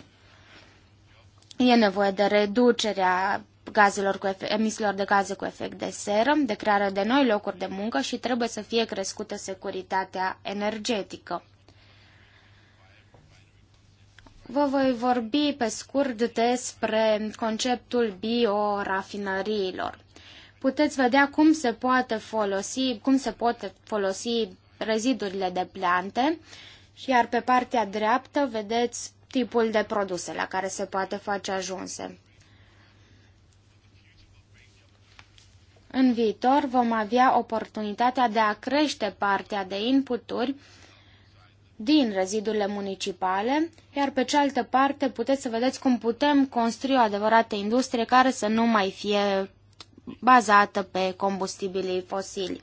Speaker 1: E nevoie de reducerea gazelor cu efect, emisiilor de gaze cu efect de seră, de crearea de noi locuri de muncă și trebuie să fie crescută securitatea energetică. Vă voi vorbi pe scurt despre conceptul biorafinăriilor. Puteți vedea cum se poate folosi, cum se pot folosi rezidurile de plante, iar pe partea dreaptă vedeți tipul de produse la care se poate face ajunse. În viitor vom avea oportunitatea de a crește partea de inputuri din rezidurile municipale, iar pe cealaltă parte puteți să vedeți cum putem construi o adevărată industrie care să nu mai fie bazată pe combustibilii fosili.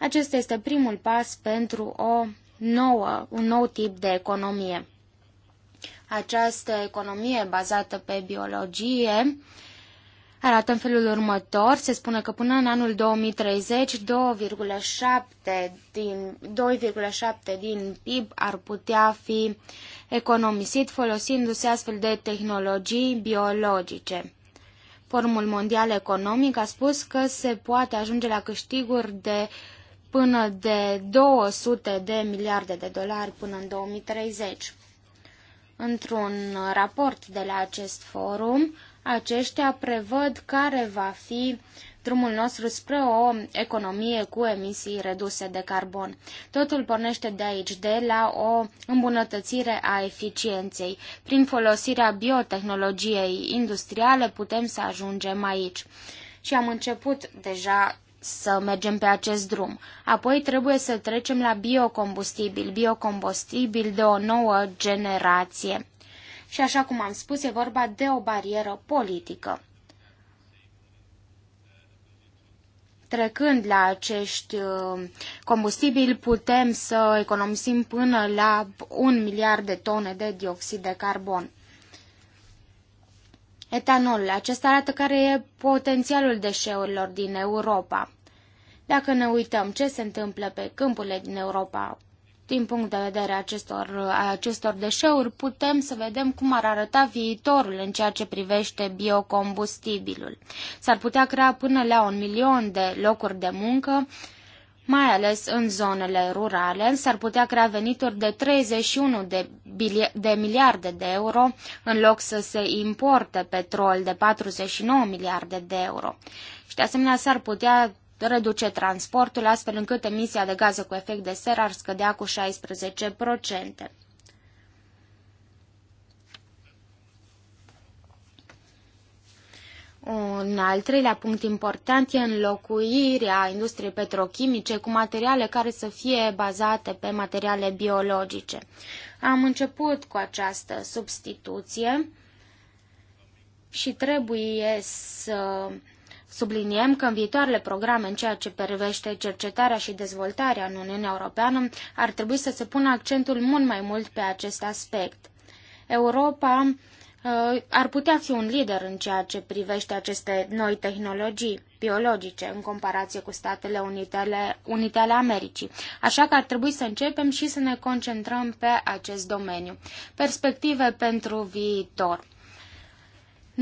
Speaker 1: Acesta este primul pas pentru o nouă, un nou tip de economie. Această economie bazată pe biologie arată în felul următor. Se spune că până în anul 2030 2,7 din, 2,7 din PIB ar putea fi economisit folosindu-se astfel de tehnologii biologice. Forumul Mondial Economic a spus că se poate ajunge la câștiguri de până de 200 de miliarde de dolari până în 2030. Într-un raport de la acest forum, aceștia prevăd care va fi drumul nostru spre o economie cu emisii reduse de carbon. Totul pornește de aici, de la o îmbunătățire a eficienței. Prin folosirea biotehnologiei industriale putem să ajungem aici. Și am început deja să mergem pe acest drum. Apoi trebuie să trecem la biocombustibil, biocombustibil de o nouă generație și, așa cum am spus, e vorba de o barieră politică. Trecând la acești uh, combustibili, putem să economisim până la un miliard de tone de dioxid de carbon. Etanolul acesta arată care e potențialul deșeurilor din Europa. Dacă ne uităm ce se întâmplă pe câmpurile din Europa din punct de vedere acestor, a acestor deșeuri, putem să vedem cum ar arăta viitorul în ceea ce privește biocombustibilul. S-ar putea crea până la un milion de locuri de muncă, mai ales în zonele rurale, s-ar putea crea venituri de 31 de, de miliarde de euro, în loc să se importe petrol de 49 miliarde de euro. Și de asemenea s-ar putea reduce transportul, astfel încât emisia de gaze cu efect de seră ar scădea cu 16%. Un al treilea punct important e înlocuirea industriei petrochimice cu materiale care să fie bazate pe materiale biologice. Am început cu această substituție și trebuie să Subliniem că în viitoarele programe în ceea ce privește cercetarea și dezvoltarea în Uniunea Europeană ar trebui să se pună accentul mult mai mult pe acest aspect. Europa uh, ar putea fi un lider în ceea ce privește aceste noi tehnologii biologice în comparație cu Statele Unite ale, Unite ale Americii. Așa că ar trebui să începem și să ne concentrăm pe acest domeniu. Perspective pentru viitor.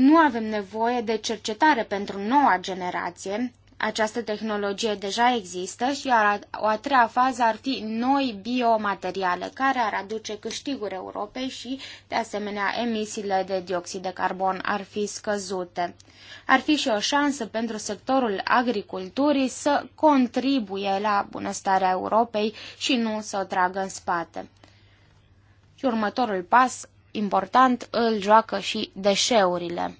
Speaker 1: Nu avem nevoie de cercetare pentru noua generație, această tehnologie deja există și o a treia fază ar fi noi biomateriale, care ar aduce câștiguri Europei și, de asemenea, emisiile de dioxid de carbon ar fi scăzute. Ar fi și o șansă pentru sectorul agriculturii să contribuie la bunăstarea Europei și nu să o tragă în spate. Și următorul pas important îl joacă și deșeurile.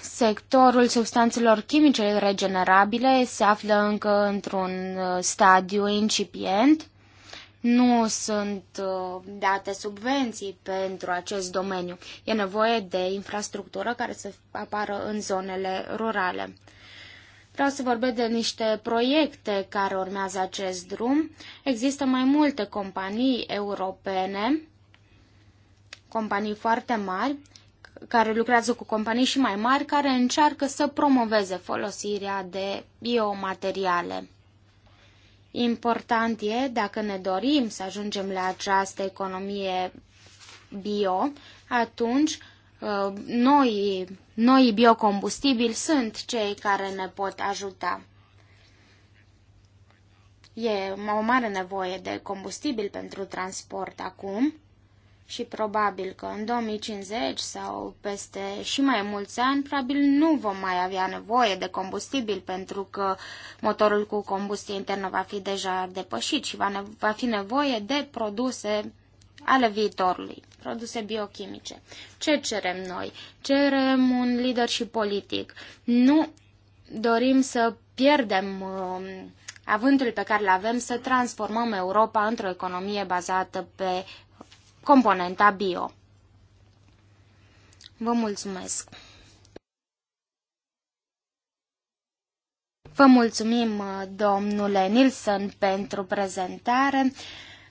Speaker 1: Sectorul substanțelor chimice regenerabile se află încă într-un uh, stadiu incipient. Nu sunt uh, date subvenții pentru acest domeniu. E nevoie de infrastructură care să apară în zonele rurale. Vreau să vorbesc de niște proiecte care urmează acest drum. Există mai multe companii europene, companii foarte mari, care lucrează cu companii și mai mari, care încearcă să promoveze folosirea de biomateriale. Important e, dacă ne dorim să ajungem la această economie bio, atunci Uh, noi, noi biocombustibili sunt cei care ne pot ajuta. E o mare nevoie de combustibil pentru transport acum și probabil că în 2050 sau peste și mai mulți ani, probabil nu vom mai avea nevoie de combustibil pentru că motorul cu combustie internă va fi deja depășit și va, va fi nevoie de produse ale viitorului produse biochimice. Ce cerem noi? Cerem un lider și politic. Nu dorim să pierdem um, avântul pe care îl avem să transformăm Europa într-o economie bazată pe componenta bio. Vă mulțumesc! Vă mulțumim, domnule Nilsson, pentru prezentare.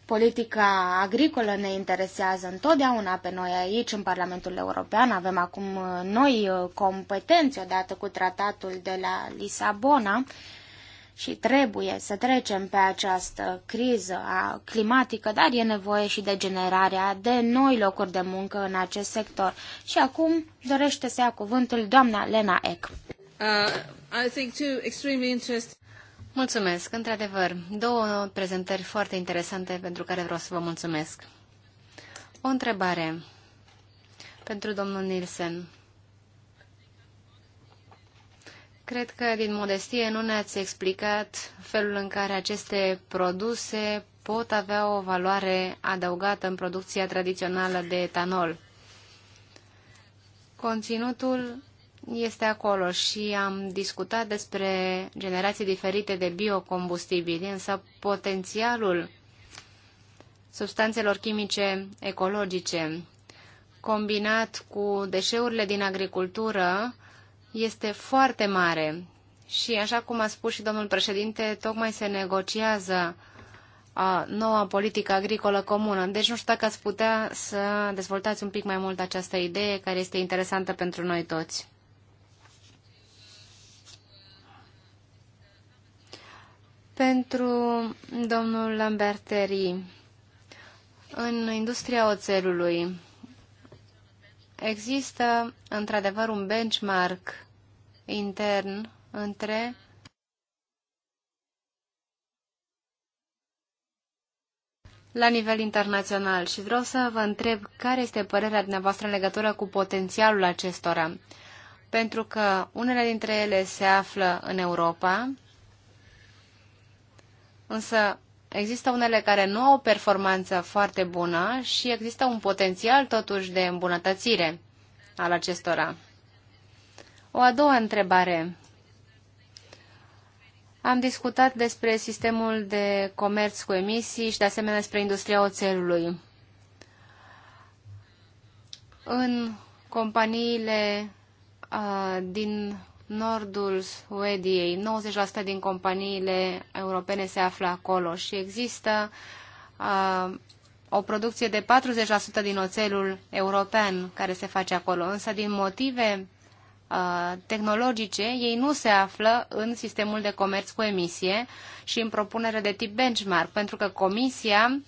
Speaker 1: Politica agricolă ne interesează întotdeauna pe noi aici, în Parlamentul European. Avem acum uh, noi uh, competențe odată cu tratatul de la Lisabona și trebuie să trecem pe această criză climatică, dar e nevoie și de generarea de noi locuri de muncă în acest sector. Și acum dorește să ia cuvântul doamna Lena Eck. Uh,
Speaker 3: I think too extremely interesting... Mulțumesc, într-adevăr, două prezentări foarte interesante pentru care vreau să vă mulțumesc. O întrebare pentru domnul Nielsen. Cred că, din modestie, nu ne-ați explicat felul în care aceste produse pot avea o valoare adăugată în producția tradițională de etanol. Conținutul este acolo și am discutat despre generații diferite de biocombustibili, însă potențialul substanțelor chimice ecologice combinat cu deșeurile din agricultură este foarte mare. Și așa cum a spus și domnul președinte, tocmai se negociază a noua politică agricolă comună. Deci nu știu dacă ați putea să dezvoltați un pic mai mult această idee care este interesantă pentru noi toți. Pentru domnul Lamberteri, în industria oțelului există într-adevăr un benchmark intern între la nivel internațional și vreau să vă întreb care este părerea dumneavoastră în legătură cu potențialul acestora. Pentru că unele dintre ele se află în Europa însă există unele care nu au performanță foarte bună și există un potențial totuși de îmbunătățire al acestora. O a doua întrebare. Am discutat despre sistemul de comerț cu emisii și de asemenea despre industria oțelului. În companiile uh, din nordul Suediei, 90% din companiile europene se află acolo și există uh, o producție de 40% din oțelul european care se face acolo, însă din motive uh, tehnologice, ei nu se află în sistemul de comerț cu emisie și în propunere de tip benchmark, pentru că Comisia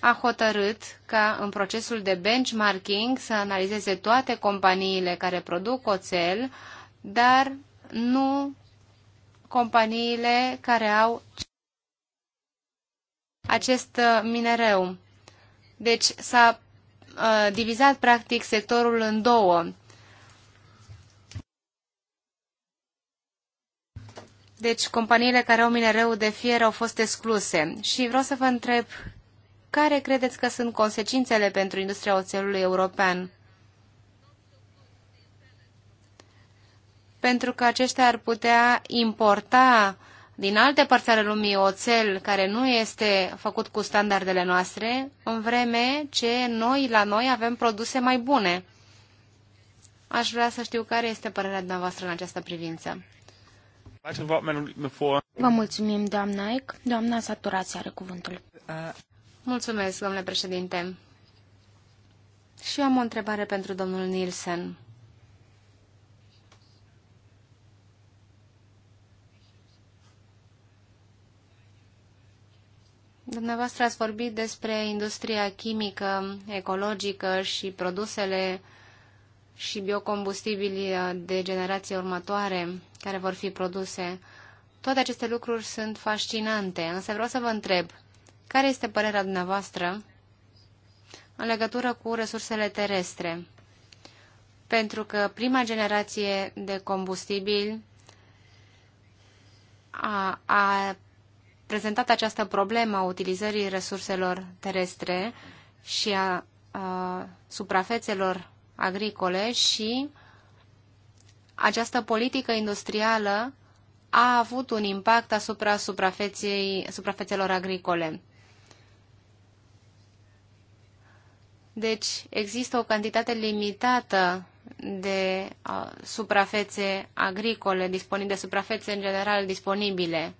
Speaker 3: a hotărât ca în procesul de benchmarking să analizeze toate companiile care produc oțel, uh, dar nu companiile care au acest uh, minereu. Deci s-a uh, divizat practic sectorul în două. Deci companiile care au minereu de fier au fost excluse. Și vreau să vă întreb, care credeți că sunt consecințele pentru industria oțelului european? pentru că aceștia ar putea importa din alte părți ale lumii oțel care nu este făcut cu standardele noastre, în vreme ce noi la noi avem produse mai bune. Aș vrea să știu care este părerea dumneavoastră în această privință. Vă mulțumim, doamna Eck. Doamna Saturați are cuvântul. Mulțumesc, domnule președinte. Și eu am o întrebare pentru domnul Nielsen. Dumneavoastră ați vorbit despre industria chimică, ecologică și produsele și biocombustibili uh, de generație următoare care vor fi produse. Toate aceste lucruri sunt fascinante, însă vreau să vă întreb, care este părerea dumneavoastră în legătură cu resursele terestre? Pentru că prima generație de combustibil a, a prezentat această problemă a utilizării resurselor terestre și a, a suprafețelor agricole și această politică industrială a avut un impact asupra suprafeței, suprafețelor agricole. Deci există o cantitate limitată de uh, suprafețe agricole disponibile, suprafețe în general disponibile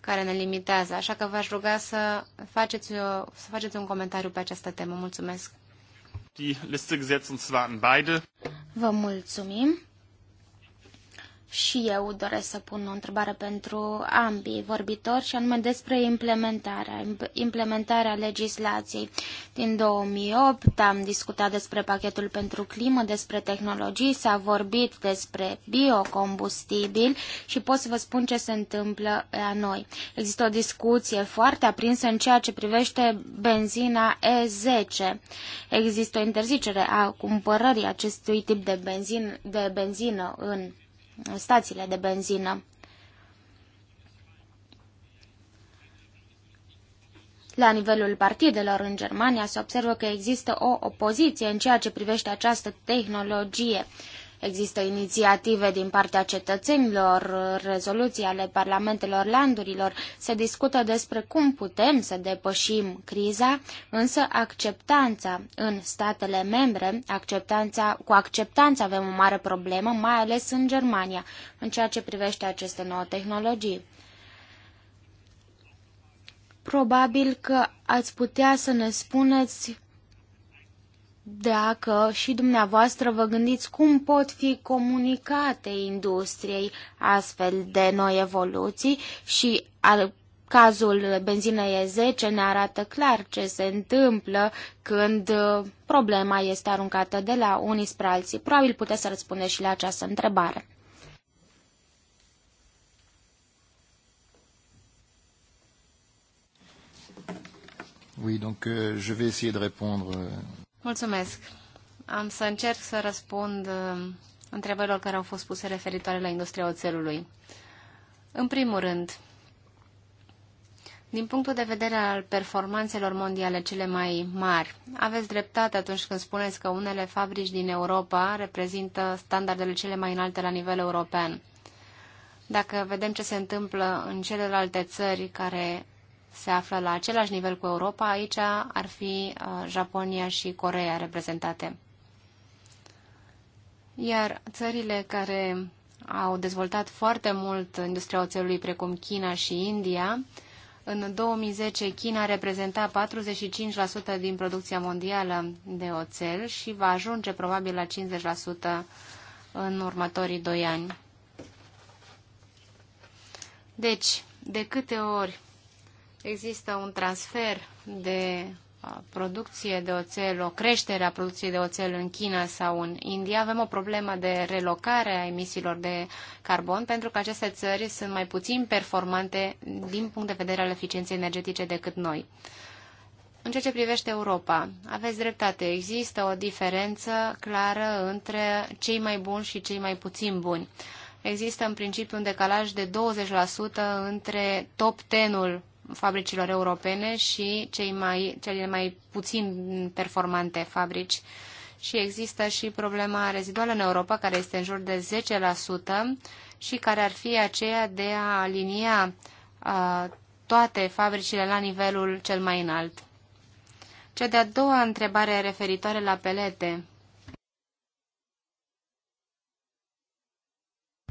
Speaker 3: care ne limitează, așa că v-aș ruga să faceți, uh, să faceți un comentariu pe această temă. Mulțumesc!
Speaker 1: Vă mulțumim! Și eu doresc să pun o întrebare pentru ambii vorbitori și anume despre implementarea, implementarea legislației. Din 2008 am discutat despre pachetul pentru climă, despre tehnologii, s-a vorbit despre biocombustibil și pot să vă spun ce se întâmplă la noi. Există o discuție foarte aprinsă în ceea ce privește benzina E10. Există o interzicere a cumpărării acestui tip de, benzin, de benzină în stațiile de benzină. La nivelul partidelor în Germania se observă că există o opoziție în ceea ce privește această tehnologie. Uh, Există inițiative din partea cetățenilor, rezoluții ale parlamentelor landurilor, se discută despre cum putem să depășim criza, însă acceptanța în statele membre, acceptanța, cu acceptanța avem o mare problemă, mai ales în Germania, în ceea ce privește aceste nouă tehnologii. Probabil că ați putea să ne spuneți dacă și dumneavoastră vă gândiți cum pot fi comunicate industriei astfel de noi evoluții și al, cazul benzinei E10 ne arată clar ce se întâmplă când uh, problema este aruncată de la unii spre alții. Probabil puteți să răspundeți și la această întrebare.
Speaker 2: Oui, donc euh, je vais essayer de répondre euh,
Speaker 3: Mulțumesc. Am să încerc să răspund uh, întrebărilor care au fost puse referitoare la industria oțelului. În primul rând, din punctul de vedere al performanțelor mondiale cele mai mari, aveți dreptate atunci când spuneți că unele fabrici din Europa reprezintă standardele cele mai înalte la nivel european. Dacă vedem ce se întâmplă în celelalte țări care se află la același nivel cu Europa, aici ar fi uh, Japonia și Coreea reprezentate. Iar țările care au dezvoltat foarte mult industria oțelului, precum China și India, în 2010 China reprezenta 45% din producția mondială de oțel și va ajunge probabil la 50% în următorii doi ani. Deci, de câte ori există un transfer de uh, producție de oțel, o creștere a producției de oțel în China sau în India, avem o problemă de relocare a emisiilor de carbon, pentru că aceste țări sunt mai puțin performante din punct de vedere al eficienței energetice decât noi. În ceea ce privește Europa, aveți dreptate, există o diferență clară între cei mai buni și cei mai puțin buni. Există în principiu un decalaj de 20% între top 10-ul fabricilor europene și cei mai, cele mai puțin performante fabrici. Și există și problema reziduală în Europa, care este în jur de 10% și care ar fi aceea de a alinia uh, toate fabricile la nivelul cel mai înalt. Cea de-a doua întrebare referitoare la pelete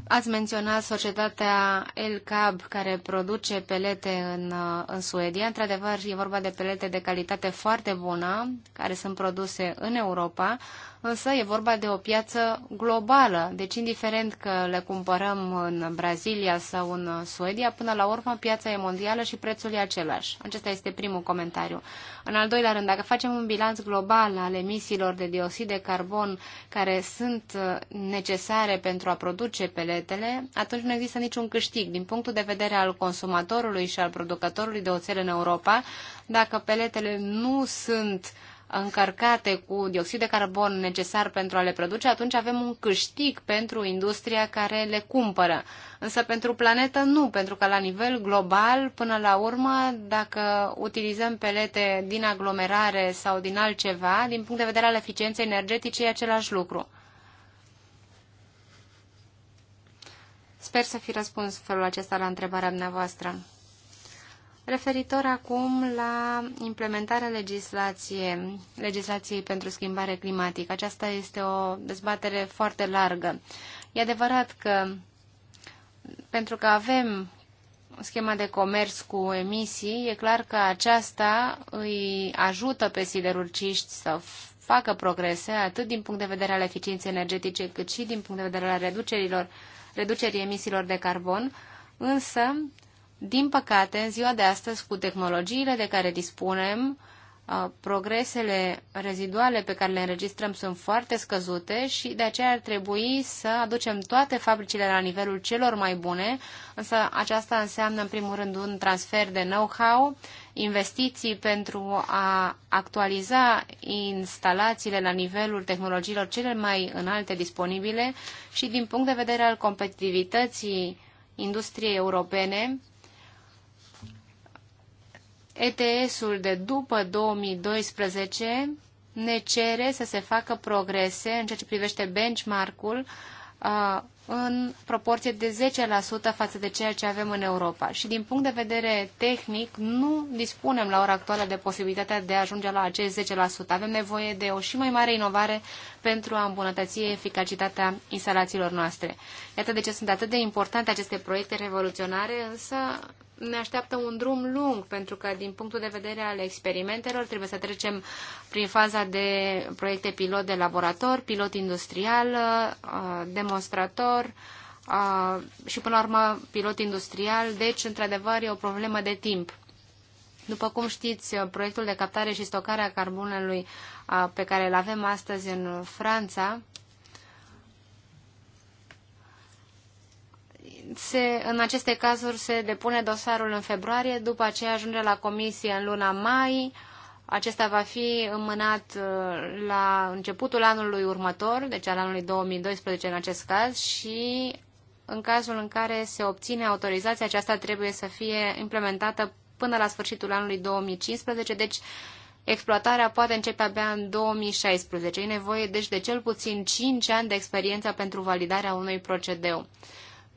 Speaker 3: Ați menționat societatea El Cab care produce pelete în, uh, în Suedia. Într-adevăr, e vorba de pelete de calitate foarte bună, care sunt produse în Europa, însă e vorba de o piață globală. Deci, indiferent că le cumpărăm în Brazilia sau în Suedia, până la urmă piața e mondială și prețul e același. Acesta este primul comentariu. În al doilea rând, dacă facem un bilanț global al emisiilor de dioxid de carbon care sunt uh, necesare pentru a produce pelete, retele, atunci nu există niciun câștig din punctul de vedere al consumatorului și al producătorului de oțel în Europa, dacă peletele nu sunt încărcate cu dioxid de carbon necesar pentru a le produce, atunci avem un câștig pentru industria care le cumpără. Însă pentru planetă nu, pentru că la nivel global, până la urmă, dacă utilizăm pelete din aglomerare sau din altceva, din punct de vedere al eficienței energetice e același lucru. Sper să fi răspuns felul acesta la întrebarea dumneavoastră. Referitor acum la implementarea legislației, legislației pentru schimbare climatică, aceasta este o dezbatere foarte largă. E adevărat că pentru că avem schema de comerț cu emisii, e clar că aceasta îi ajută pe siderurciști să facă progrese, atât din punct de vedere al eficienței energetice, cât și din punct de vedere al reducerilor uh, reducerii emisiilor de carbon, însă, din păcate, în ziua de astăzi, cu tehnologiile de care dispunem, uh, progresele reziduale pe care le înregistrăm sunt foarte scăzute și de aceea ar trebui să aducem toate fabricile la nivelul celor mai bune, însă aceasta înseamnă în primul rând un transfer de know-how investiții pentru a actualiza instalațiile la nivelul tehnologiilor cele mai înalte disponibile și din punct de vedere al competitivității industriei europene, ETS-ul de după 2012 ne cere să se facă progrese în ceea ce privește benchmark-ul uh, în proporție de 10% față de ceea ce avem în Europa. Și din punct de vedere tehnic, nu dispunem la ora actuală de posibilitatea de a ajunge la acest 10%. Avem nevoie de o și mai mare inovare pentru a îmbunătăți eficacitatea instalațiilor noastre. Iată de ce sunt atât de importante aceste proiecte revoluționare, însă ne așteaptă un drum lung, pentru că din punctul de vedere al experimentelor trebuie să trecem prin faza de proiecte pilot de laborator, pilot industrial, uh, demonstrator uh, și până la urmă pilot industrial, deci într-adevăr e o problemă de timp. După cum știți, uh, proiectul de captare și stocare a carbonului pe care îl avem astăzi în Franța se, în aceste cazuri se depune dosarul în februarie, după aceea ajunge la comisie în luna mai. Acesta va fi înmânat uh, la începutul anului următor, deci al anului 2012 în acest caz, și în cazul în care se obține autorizația, aceasta trebuie să fie implementată până la sfârșitul anului 2015, deci exploatarea poate începe abia în 2016. E nevoie deci de cel puțin 5 ani de experiență pentru validarea unui procedeu.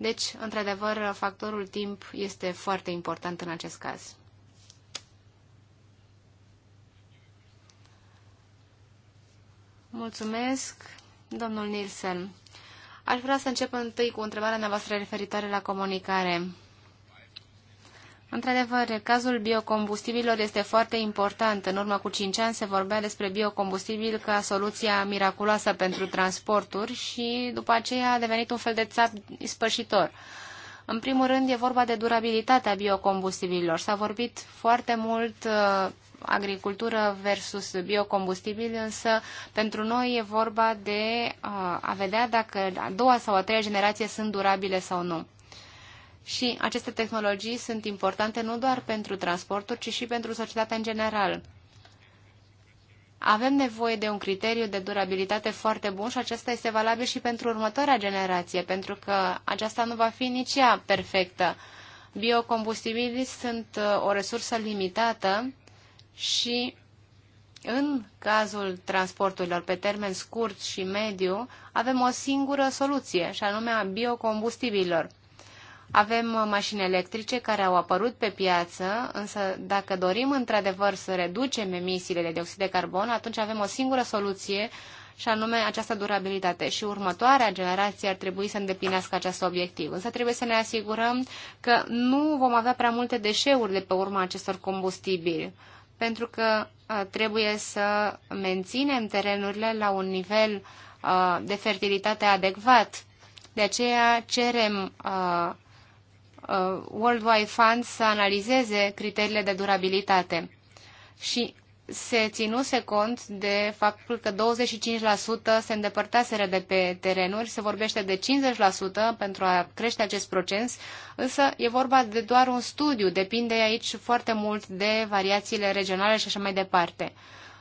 Speaker 3: Deci, într-adevăr, factorul timp este foarte important în acest caz. Mulțumesc, domnul Nielsen. Aș vrea să încep întâi cu întrebarea noastră referitoare la comunicare. Într-adevăr, cazul biocombustibilor este foarte important. În urmă cu 5 ani se vorbea despre biocombustibil ca soluția miraculoasă pentru transporturi și după aceea a devenit un fel de țap ispășitor. În primul rând, e vorba de durabilitatea biocombustibililor. S-a vorbit foarte mult uh, agricultură versus biocombustibil, însă pentru noi e vorba de uh, a vedea dacă a doua sau a treia generație sunt durabile sau nu. Și aceste tehnologii sunt importante nu doar pentru transporturi, ci și pentru societatea în general. Avem nevoie de un criteriu de durabilitate foarte bun și acesta este valabil și pentru următoarea generație, pentru că aceasta nu va fi nici ea perfectă. Biocombustibilii sunt uh, o resursă limitată și în cazul transporturilor pe termen scurt și mediu, avem o singură soluție, și anume a biocombustibililor. Avem uh, mașini electrice care au apărut pe piață, însă dacă dorim într-adevăr să reducem emisiile de dioxid de carbon, atunci avem o singură soluție și anume această durabilitate. Și următoarea generație ar trebui să îndeplinească acest obiectiv. Însă trebuie să ne asigurăm că nu vom avea prea multe deșeuri de pe urma acestor combustibili, pentru că uh, trebuie să menținem terenurile la un nivel uh, de fertilitate adecvat. De aceea cerem uh, Uh, Worldwide Fund să analizeze criteriile de durabilitate și se ținuse cont de faptul că 25% se îndepărtaseră de pe terenuri, se vorbește de 50% pentru a crește acest procent, însă e vorba de doar un studiu, depinde aici foarte mult de variațiile regionale și așa mai departe.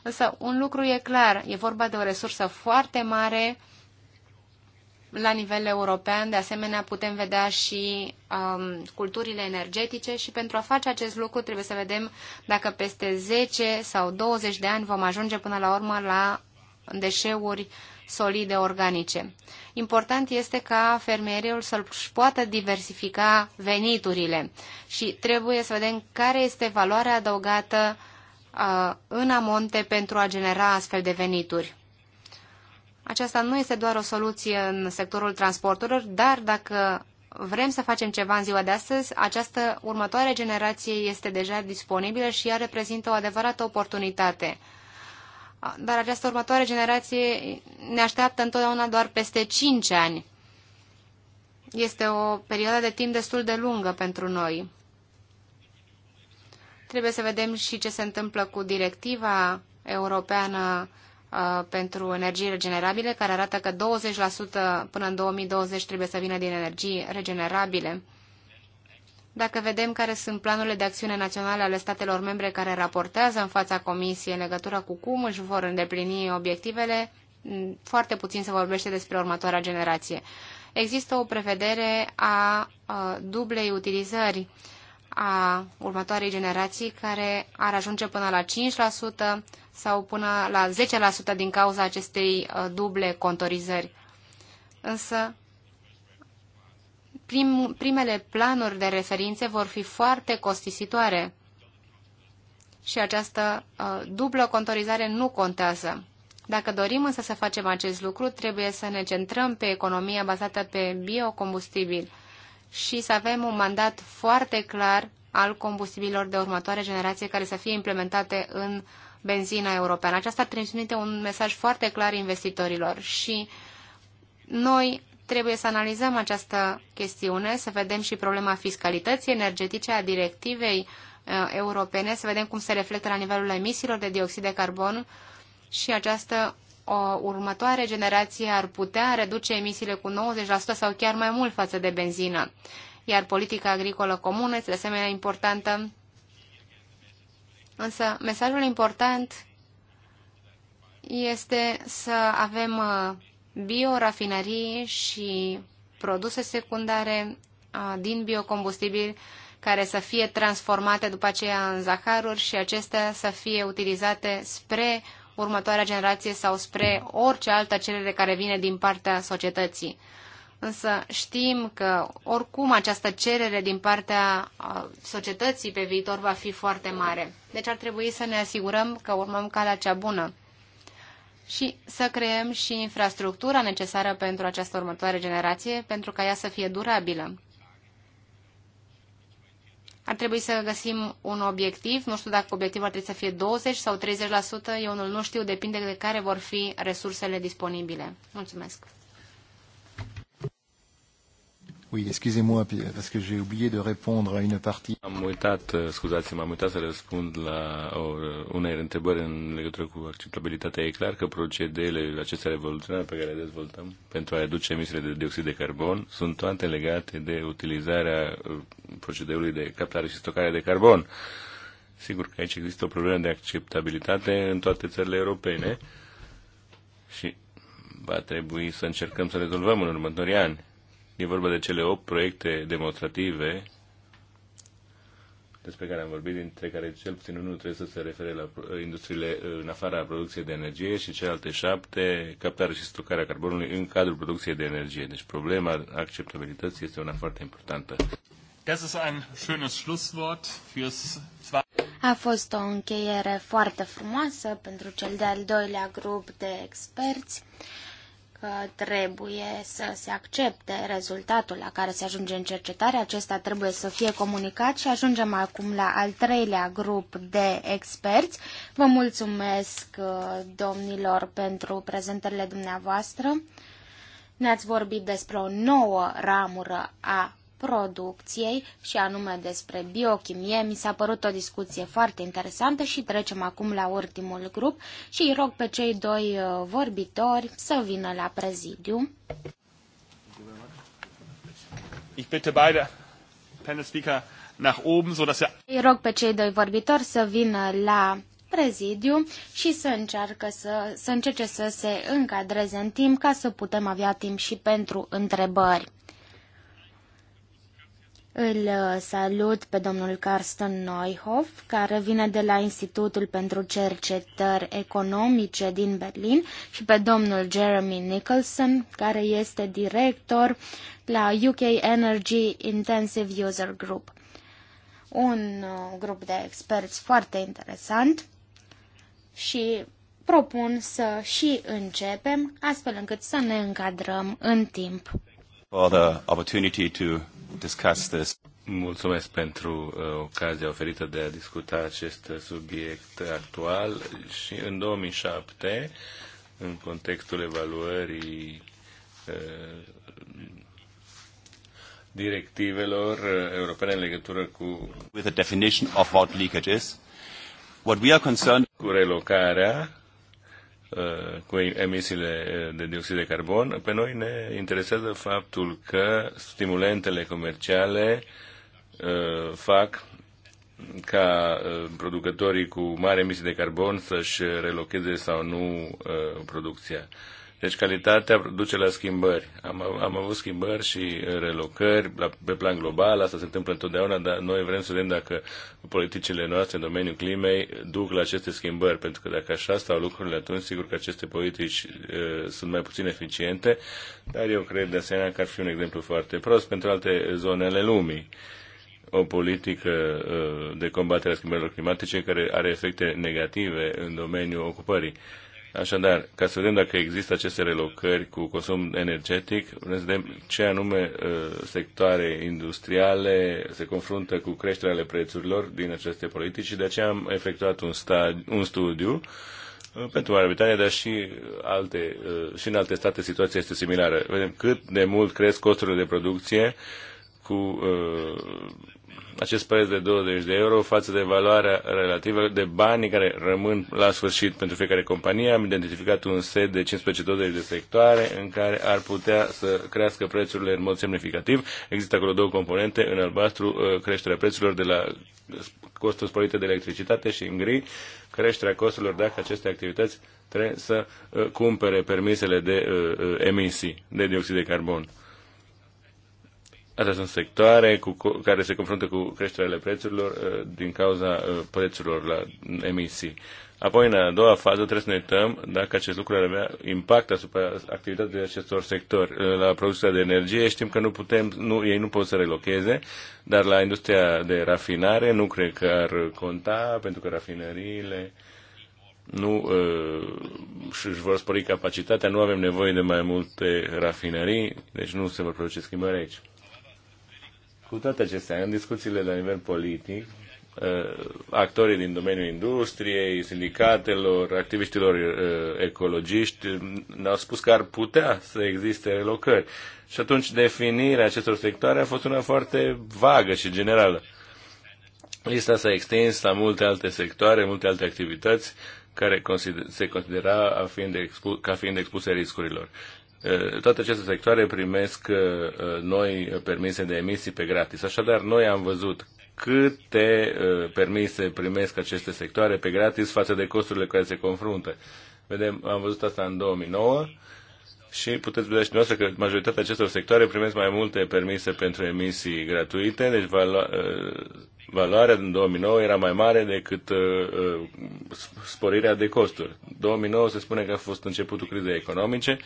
Speaker 3: Însă un lucru e clar, e vorba de o resursă foarte mare, uh, la nivel european, de asemenea putem vedea și um, culturile energetice și pentru a face acest lucru trebuie să vedem dacă peste 10 sau 20 de ani vom ajunge până la urmă la deșeuri solide organice. Important este ca fermierul să-și poată diversifica veniturile și trebuie să vedem care este valoarea adăugată uh, în amonte pentru a genera astfel de venituri. Aceasta nu este doar o soluție în sectorul transporturilor, dar dacă vrem să facem ceva în ziua de astăzi, această următoare generație este deja disponibilă și ea reprezintă o adevărată oportunitate. Dar această următoare generație ne așteaptă întotdeauna doar peste 5 ani. Este o perioadă de timp destul de lungă pentru noi. Trebuie să vedem și ce se întâmplă cu directiva europeană Uh, pentru energii regenerabile, care arată că 20% până în 2020 trebuie să vină din energii regenerabile. Dacă vedem care sunt planurile de acțiune naționale ale statelor membre care raportează în fața Comisiei în legătură cu cum își vor îndeplini obiectivele, foarte puțin se vorbește despre următoarea generație. Există o prevedere a, a dublei utilizări a următoarei generații care ar ajunge până la 5%, sau până la 10% din cauza acestei uh, duble contorizări. Însă, prim, primele planuri de referințe vor fi foarte costisitoare și această uh, dublă contorizare nu contează. Dacă dorim însă să facem acest lucru, trebuie să ne centrăm pe economia bazată pe biocombustibil și să avem un mandat foarte clar al combustibilor de următoare generație care să fie implementate în uh, benzina europeană. Aceasta transmite un mesaj foarte clar investitorilor și noi trebuie să analizăm această chestiune, să vedem și problema fiscalității energetice a directivei uh, europene, să vedem cum se reflectă la nivelul emisiilor de dioxid de carbon și această o următoare generație ar putea reduce emisiile cu 90% sau chiar mai mult față de benzină. Iar politica agricolă comună este de asemenea importantă Însă mesajul important este să avem uh, biorafinării și produse secundare uh, din biocombustibili care să fie transformate după aceea în zaharuri și acestea să fie utilizate spre următoarea generație sau spre orice altă cerere care vine din partea societății însă știm că oricum această cerere din partea societății pe viitor va fi foarte mare. Deci ar trebui să ne asigurăm că urmăm calea cea bună și să creăm și infrastructura necesară pentru această următoare generație, pentru ca ea să fie durabilă. Ar trebui să găsim un obiectiv, nu știu dacă obiectivul ar trebui să fie 20 sau 30%, eu nu știu, depinde de care vor fi resursele disponibile. Mulțumesc!
Speaker 2: Oui, excusez-moi, euh, parce que j'ai oublié de répondre à une
Speaker 4: partie. Am uitat, euh, scuzați m am uitat să răspund la o, unei întrebări în legătură cu acceptabilitatea. E clar că procedele acestea revoluționare pe care le dezvoltăm pentru a reduce emisiile de dioxid de carbon sunt toate legate de utilizarea uh, procedeului de captare și stocare de carbon. Sigur că aici există o problemă de acceptabilitate în toate țările europene și va trebui să încercăm să rezolvăm în următorii ani E vorba de cele 8 proiecte demonstrative despre care am vorbit, dintre care cel puțin unul trebuie să se refere la industriile în afara producției de energie și celelalte șapte, captarea și stocarea carbonului în cadrul producției de energie. Deci problema acceptabilității este una foarte importantă.
Speaker 5: Das ist ein schönes Schlusswort fürs
Speaker 1: a fost o încheiere foarte frumoasă pentru cel de-al doilea grup de experți că trebuie să se accepte rezultatul la care se ajunge în cercetare. Acesta trebuie să fie comunicat și ajungem acum la al treilea grup de experți. Vă mulțumesc, uh, domnilor, pentru prezentările dumneavoastră. Ne-ați vorbit despre o nouă ramură a producției și anume despre biochimie. Mi s-a părut o discuție foarte interesantă și trecem acum la ultimul grup și îi rog pe cei doi uh, vorbitori să vină la prezidiu.
Speaker 5: Ich bitte beide panel speaker nach oben, so dass er-
Speaker 1: Îi rog pe cei doi vorbitori să vină la prezidiu și să, încearcă să, să încerce să se încadreze în timp ca să putem avea timp și pentru întrebări. Îl uh, salut pe domnul Carsten Neuhoff, care vine de la Institutul pentru Cercetări Economice din Berlin, și pe domnul Jeremy Nicholson, care este director la UK Energy Intensive User Group. Un uh, grup de experți foarte interesant și propun să și începem, astfel încât să ne încadrăm în timp.
Speaker 5: For the opportunity to discuss this.
Speaker 4: Mulțumesc pentru uh, ocazia oferită de a discuta acest subiect actual și în 2007, în contextul evaluării uh, directivelor uh, europene în legătură cu with the definition of what leakage is, what we are concerned cu relocarea, Uh, cu emisiile uh, de dioxid de carbon, pe noi ne interesează faptul că stimulentele comerciale uh, fac ca producătorii cu mari emisii de carbon să-și relocheze sau nu producția. Deci calitatea duce la schimbări. Am, am avut schimbări și relocări la, pe plan global, asta se întâmplă întotdeauna, dar noi vrem să vedem dacă politicile noastre în domeniul climei duc la aceste schimbări, pentru că dacă așa stau lucrurile, atunci sigur că aceste politici e, uh, sunt mai puțin eficiente, dar eu cred de asemenea că ar fi un exemplu foarte prost pentru alte zone ale lumii o politică uh, de combatere a schimbărilor climatice care are efecte negative în domeniul ocupării. Așadar, ca să vedem dacă există aceste relocări cu consum energetic, vrem să vedem ce anume uh, sectoare industriale se confruntă cu creșterea ale prețurilor din aceste politici și de aceea am efectuat un, stadi, un studiu uh, pentru Marea Britanie, dar și, alte, uh, și în alte state situația este similară. Vedem cât de mult cresc costurile de producție cu acest preț de 20 de euro față de valoarea relativă de banii care rămân la sfârșit pentru fiecare companie. Am identificat un set de 15-20 de sectoare în care ar putea să crească prețurile în mod semnificativ. Există acolo două componente, în albastru uh, creșterea prețurilor de la costuri sporite de electricitate și în gri creșterea costurilor dacă aceste activități trebuie să uh, cumpere permisele de uh, emisii de dioxid de carbon. Astea sunt sectoare cu, care se confruntă cu creșterile prețurilor uh, din cauza uh, prețurilor la emisii. Apoi, în a doua fază, trebuie să ne uităm dacă acest lucru ar avea impact asupra activității acestor sectori. Uh, la producția de energie știm că nu putem, nu, ei nu pot să relocheze, dar la industria de rafinare nu cred că ar conta, pentru că rafinăriile nu uh, își vor spori capacitatea, nu avem nevoie de mai multe rafinării, deci nu se vor produce schimbări aici. Cu toate acestea, în discuțiile la nivel politic, uh, actorii din domeniul industriei, sindicatelor, activiștilor uh, ecologiști uh, ne-au spus că ar putea să existe relocări. Și atunci definirea acestor sectoare a fost una foarte vagă și generală. Lista s-a extins la multe alte sectoare, multe alte activități care se considera a fiind expu- ca fiind expuse riscurilor toate aceste sectoare primesc noi permise de emisii pe gratis. Așadar, noi am văzut câte permise primesc aceste sectoare pe gratis față de costurile cu care se confruntă. Vedem, am văzut asta în 2009 și puteți vedea și noastră că majoritatea acestor sectoare primesc mai multe permise pentru emisii gratuite, deci valo- valoarea din 2009 era mai mare decât sporirea de costuri. 2009 se spune că a fost începutul crizei economice,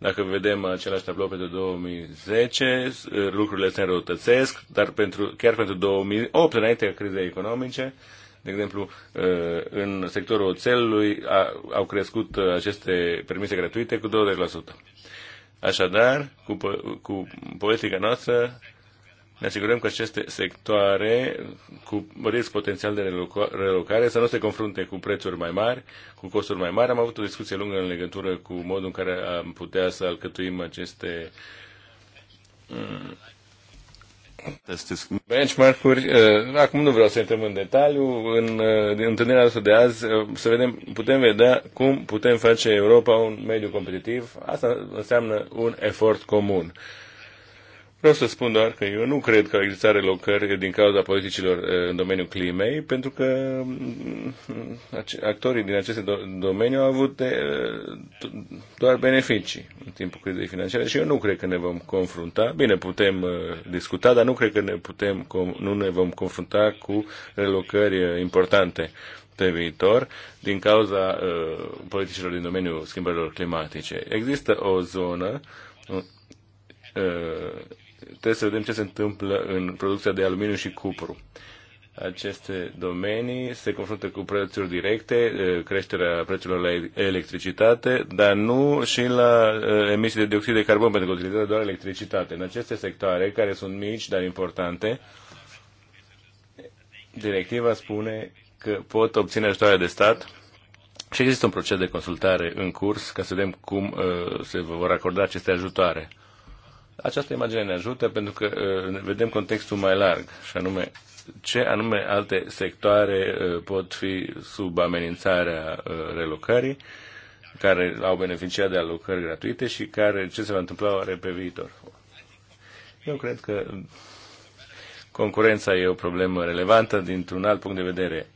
Speaker 4: dacă vedem același tablou pentru 2010, lucrurile se înrăutățesc, dar pentru, chiar pentru 2008, înainte de crizei economice, de exemplu, eh, în sectorul oțelului au crescut aceste permise gratuite cu 20%. Așadar, cu, cu politica noastră, ne asigurăm că aceste sectoare cu risc potențial de relocare să nu se confrunte cu prețuri mai mari, cu costuri mai mari. Am avut o discuție lungă în legătură cu modul în care am putea să alcătuim aceste mm, benchmark-uri. Uh, acum nu vreau să intrăm în detaliu. În uh, întâlnirea noastră de azi uh, să vedem, putem vedea cum putem face Europa un mediu competitiv. Asta înseamnă un efort comun. Vreau să spun doar că eu nu cred că au existat relocări din cauza politicilor în domeniul climei, pentru că mm, actorii din aceste domeniu au avut doar beneficii în timpul crizei financiare și eu nu cred că ne vom confrunta. Bine, putem discuta, dar nu cred că ne putem, nu ne vom confrunta cu relocări importante pe viitor din cauza politicilor din domeniul schimbărilor climatice. Există o zonă trebuie să vedem ce se întâmplă în producția de aluminiu și cupru. Aceste domenii se confruntă cu prețuri directe, creșterea prețurilor la electricitate, dar nu și la emisii de dioxid de carbon, pentru că utilizează doar electricitate. În aceste sectoare, care sunt mici, dar importante, directiva spune că pot obține ajutoare de stat și există un proces de consultare în curs ca să vedem cum se vor acorda aceste ajutoare. Această imagine ne ajută pentru că uh, vedem contextul mai larg, și anume ce anume alte sectoare uh, pot fi sub amenințarea uh, relocării, care au beneficiat de alocări gratuite și care ce se va întâmpla oare pe viitor. Eu cred că concurența e o problemă relevantă dintr-un alt punct de vedere.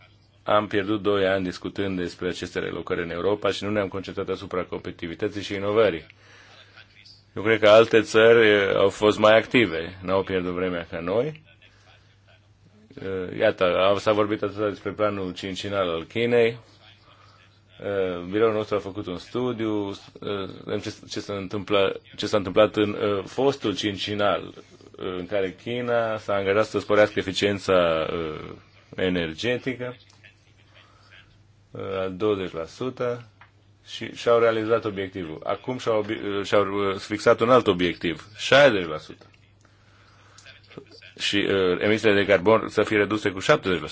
Speaker 4: Am pierdut doi ani discutând despre aceste relocări în Europa și nu ne-am concentrat asupra competitivității și inovării. Eu cred că alte țări eh, au fost mai active, n-au pierdut vremea ca noi. Eh, iată, s-a vorbit atât despre planul cincinal al Chinei. Eh, biroul nostru a făcut un studiu ce s-a întâmplat, ce s-a întâmplat în fostul cincinal în care China s-a angajat să sporească eficiența energetică la și și-au realizat obiectivul. Acum și-au, și-au uh, fixat un alt obiectiv, 60%. Și uh, emisiile de carbon să fie reduse cu 70%.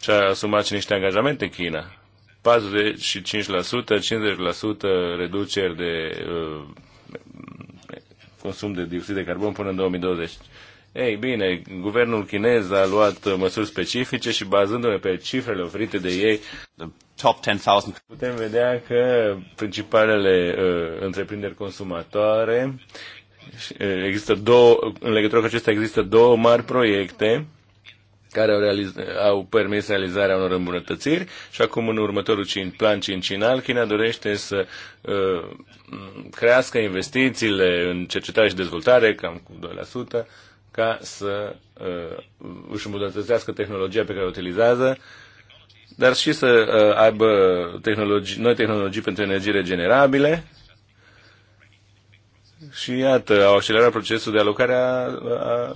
Speaker 4: Și-a asumat și niște angajamente în China. 45%, 50% reduceri de uh, consum de dioxid de carbon până în 2020. Ei bine, guvernul chinez a luat măsuri specifice și bazându-ne pe cifrele oferite de ei, The
Speaker 5: top 10,000.
Speaker 4: putem vedea că principalele uh, întreprinderi consumatoare, uh, există două, în legătură cu acestea există două mari proiecte care au, realiz- au permis realizarea unor îmbunătățiri și acum în următorul cin- plan cincinal China dorește să uh, crească investițiile în cercetare și dezvoltare cam cu 2%, ca să uh, își îmbunătățească tehnologia pe care o utilizează, dar și să uh, aibă tehnologi, noi tehnologii pentru energii regenerabile. Și iată, au accelerat procesul de alocare a, a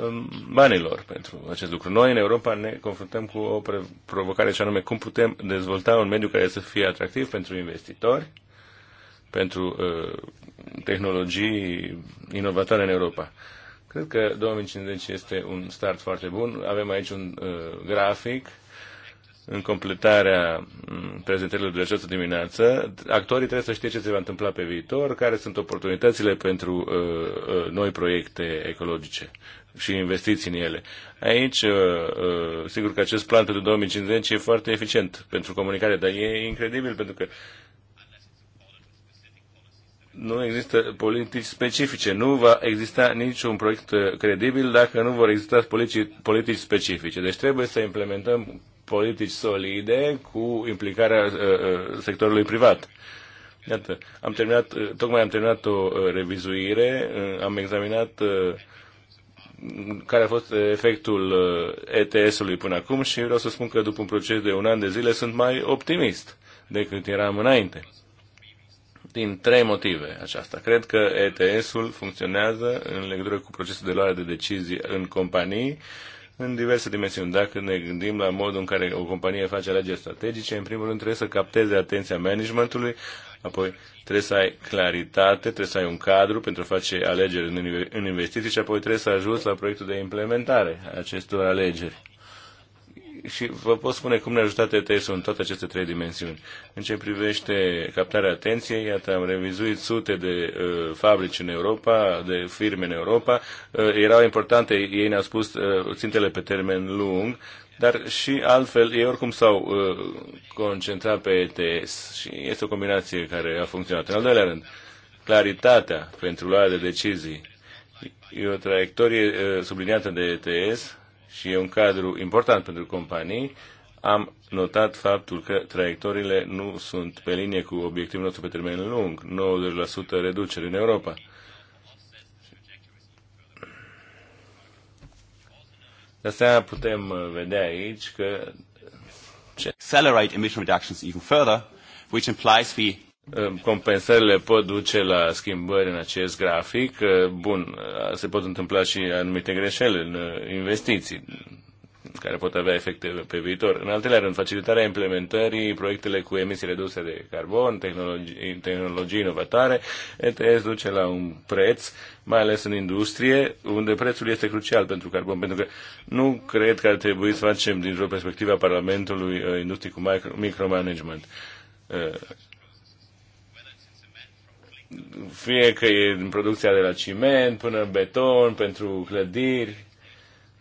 Speaker 4: banilor pentru acest lucru. Noi, în Europa, ne confruntăm cu o provocare și anume cum putem dezvolta un mediu care să fie atractiv pentru investitori, pentru uh, tehnologii inovatoare în Europa. Cred că 2050 este un start foarte bun. Avem aici un uh, grafic în completarea mm, prezentărilor de această dimineață, actorii trebuie să știe ce se va întâmpla pe viitor, care sunt oportunitățile pentru uh, uh, noi proiecte ecologice și investiții în ele. Aici, uh, uh, sigur că acest plan pentru 2050 e foarte eficient pentru comunicare, dar e incredibil pentru că uh, nu există politici specifice. Nu va exista niciun proiect uh, credibil dacă nu vor exista politici, politici specifice. Deci trebuie să implementăm politici solide cu implicarea uh, uh sectorului privat. Iată, am terminat, uh, tocmai am terminat o revizuire, am examinat care a fost efectul ETS-ului până acum și vreau să spun că după un proces de un an de zile sunt mai optimist decât eram înainte din trei motive aceasta. Cred că ETS-ul funcționează în legătură cu procesul de luare de decizii în companii în diverse dimensiuni. Dacă ne gândim la modul în care o companie face alegeri strategice, în primul rând trebuie să capteze atenția managementului, apoi trebuie să ai claritate, trebuie să ai un cadru pentru a face alegeri în investiții și apoi trebuie să ajungi la proiectul de implementare a acestor alegeri și vă pot spune cum ne-a ajutat ETS-ul în toate aceste trei dimensiuni. În ce privește captarea atenției, iată, am revizuit sute de uh, fabrici în Europa, de firme în Europa. Uh, erau importante, ei ne-au spus, uh, țintele pe termen lung, dar și altfel, ei oricum s-au uh, concentrat pe ETS și este o combinație care a funcționat. În al doilea rând, claritatea pentru luarea de decizii. E o traiectorie uh, subliniată de ETS și e un cadru important pentru companii, am notat faptul că traiectoriile nu sunt pe linie cu obiectivul nostru pe termen lung, 90% reducere în Europa. De asta putem uh, vedea aici că accelerate emission reductions even further, which implies we compensările pot duce la schimbări în acest grafic. Bun, se pot întâmpla și anumite greșeli în uh, investiții care pot avea efecte pe viitor. În al treilea rând, facilitarea implementării, proiectele cu emisii reduse de carbon, tehnologii, tehnologii inovatoare, ETS duce la un preț, mai ales în industrie, unde prețul este crucial pentru carbon, pentru că nu cred că ar trebui să facem, dintr-o perspectivă a Parlamentului, uh, industrie cu micromanagement. Uh, fie că e în producția de la ciment până în beton, pentru clădiri,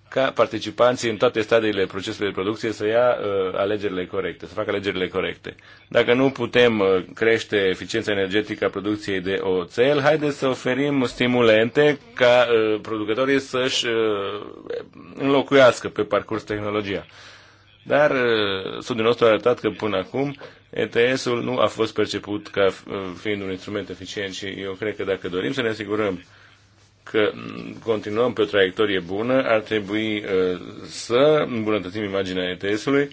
Speaker 4: ca participanții în toate stadiile procesului de producție să ia uh, alegerile corecte, să facă alegerile corecte. Dacă nu putem uh, crește eficiența energetică a producției de oțel, haideți să oferim stimulente ca uh, producătorii să-și uh, înlocuiască pe parcurs tehnologia. Dar uh, studiul nostru a arătat că până acum ETS-ul nu a fost perceput ca uh, fiind un instrument eficient și eu cred că dacă dorim să ne asigurăm că continuăm pe o traiectorie bună, ar trebui uh, să îmbunătățim imaginea ETS-ului,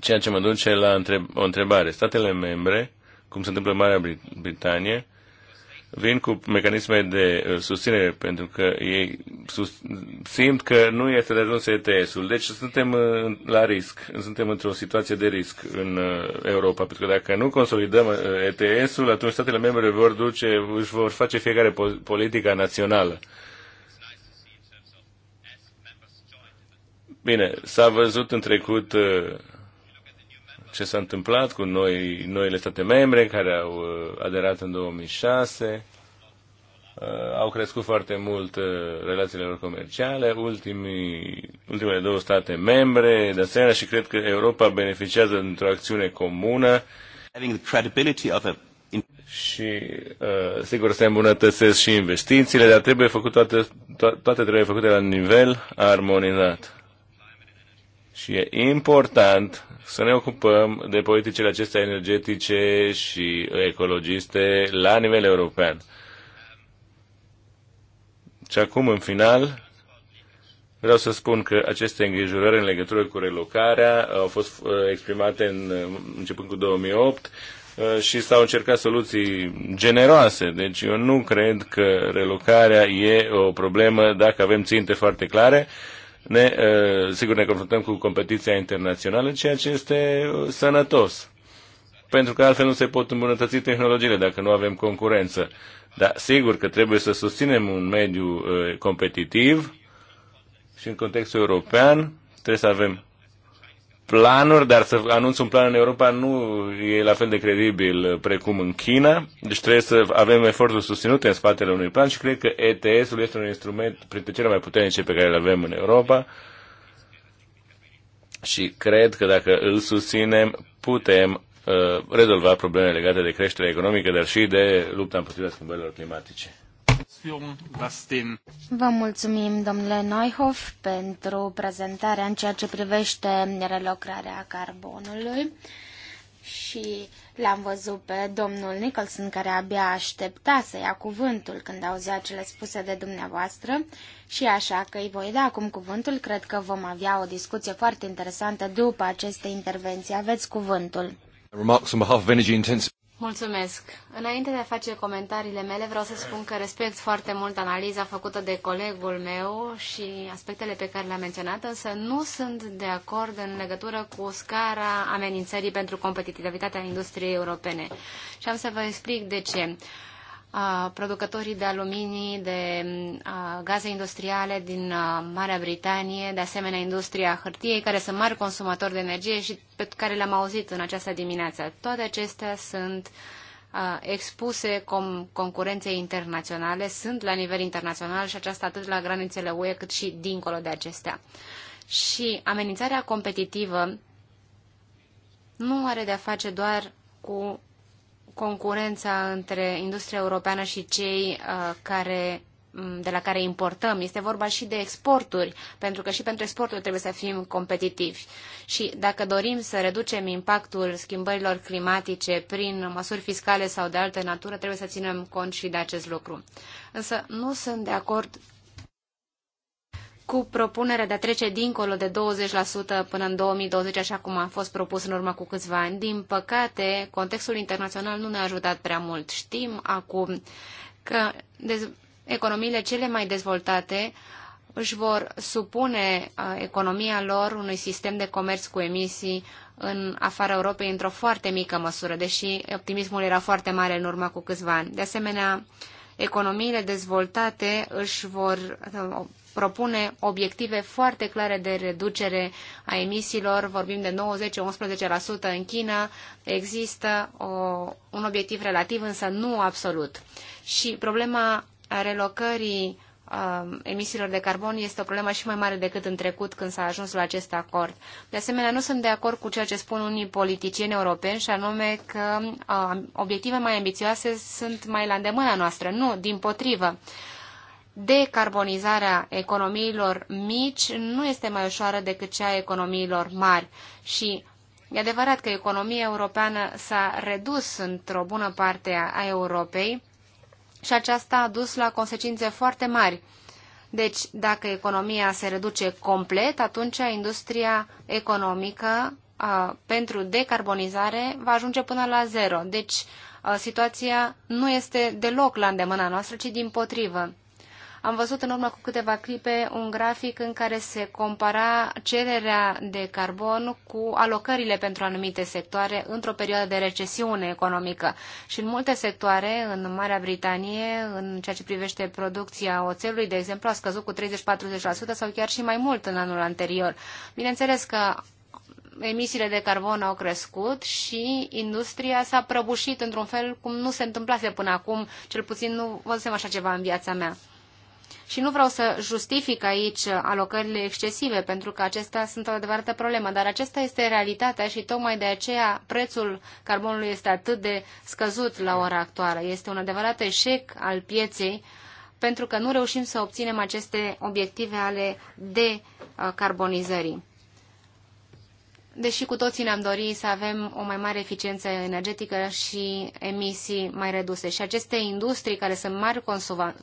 Speaker 4: ceea ce mă duce la o întrebare. Statele membre, cum se întâmplă în Marea Britanie, vin cu mecanisme de uh, susținere pentru că ei sus, simt că nu este de ajuns ETS-ul. Deci suntem uh, la risc, suntem într-o situație de risc în uh, Europa, pentru că dacă nu consolidăm ETS-ul, atunci statele membre vor duce, își vor face fiecare politica națională. Bine, s-a văzut în trecut ce s-a întâmplat cu noi, noile state membre care au uh, aderat în 2006. Uh, au crescut foarte mult uh, relațiile lor comerciale, Ultimii, ultimele două state membre, de asemenea, și cred că Europa beneficiază într o acțiune comună și uh, sigur se îmbunătățesc și investițiile, dar trebuie făcut toate, to- toate trebuie făcute la nivel armonizat. Și e important să ne ocupăm de politicile acestea energetice și ecologiste la nivel european. Și acum, în final, vreau să spun că aceste îngrijorări în legătură cu relocarea au fost uh, exprimate în, uh, începând cu 2008 uh, și s-au încercat soluții generoase. Deci eu nu cred că relocarea e o problemă dacă avem ținte foarte clare ne, sigur, ne confruntăm cu competiția internațională, ceea ce este sănătos. Pentru că altfel nu se pot îmbunătăți tehnologiile dacă nu avem concurență. Dar sigur că trebuie să susținem un mediu competitiv și în contextul european trebuie să avem planuri, dar să anunț un plan în Europa nu e la fel de credibil precum în China, deci trebuie să avem eforturi susținute în spatele unui plan și cred că ETS-ul este un instrument printre cele mai puternice pe care le avem în Europa și cred că dacă îl susținem putem uh, rezolva probleme legate de creșterea economică, dar și de lupta împotriva schimbărilor
Speaker 5: climatice.
Speaker 1: Vă mulțumim, domnule Neuhoff, pentru prezentarea în ceea ce privește relocrarea carbonului și l-am văzut pe domnul Nicholson care abia aștepta să ia cuvântul când auzea cele spuse de dumneavoastră și așa că îi voi da acum cuvântul, cred că vom avea o discuție foarte interesantă după aceste intervenții. Aveți cuvântul.
Speaker 3: Mulțumesc. Înainte de a face comentariile mele, vreau să spun că respect foarte mult analiza făcută de colegul meu și aspectele pe care le-a menționat, însă nu sunt de acord în legătură cu scara amenințării pentru competitivitatea industriei europene. Și am să vă explic de ce. Uh, producătorii de aluminii, de gaze industriale din Marea Britanie, de asemenea industria hârtiei, care sunt mari consumatori de energie și pe care le-am auzit în această dimineață. Toate acestea sunt expuse com concurenței internaționale, sunt la nivel internațional și aceasta atât la granițele UE cât și dincolo de acestea. Și amenințarea competitivă nu are de-a face doar cu concurența între industria europeană și cei uh, care mm, de la care importăm. Este vorba și de exporturi, pentru că și pentru exporturi trebuie să fim competitivi. Și dacă dorim să reducem impactul schimbărilor climatice prin măsuri fiscale sau de altă natură, trebuie să ținem cont și de acest lucru. Însă nu sunt de acord cu propunerea de a trece dincolo de 20% până în 2020, așa cum a fost propus în urmă cu câțiva ani. Din păcate, contextul internațional nu ne-a ajutat prea mult. Știm acum că economiile cele mai dezvoltate își vor supune economia lor unui sistem de comerț cu emisii în afara Europei într-o foarte mică măsură, deși optimismul era foarte mare în urma cu câțiva ani. De asemenea, economiile dezvoltate își vor propune obiective foarte clare de reducere a emisiilor, vorbim de 90-11% în China, există o, un obiectiv relativ, însă nu absolut. Și problema relocării um, emisiilor de carbon este o problemă și mai mare decât în trecut când s-a ajuns la acest acord. De asemenea, nu sunt de acord cu ceea ce spun unii politicieni europeni și anume că um, obiective mai ambițioase sunt mai la îndemâna noastră. Nu, din potrivă. Uh, decarbonizarea economiilor mici nu este mai ușoară decât cea a economiilor mari și e adevărat că economia europeană s-a redus într-o bună parte a Europei și aceasta a dus la consecințe foarte mari. Deci, dacă economia se reduce complet, atunci industria economică a, pentru decarbonizare va ajunge până la zero. Deci, a, situația nu este deloc la îndemâna noastră, ci din potrivă. Am văzut în urmă cu câteva clipe un grafic în care se compara cererea de carbon cu alocările pentru anumite sectoare într-o perioadă de recesiune economică. Și în multe sectoare, în Marea Britanie, în ceea ce privește producția oțelului, de exemplu, a scăzut cu 30-40% sau chiar și mai mult în anul anterior. Bineînțeles că emisiile de carbon au crescut și industria s-a prăbușit într-un fel cum nu se întâmplase până acum, cel puțin nu văzusem așa ceva în viața mea. Și nu vreau să justific aici alocările excesive, pentru că acestea sunt o adevărată problemă, dar acesta este realitatea și tocmai de aceea prețul carbonului este atât de scăzut la ora actuală. Este un adevărat eșec al pieței, pentru că nu reușim să obținem aceste obiective ale decarbonizării deși cu toții ne-am dorit să avem o mai mare eficiență energetică și emisii mai reduse. Și aceste industrii care sunt mari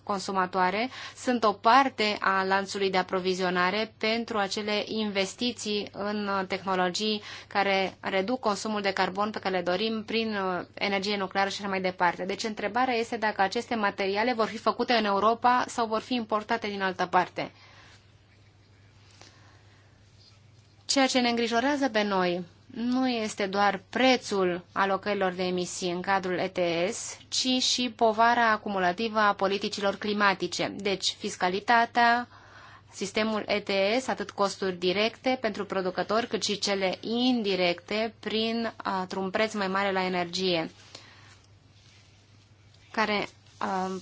Speaker 3: consumatoare sunt o parte a lanțului de aprovizionare pentru acele investiții în tehnologii care reduc consumul de carbon pe care le dorim prin uh, energie nucleară și așa mai departe. Deci întrebarea este dacă aceste materiale vor fi făcute în Europa sau vor fi importate din altă parte. Ceea ce ne îngrijorează pe noi nu este doar prețul alocărilor de emisii în cadrul ETS, ci și povara acumulativă a politicilor climatice, deci fiscalitatea, Sistemul ETS, atât costuri directe pentru producători, cât și cele indirecte, prin un preț mai mare la energie, care uh,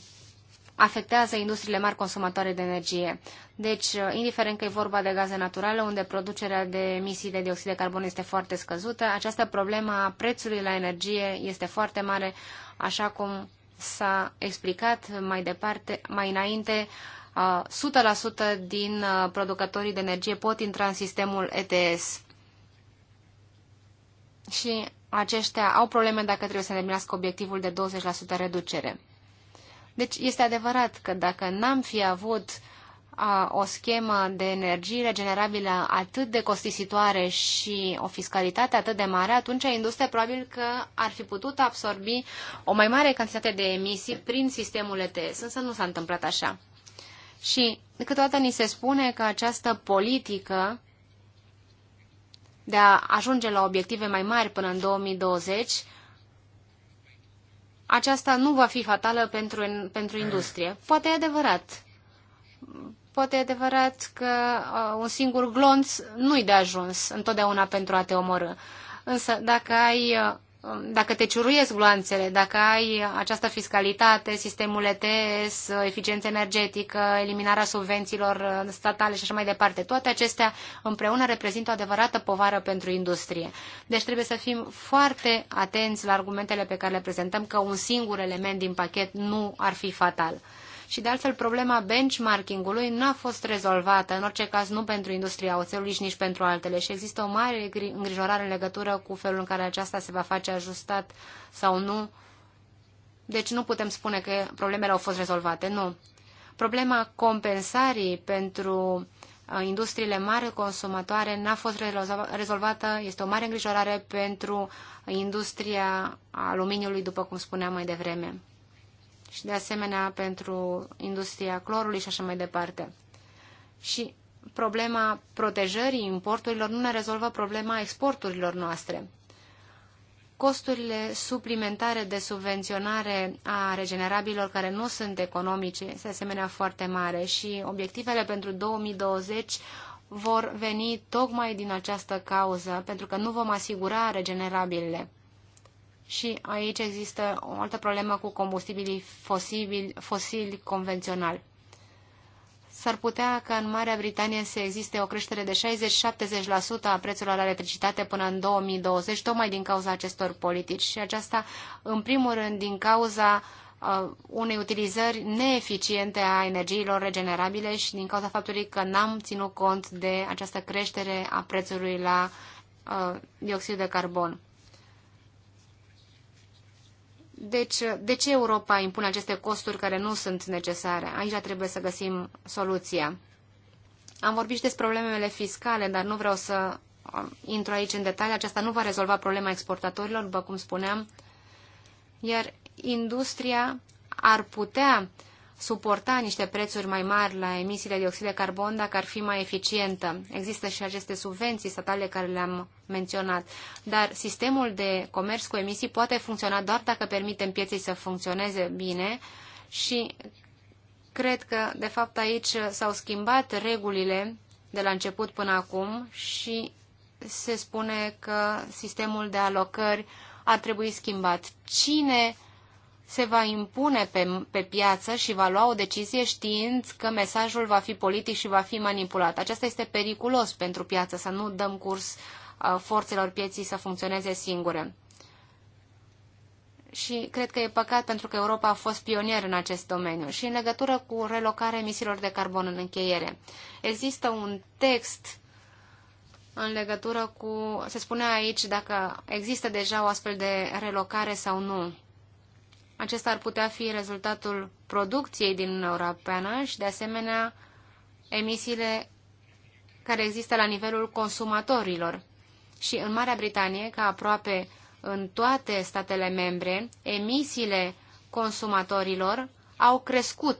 Speaker 3: afectează industriile mari consumatoare de energie. Deci, uh, indiferent că e vorba de gaze naturale, unde producerea de emisii de dioxid de carbon este foarte scăzută, această problemă a prețului la energie este foarte mare, așa cum s-a explicat mai departe, mai înainte, 100% uh, din uh, producătorii de energie pot intra în sistemul ETS. Și aceștia au probleme dacă trebuie să îndeplinească obiectivul de 20% reducere. Deci este adevărat că dacă n-am fi avut uh, o schemă de energie regenerabilă atât de costisitoare și o fiscalitate atât de mare, atunci industria probabil că ar fi putut absorbi o mai mare cantitate de emisii prin sistemul ETS, însă nu s-a întâmplat așa. Și câteodată ni se spune că această politică de a ajunge la obiective mai mari până în 2020, aceasta nu va fi fatală pentru, pentru industrie. Poate e adevărat Poate e adevărat că uh, un singur glonț nu-i de ajuns întotdeauna pentru a te omorâ. Însă dacă ai uh, dacă te ciuruiesc gloanțele, dacă ai această fiscalitate, sistemul ETS, eficiență energetică, eliminarea subvențiilor uh, statale și așa mai departe, toate acestea împreună reprezintă o adevărată povară pentru industrie. Deci trebuie să fim foarte atenți la argumentele pe care le prezentăm că un singur element din pachet nu ar fi fatal și de altfel problema benchmarking-ului n-a fost rezolvată, în orice caz nu pentru industria oțelului și nici pentru altele și există o mare îngrijorare în legătură cu felul în care aceasta se va face ajustat sau nu. Deci nu putem spune că problemele au fost rezolvate, nu. Problema compensarii pentru uh, industriile mari consumatoare n-a fost rezolvată, este o mare îngrijorare pentru industria aluminiului, după cum spuneam mai devreme și de asemenea pentru industria clorului și așa mai departe. Și problema protejării importurilor nu ne rezolvă problema exporturilor noastre. Costurile suplimentare de subvenționare a regenerabilor care nu sunt economice, de asemenea foarte mare și obiectivele pentru 2020 vor veni tocmai din această cauză, pentru că nu vom asigura regenerabilele. Și aici există o altă problemă cu combustibilii fosibili, fosili convenționali. S-ar putea ca în Marea Britanie să existe o creștere de 60-70% a prețurilor la electricitate până în 2020, tocmai din cauza acestor politici. Și aceasta, în primul rând, din cauza uh, unei utilizări neeficiente a energiilor regenerabile și din cauza faptului că n-am ținut cont de această creștere a prețului la uh, dioxid de carbon. Deci, de ce Europa impune aceste costuri care nu sunt necesare? Aici trebuie să găsim soluția. Am vorbit și despre problemele fiscale, dar nu vreau să um, intru aici în detalii. Aceasta nu va rezolva problema exportatorilor, după cum spuneam. Iar industria ar putea uh, suporta niște prețuri mai mari la emisiile de oxid de carbon dacă ar fi mai eficientă. Există și aceste subvenții statale care le-am menționat, dar sistemul de comerț cu emisii poate funcționa doar dacă permitem pieței să funcționeze bine și cred că, de fapt, aici s-au schimbat regulile de la început până acum și se spune că sistemul de alocări ar trebui schimbat. Cine se va impune pe, pe piață și va lua o decizie știind că mesajul va fi politic și va fi manipulat. Aceasta este periculos pentru piață, să nu dăm curs uh, forțelor pieții să funcționeze singure. Și cred că e păcat pentru că Europa a fost pionier în acest domeniu. Și în legătură cu relocarea emisiilor de carbon în încheiere, există un text în legătură cu, se spune aici, dacă există deja o astfel de relocare sau nu acesta ar putea fi rezultatul producției din Uniunea Europeană și, de asemenea, emisiile care există la nivelul consumatorilor. Și în Marea Britanie, ca aproape în toate statele membre, emisiile consumatorilor au crescut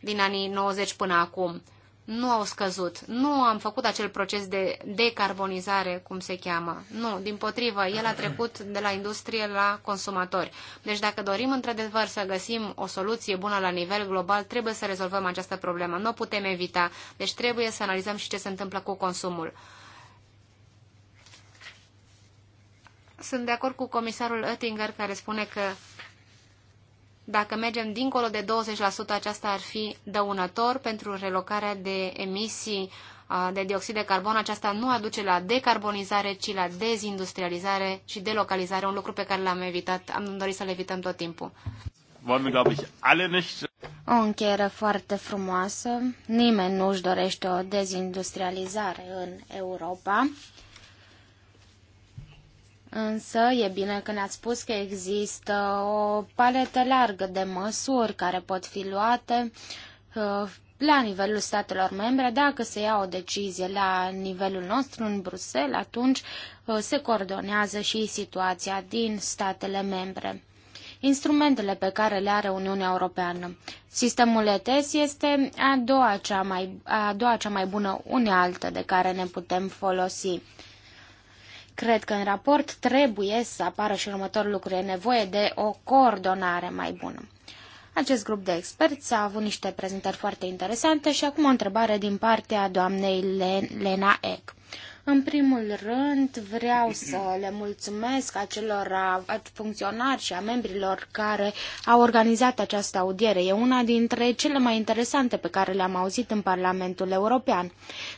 Speaker 3: din anii 90 până acum nu au scăzut. Nu am făcut acel proces de decarbonizare, cum se cheamă. Nu, din potrivă, el a trecut de la industrie la consumatori. Deci dacă dorim într-adevăr să găsim o soluție bună la nivel global, trebuie să rezolvăm această problemă. Nu o putem evita. Deci trebuie să analizăm și ce se întâmplă cu consumul. Sunt de acord cu comisarul Oettinger care spune că dacă mergem dincolo de 20%, aceasta ar fi dăunător pentru relocarea de emisii de dioxid de carbon. Aceasta nu aduce la decarbonizare, ci la dezindustrializare și delocalizare, un lucru pe care l-am evitat, am dorit să-l evităm tot timpul.
Speaker 1: O încheiere foarte frumoasă. Nimeni nu își dorește o dezindustrializare în Europa. Însă e bine că ne-ați spus că există o paletă largă de măsuri care pot fi luate uh, la nivelul statelor membre. Dacă se ia o decizie la nivelul nostru în Bruxelles, atunci uh, se coordonează și situația din statele membre instrumentele pe care le are Uniunea Europeană. Sistemul ETS este a doua cea mai, a doua cea mai bună unealtă de care ne putem folosi. Cred că în raport trebuie să apară și următorul lucru. E nevoie de o coordonare mai bună. Acest grup de experți a avut niște prezentări foarte interesante și acum o întrebare din partea doamnei Lena Eck. În primul rând, vreau să le mulțumesc acelor funcționari și a membrilor care au organizat această audiere. E una dintre cele mai interesante pe care le-am auzit în Parlamentul European.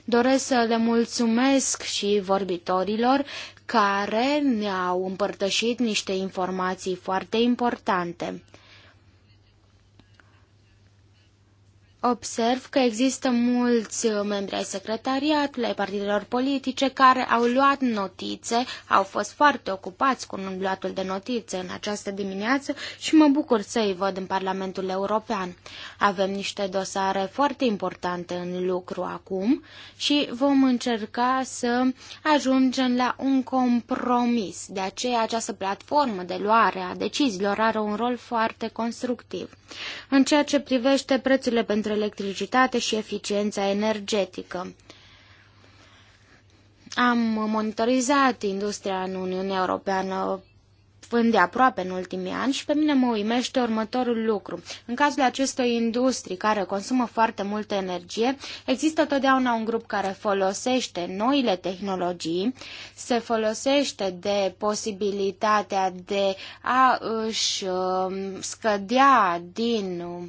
Speaker 1: Doresc să le mulțumesc și vorbitorilor care ne-au împărtășit niște informații foarte importante. observ că există mulți uh, membri ai secretariatului, ai partidelor politice, care au luat notițe, au fost foarte ocupați cu luatul de notițe în această dimineață și mă bucur să-i văd în Parlamentul European. Avem niște dosare foarte importante în lucru acum și vom încerca să ajungem la un compromis. De aceea această platformă de luare a deciziilor are un rol foarte constructiv. În ceea ce privește prețurile pentru între electricitate și eficiența energetică. Am monitorizat industria în Uniunea Europeană aproape în ultimii ani și pe mine mă uimește următorul lucru. În cazul acestei industrii care consumă foarte multă energie, există totdeauna un grup care folosește noile tehnologii, se folosește de posibilitatea de a își um, scădea din uh,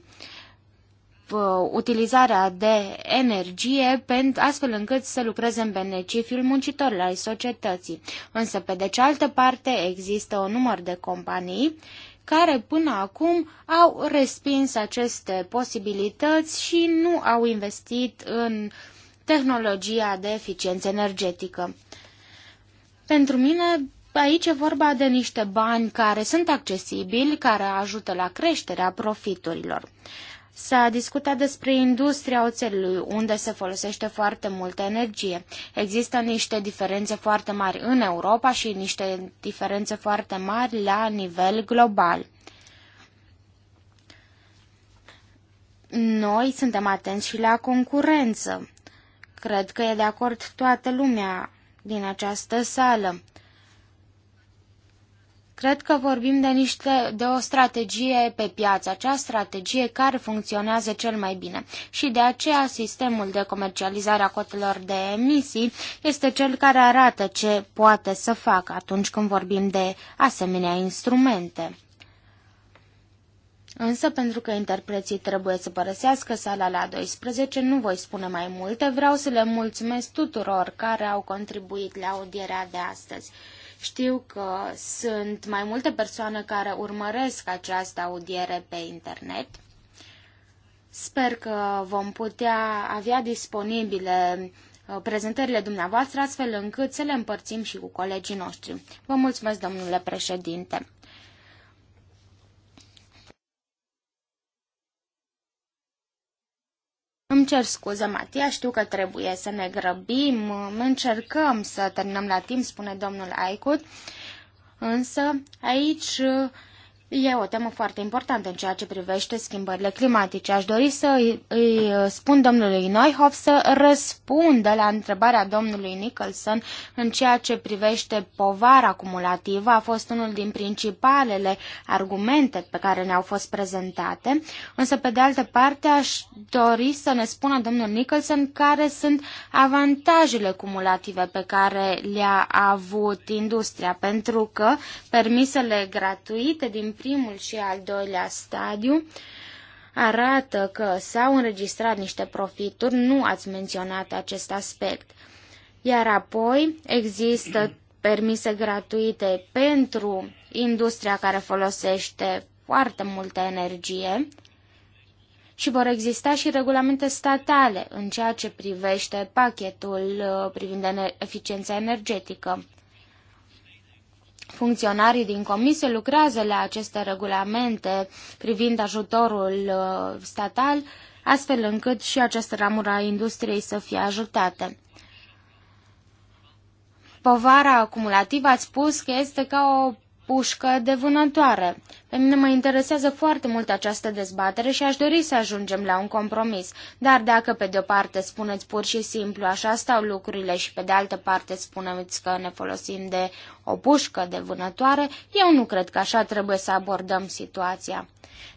Speaker 1: Uh, utilizarea de energie pentru astfel încât să lucreze în beneficiul muncitorilor ai societății. Însă, pe de cealaltă parte, există un număr de companii care până acum au respins aceste posibilități și nu au investit în tehnologia de eficiență energetică. Pentru mine, aici e vorba de niște bani care sunt accesibili, care ajută la creșterea profiturilor. S-a discutat despre industria oțelului, unde se folosește foarte multă energie. Există niște diferențe foarte mari în Europa și niște diferențe foarte mari la nivel global. Noi suntem atenți și la concurență. Cred că e de acord toată lumea din această sală. Cred că vorbim de, niște, de o strategie pe piață, acea strategie care funcționează cel mai bine. Și de aceea sistemul de comercializare a cotelor de emisii este cel care arată ce poate să facă atunci când vorbim de asemenea instrumente. Însă, pentru că interpreții trebuie să părăsească sala la 12, nu voi spune mai multe. Vreau să le mulțumesc tuturor care au contribuit la audierea de astăzi. Știu că sunt mai multe persoane care urmăresc această audiere pe internet. Sper că vom putea avea disponibile uh, prezentările dumneavoastră astfel încât să le împărțim și cu colegii noștri. Vă mulțumesc, domnule președinte. Îmi cer scuze, Matia, știu că trebuie să ne grăbim, încercăm să terminăm la timp, spune domnul Aicut, însă aici E o temă foarte importantă în ceea ce privește schimbările climatice. Aș dori să îi, spun domnului Neuhoff să răspundă la întrebarea domnului Nicholson în ceea ce privește povara cumulativă. A fost unul din principalele argumente pe care ne-au fost prezentate. Însă, pe de altă parte, aș dori să ne spună domnul Nicholson care sunt avantajele cumulative pe care le-a avut industria, pentru că permisele gratuite din primul și al doilea stadiu arată că s-au înregistrat niște profituri, nu ați menționat acest aspect. Iar apoi există permise gratuite pentru industria care folosește foarte multă energie și vor exista și regulamente statale în ceea ce privește pachetul uh, privind eficiența energetică. Funcționarii din comisie lucrează la aceste regulamente privind ajutorul uh, statal, astfel încât și această ramură a industriei să fie ajutată. Povara acumulativă a spus că este ca o pușcă de vânătoare. Pe mine mă interesează foarte mult această dezbatere și aș dori să ajungem la un compromis. Dar dacă pe de-o parte spuneți pur și simplu așa stau lucrurile și pe de altă parte spuneți că ne folosim de o pușcă de vânătoare, eu nu cred că așa trebuie să abordăm situația.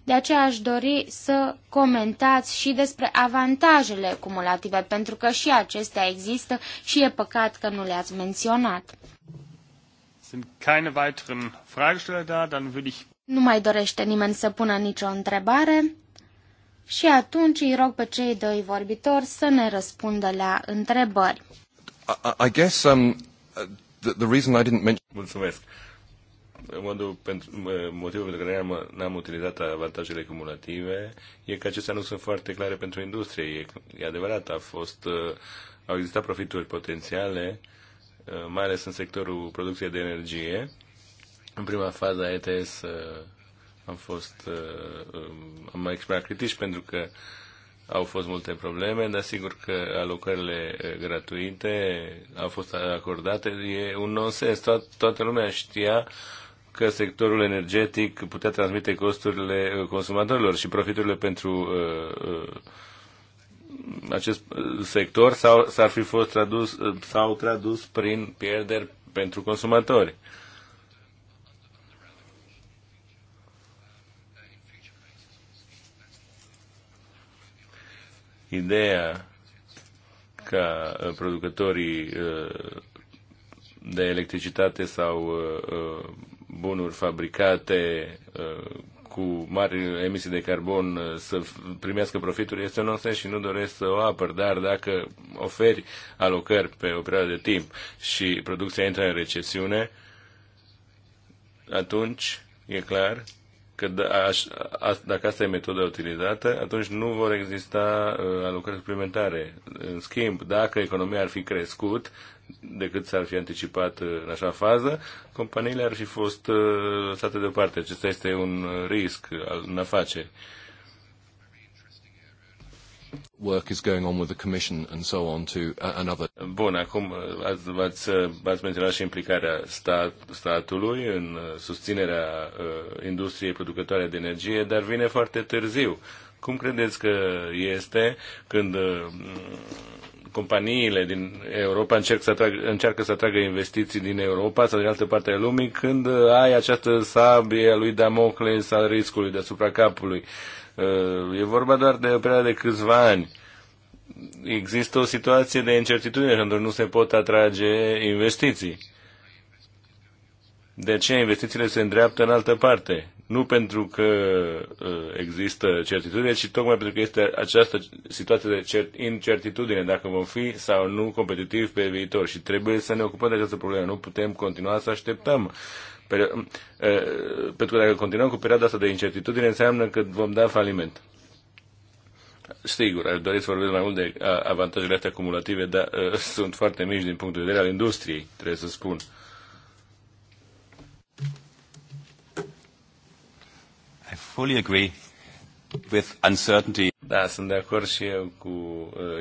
Speaker 1: De aceea aș dori să comentați și despre avantajele cumulative, pentru că și acestea există și e păcat că nu le-ați menționat.
Speaker 5: Sind keine weiteren Fragesteller da, dann würde ich...
Speaker 1: Nu mai dorește nimeni să pună nicio întrebare și atunci îi rog pe cei doi vorbitori să ne răspundă la întrebări.
Speaker 2: I, I guess um, the, the reason I didn't mention... Mulțumesc.
Speaker 4: Modul pentru, motivul pentru care n-am, n-am utilizat avantajele cumulative e că acestea nu sunt foarte clare pentru industrie. E, e adevărat, a fost, uh, au existat profituri potențiale Uh, mai ales în sectorul producției de energie. În prima fază a ETS uh, am fost, uh, um, am mai exprimat critici pentru că au fost multe probleme, dar sigur că alocările gratuite au fost acordate. E un nonsens. To- toată lumea știa că sectorul energetic putea transmite costurile consumatorilor și profiturile pentru uh, uh, acest uh, sector sau s-ar fi fost tradus uh, sau tradus prin pierderi pentru consumatori. Ideea ca uh, producătorii de electricitate sau bunuri fabricate cu mari emisii de carbon uh, să primească profituri este un nonsens și nu doresc să o apăr, dar dacă oferi alocări pe o perioadă de timp și producția intră în recesiune, atunci e clar că da, dacă asta e metoda utilizată, atunci nu vor exista uh, alocări suplimentare. În schimb, dacă economia ar fi crescut, decât s-ar fi anticipat uh, în așa fază, companiile ar fi fost uh, lăsate deoparte. Acesta este un risc în afaceri.
Speaker 2: Work is going on with the Commission and so on to uh, another. Bun,
Speaker 4: acum ați, ați menționat și implicarea stat, statului în susținerea uh, industriei producătoare de energie, dar vine foarte târziu. Cum credeți că este când uh, companiile din Europa încerc să atrag, încearcă să atragă investiții din Europa sau din altă parte a lumii când uh, ai această sabie a lui Damocles al riscului deasupra capului. Uh, e vorba doar de o perioadă de câțiva ani. Există o situație de incertitudine când nu se pot atrage investiții. De ce investițiile se îndreaptă în altă parte? nu pentru că uh, există certitudine, ci tocmai pentru că este această situație de incertitudine, dacă vom fi sau nu competitivi pe viitor. Și trebuie să ne ocupăm de această problemă. Nu putem continua să așteptăm. Uh, pentru că dacă continuăm cu perioada asta de incertitudine, înseamnă că vom da faliment. Sigur, aș dori să vorbesc mai mult de uh, avantajele astea cumulative, dar uh, sunt foarte mici din punctul de vedere al industriei, trebuie să spun. Uh, fully agree with uncertainty. Da, sunt de acord și eu cu...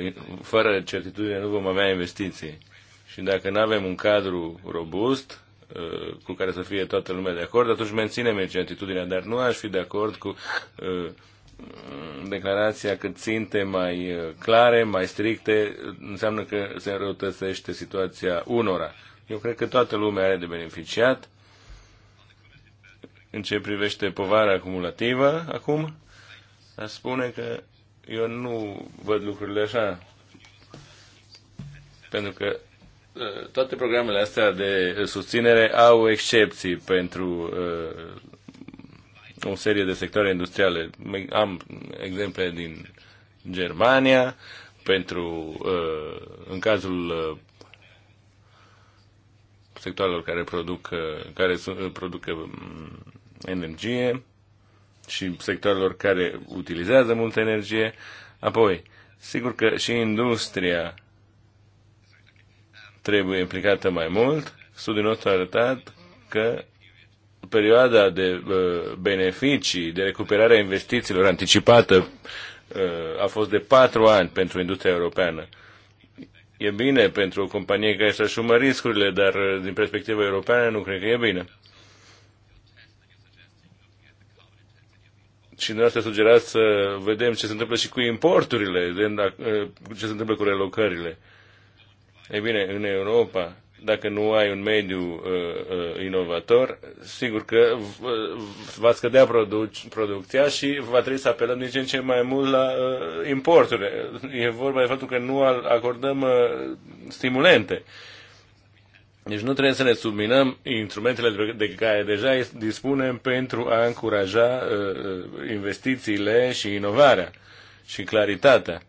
Speaker 4: Uh, fără certitudine nu vom avea investiții. Și dacă nu avem un cadru robust, uh, cu care să fie toată lumea de acord, atunci menținem incertitudinea, dar nu aș fi de acord cu uh, declarația că ținte mai clare, mai stricte, înseamnă că se înrăutățește situația unora. Eu cred că toată lumea are de beneficiat în ce privește povara acumulativă, acum, a spune că eu nu văd lucrurile așa. Pentru că ă, toate programele astea de susținere au excepții pentru uh, o serie de sectoare industriale. Am exemple din Germania, pentru, uh, în cazul uh, sectoarelor care produc, care sunt, produc energie și sectoarelor care utilizează multă energie. Apoi, sigur că și industria trebuie implicată mai mult. Studiul nostru a arătat că perioada de uh, beneficii, de recuperare a investițiilor anticipată uh, a fost de patru ani pentru industria europeană. E bine pentru o companie care să-și riscurile, dar uh, din perspectiva europeană nu cred că e bine. și astea sugerați să vedem ce se întâmplă și cu importurile, eh, ce se întâmplă cu relocările. Ei bine, în Europa, dacă nu ai un mediu uh, uh, inovator, sigur că va scădea produc- producția și va trebui să apelăm din ce în ce mai mult la uh, importuri. E vorba de faptul că nu acordăm uh, stimulente. Uh, deci nu trebuie să ne subminăm instrumentele de care deja dispunem pentru a încuraja uh, uh, investițiile și inovarea și claritatea.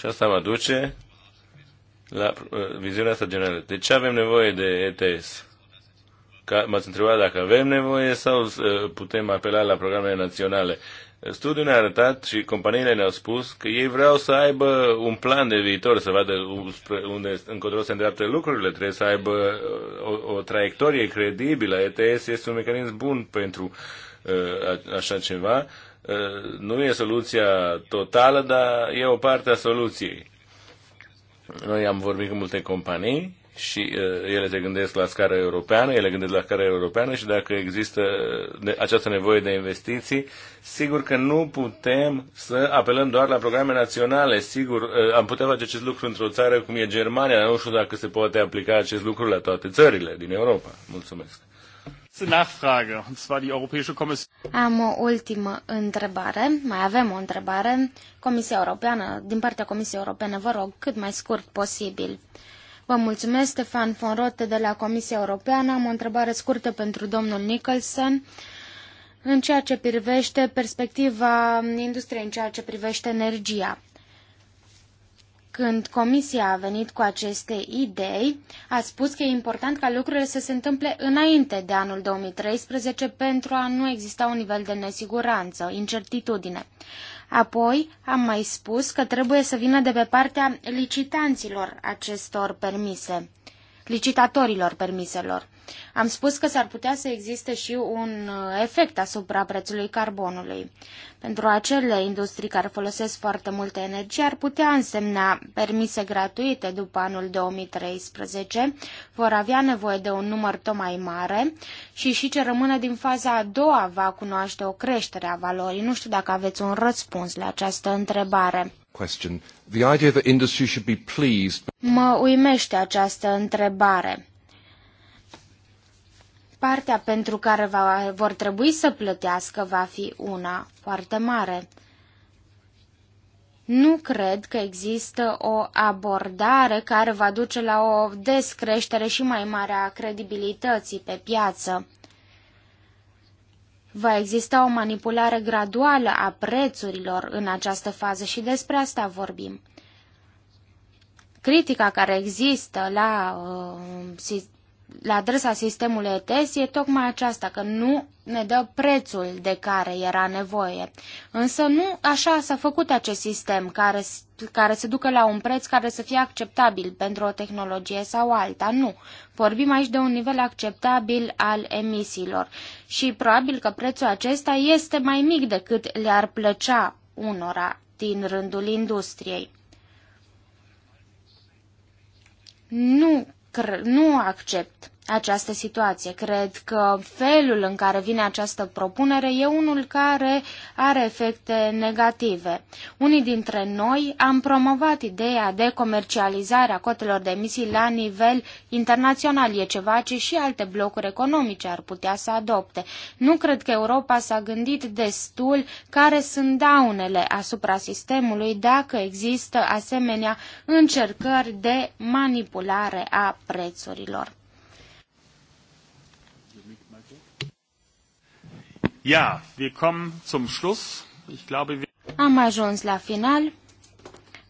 Speaker 4: Și asta mă duce la uh, viziunea asta generală. De ce avem nevoie de ETS? M-ați întrebat dacă avem nevoie sau putem apela la programele naționale. Studiul ne-a arătat și companiile ne-au spus că ei vreau să aibă un plan de viitor, să vadă unde încotro se îndreaptă lucrurile, trebuie să aibă uh, o, o traiectorie credibilă. ETS este un mecanism bun pentru uh, așa ceva. Uh, nu e soluția totală, dar e o parte a soluției. Noi am vorbit cu multe companii și uh, ele se gândesc la scară europeană, ele gândesc la scară europeană și dacă există de, uh, această nevoie de investiții, sigur că nu putem să apelăm doar la programe naționale. Sigur, uh, am putea face acest lucru într-o țară cum e Germania, dar nu știu dacă se poate aplica acest lucru la
Speaker 5: toate țările din Europa. Mulțumesc.
Speaker 1: Am o ultimă întrebare, mai avem o întrebare. Comisia Europeană, din partea Comisiei Europene, vă rog, cât mai scurt posibil. Vă mulțumesc, Stefan von de la Comisia Europeană. Am o întrebare scurtă pentru domnul Nicholson. În ceea ce privește perspectiva industriei, în ceea ce privește energia. Când Comisia a venit cu aceste idei, a spus că e important ca lucrurile să se întâmple înainte de anul 2013 pentru a nu exista un nivel de nesiguranță, incertitudine. Apoi am mai spus că trebuie să vină de pe partea licitanților acestor permise licitatorilor permiselor. Am spus că s-ar putea să existe și un uh, efect asupra prețului carbonului. Pentru acele industrii care folosesc foarte multă energie ar putea însemna permise gratuite după anul 2013, vor avea nevoie de un număr tot mai mare și și ce rămâne din faza a doua va cunoaște o creștere a valorii. Nu știu dacă aveți un răspuns la această întrebare
Speaker 2: question. The idea that industry should be pleased.
Speaker 1: Mă uimește această întrebare. Partea pentru care va, vor trebui să plătească va fi una foarte mare. Nu cred că există o abordare care va duce la o descreștere și mai mare a credibilității pe piață. Va exista o manipulare graduală a prețurilor în această fază și despre asta vorbim critica care există la uh, la adresa sistemului ETS e tocmai aceasta, că nu ne dă prețul de care era nevoie. Însă nu așa s-a făcut acest sistem, care, care se ducă la un preț care să fie acceptabil pentru o tehnologie sau alta. Nu. Vorbim aici de un nivel acceptabil al emisiilor. Și probabil că prețul acesta este mai mic decât le-ar plăcea unora din rândul industriei. Nu nu accept această situație. Cred că felul în care vine această propunere e unul care are efecte negative. Unii dintre noi am promovat ideea de comercializare a cotelor de emisii la nivel internațional. E ceva ce și alte blocuri economice ar putea să adopte. Nu cred că Europa s-a gândit destul care sunt daunele asupra sistemului dacă există asemenea încercări de manipulare a prețurilor.
Speaker 5: Ja, wir kommen zum Schluss. Ich glaube, wir...
Speaker 1: Am ajuns la final.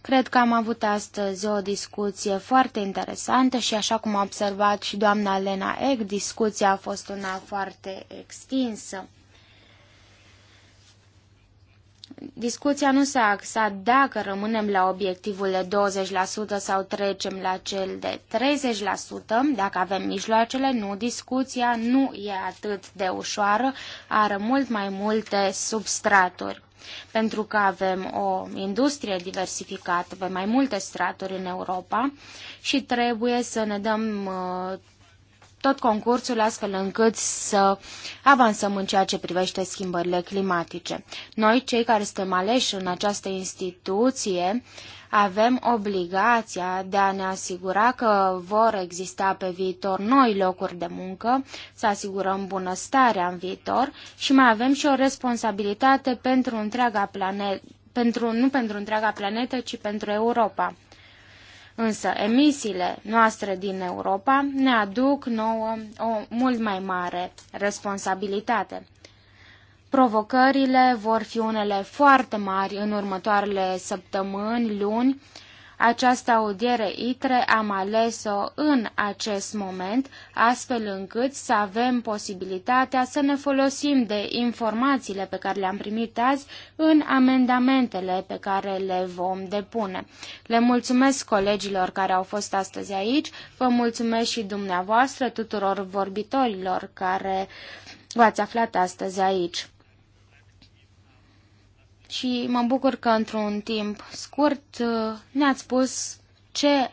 Speaker 1: Cred că am avut astăzi o discuție foarte interesantă și așa cum a observat și doamna Lena Eck, discuția a fost una foarte extinsă. Discuția nu s-a axat dacă rămânem la obiectivul de 20% sau trecem la cel de 30%, dacă avem mijloacele, nu, discuția nu e atât de ușoară, are mult mai multe substraturi. Pentru că avem o industrie diversificată pe mai multe straturi în Europa și trebuie să ne dăm uh, tot concursul astfel încât să avansăm în ceea ce privește schimbările climatice. Noi, cei care suntem aleși în această instituție, avem obligația de a ne asigura că vor exista pe viitor noi locuri de muncă, să asigurăm bunăstarea în viitor și mai avem și o responsabilitate pentru întreaga planetă, pentru, nu pentru întreaga planetă, ci pentru Europa. Însă emisiile noastre din Europa ne aduc nouă o mult mai mare responsabilitate. Provocările vor fi unele foarte mari în următoarele săptămâni, luni, această audiere ITRE am ales-o în acest moment, astfel încât să avem posibilitatea să ne folosim de informațiile pe care le-am primit azi în amendamentele pe care le vom depune. Le mulțumesc colegilor care au fost astăzi aici, vă mulțumesc și dumneavoastră tuturor vorbitorilor care v-ați aflat astăzi aici și mă bucur că într-un timp scurt uh, ne-ați spus ce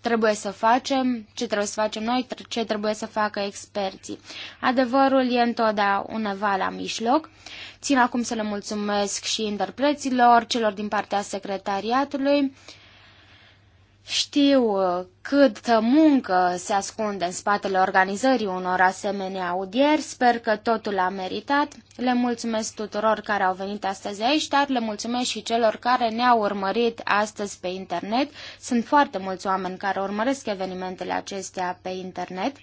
Speaker 1: trebuie să facem, ce trebuie să facem noi, ce trebuie să facă experții. Adevărul e întotdeauna la mijloc. Țin acum să le mulțumesc și interpreților, celor din partea secretariatului. Știu uh, câtă muncă se ascunde în spatele organizării unor asemenea audieri. Sper că totul a meritat. Le mulțumesc tuturor care au venit astăzi aici, dar le mulțumesc și celor care ne-au urmărit astăzi pe internet. Sunt foarte mulți oameni care urmăresc evenimentele acestea pe internet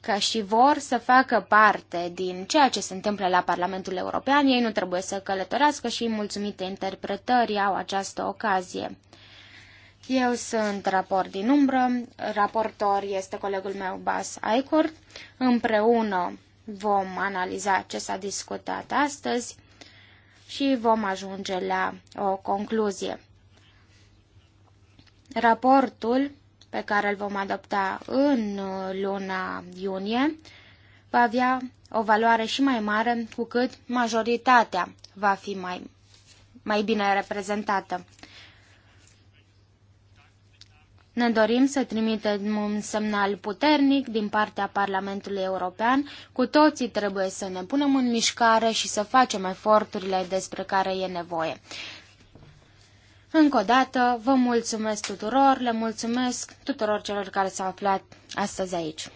Speaker 1: că și vor să facă parte din ceea ce se întâmplă la Parlamentul European. Ei nu trebuie să călătorească și mulțumite interpretării au această ocazie. Eu sunt raport din umbră, raportor este colegul meu Bas Aicur. Împreună vom analiza ce s-a discutat astăzi și vom ajunge la o concluzie. Raportul pe care îl vom adopta în uh, luna iunie va avea o valoare și mai mare cu cât majoritatea va fi mai, mai bine reprezentată. Ne dorim să trimitem un semnal puternic din partea Parlamentului European. Cu toții trebuie să ne punem în mișcare și să facem eforturile despre care e nevoie. Încă o dată, vă mulțumesc tuturor, le mulțumesc tuturor celor care s-au aflat astăzi aici.